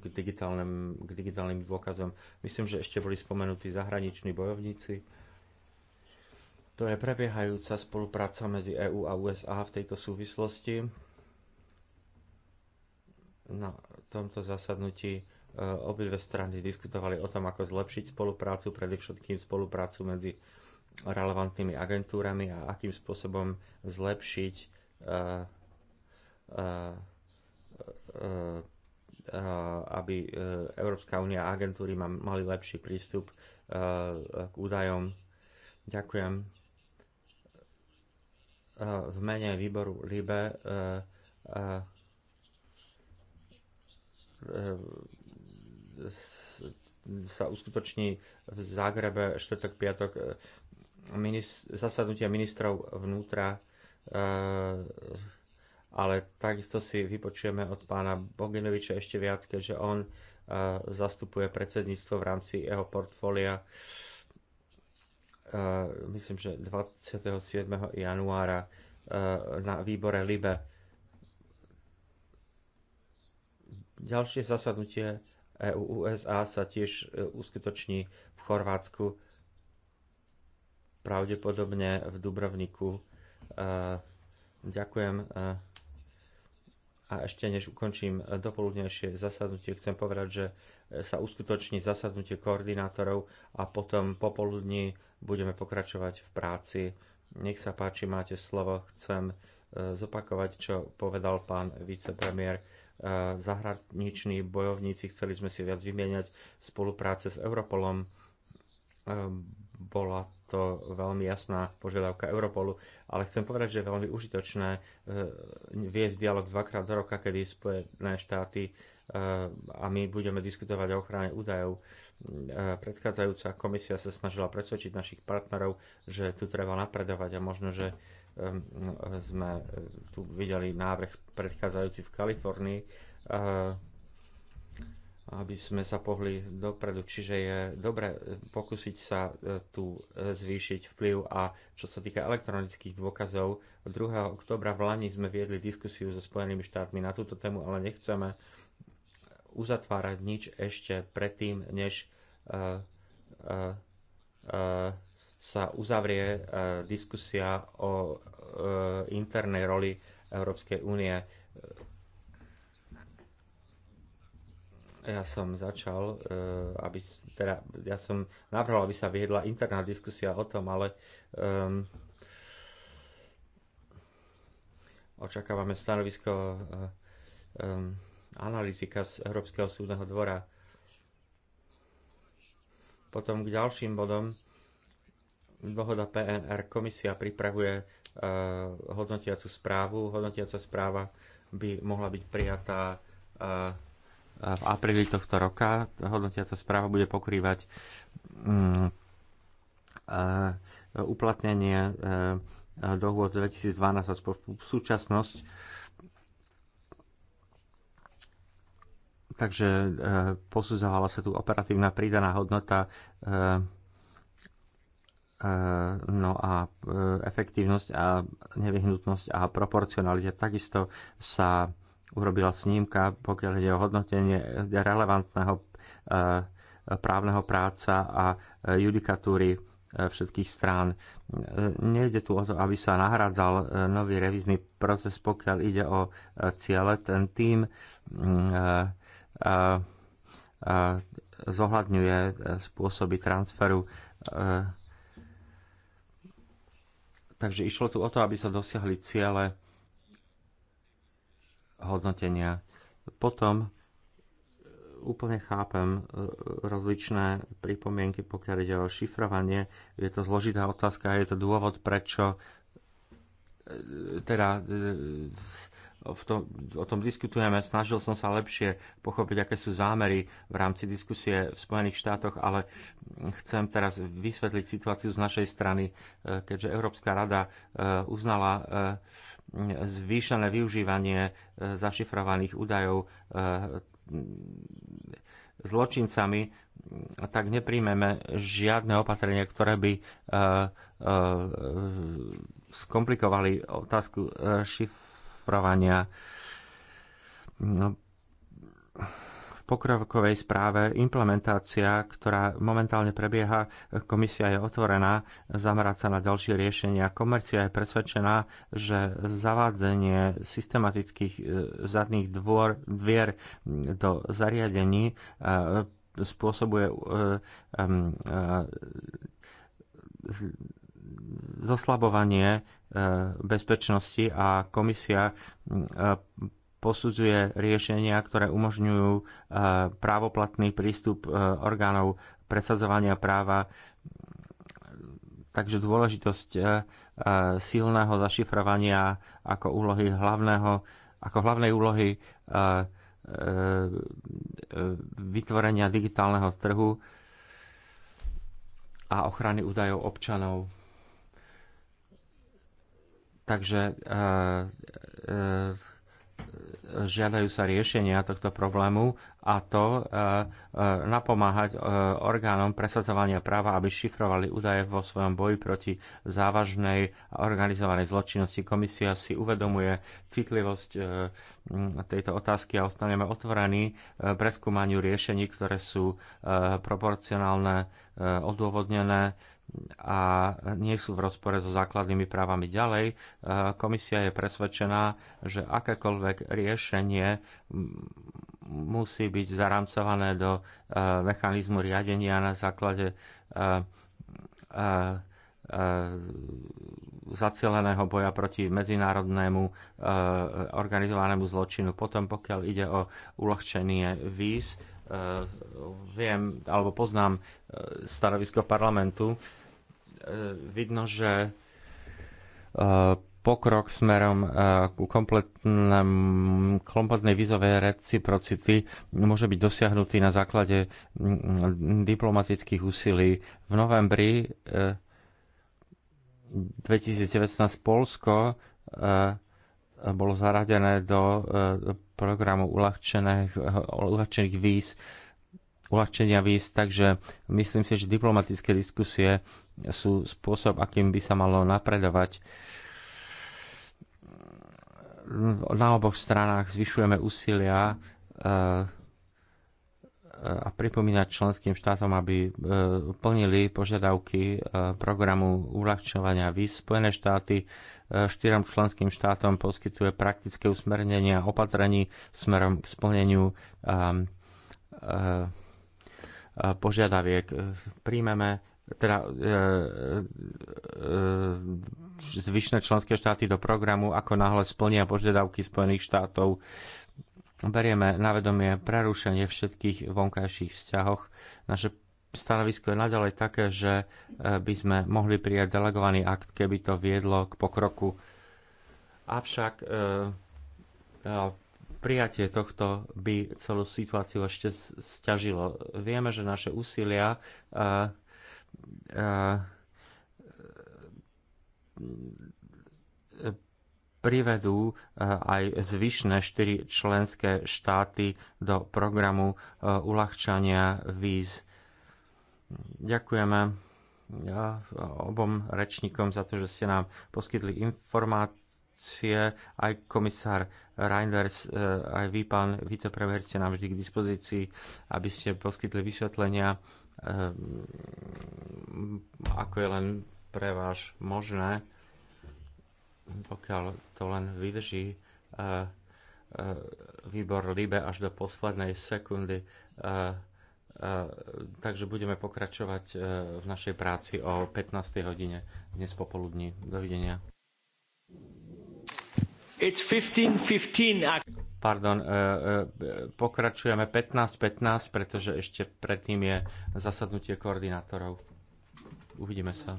k, digitálnym, k digitálnym dôkazom. Myslím, že ešte boli spomenutí zahraniční bojovníci. To je prebiehajúca spolupráca medzi EÚ a USA v tejto súvislosti. Na tomto zasadnutí e, obidve strany diskutovali o tom, ako zlepšiť spoluprácu, predovšetkým spoluprácu medzi relevantnými agentúrami a akým spôsobom zlepšiť uh, uh, uh, Eh, aby eh, Európska únia a agentúry mali lepší prístup eh, k údajom. Ďakujem. V mene výboru LIBE sa uskutoční v Zagrebe štvrtok, piatok zasadnutie ministrov vnútra ale takisto si vypočujeme od pána Boginoviča ešte viac, keďže on e, zastupuje predsedníctvo v rámci jeho portfólia. E, myslím, že 27. januára e, na výbore LIBE. Ďalšie zasadnutie EU-USA sa tiež uskutoční v Chorvátsku, pravdepodobne v Dubrovniku. Ďakujem a ešte než ukončím e, dopoludnejšie zasadnutie, chcem povedať, že e, sa uskutoční zasadnutie koordinátorov a potom popoludní budeme pokračovať v práci. Nech sa páči, máte slovo. Chcem e, zopakovať, čo povedal pán vicepremiér zahraniční bojovníci, chceli sme si viac vymieňať spolupráce s Europolom. Bola to veľmi jasná požiadavka Europolu, ale chcem povedať, že je veľmi užitočné e, viesť dialog dvakrát do roka, kedy Spojené štáty e, a my budeme diskutovať o ochrane údajov. E, predchádzajúca komisia sa snažila presvedčiť našich partnerov, že tu treba napredovať a možno, že sme tu videli návrh predchádzajúci v Kalifornii, aby sme sa pohli dopredu. Čiže je dobre pokúsiť sa e, tu e, zvýšiť vplyv a čo sa týka elektronických dôkazov, 2. oktobra v Lani sme viedli diskusiu so Spojenými štátmi na túto tému, ale nechceme e, uzatvárať nič ešte predtým, než sa uzavrie diskusia o internej roli Európskej únie Ja som začal, eh, aby, teda, ja som navrhol, aby sa viedla interná diskusia o tom, ale um, očakávame stanovisko um, analytika z Európskeho súdneho dvora. Potom k ďalším bodom. Dohoda PNR. Komisia pripravuje uh, hodnotiacu správu. Hodnotiaca správa by mohla byť prijatá uh, v apríli tohto roka. Hodnotiaca správa bude pokrývať mm, uplatnenie e, dohôd 2012 a súčasnosť. Takže e, posudzovala sa tu operatívna pridaná hodnota e, no a efektívnosť a nevyhnutnosť a proporcionalita. Takisto sa urobila snímka, pokiaľ ide o hodnotenie relevantného eh, právneho práca a eh, judikatúry eh, všetkých strán. Nejde tu o to, aby sa nahradzal nový revizný proces, pokiaľ ide o ciele. Ten tým mm, zohľadňuje spôsoby transferu. Takže išlo tu o to, aby sa dosiahli ciele hodnotenia. Potom e, úplne chápem e, rozličné pripomienky, pokiaľ ide o šifrovanie. Je to zložitá otázka a je to dôvod, prečo e, teda v tom, o tom diskutujeme. Snažil som sa lepšie pochopiť, aké sú zámery v rámci diskusie v Spojených štátoch, ale chcem teraz vysvetliť situáciu z našej strany, keďže Európska rada uznala zvýšené využívanie e, zašifrovaných údajov e, zločincami, tak nepríjmeme žiadne opatrenie, ktoré by e, skomplikovali otázku šifrovania. No, v pokrokovej správe implementácia, ktorá momentálne prebieha. Komisia je otvorená zamerať sa na ďalšie riešenia. Komercia je presvedčená, že zavádzenie systematických e, zadných dvor, dvier do zariadení e, spôsobuje e, zoslabovanie bezpečnosti a komisia posudzuje riešenia, ktoré umožňujú e, právoplatný prístup e, orgánov presadzovania práva. Takže dôležitosť e, silného zašifrovania ako úlohy hlavného, ako hlavnej úlohy vytvorenia digitálneho trhu a ochrany údajov občanov. Takže žiadajú sa riešenia tohto problému a to e, e, napomáhať e, orgánom presadzovania práva, aby šifrovali údaje vo svojom boji proti závažnej a organizovanej zločinnosti. Komisia si uvedomuje citlivosť tejto otázky a ostaneme otvorení preskúmaniu riešení, ktoré sú proporcionálne, odôvodnené a nie sú v rozpore so základnými právami ďalej. E, komisia je presvedčená, že akékoľvek riešenie musí byť zaramcované do e, mechanizmu riadenia na základe e, zacieleného boja proti medzinárodnému organizovanému zločinu. Potom, pokiaľ ide o uľahčenie víz, Eh, viem alebo poznám eh, stanovisko parlamentu, eh, vidno, že pokrok smerom ku kompletnej vízovej reciprocity môže byť dosiahnutý na základe mm, diplomatických úsilí. V novembri 2019 Polsko bolo zaradené do programu uľahčených, uľahčených víz, uľahčenia víz, takže myslím si, že diplomatické diskusie sú spôsob, akým by sa malo napredovať. Na oboch stranách zvyšujeme úsilia eh, a pripomínať členským štátom, aby e, plnili požiadavky e, programu uľahčovania víz. Spojené štáty e, štyrom členským štátom poskytuje praktické usmernenia a opatrení smerom k splneniu um, požiadaviek. Príjmeme teda e, e, zvyšné členské štáty do programu, ako náhle splnia požiadavky Spojených štátov Berieme na vedomie prerušenie všetkých vonkajších vzťahoch. Naše stanovisko je naďalej také, že e, by sme mohli prijať delegovaný akt, keby to viedlo k pokroku. Avšak e, e, prijatie tohto by celú situáciu ešte stiažilo. Vieme, že naše úsilia privedú eh, aj zvyšné štyri členské štáty do programu eh, uľahčania víz. Ďakujeme eh, obom rečníkom za to, že ste nám poskytli informácie. Aj komisár Reinders, aj vy, pán vicepremier, ste nám vždy k dispozícii, aby ste poskytli vysvetlenia, ako je len pre vás možné pokiaľ to len vydrží eh, eh, výbor Libe až do poslednej sekundy. Eh, takže budeme pokračovať v našej práci o 15. hodine dnes popoludní. Dovidenia. It's 15, 15 pardon, pokračujeme 15.15, pretože ešte predtým je zasadnutie koordinátorov. Uvidíme sa.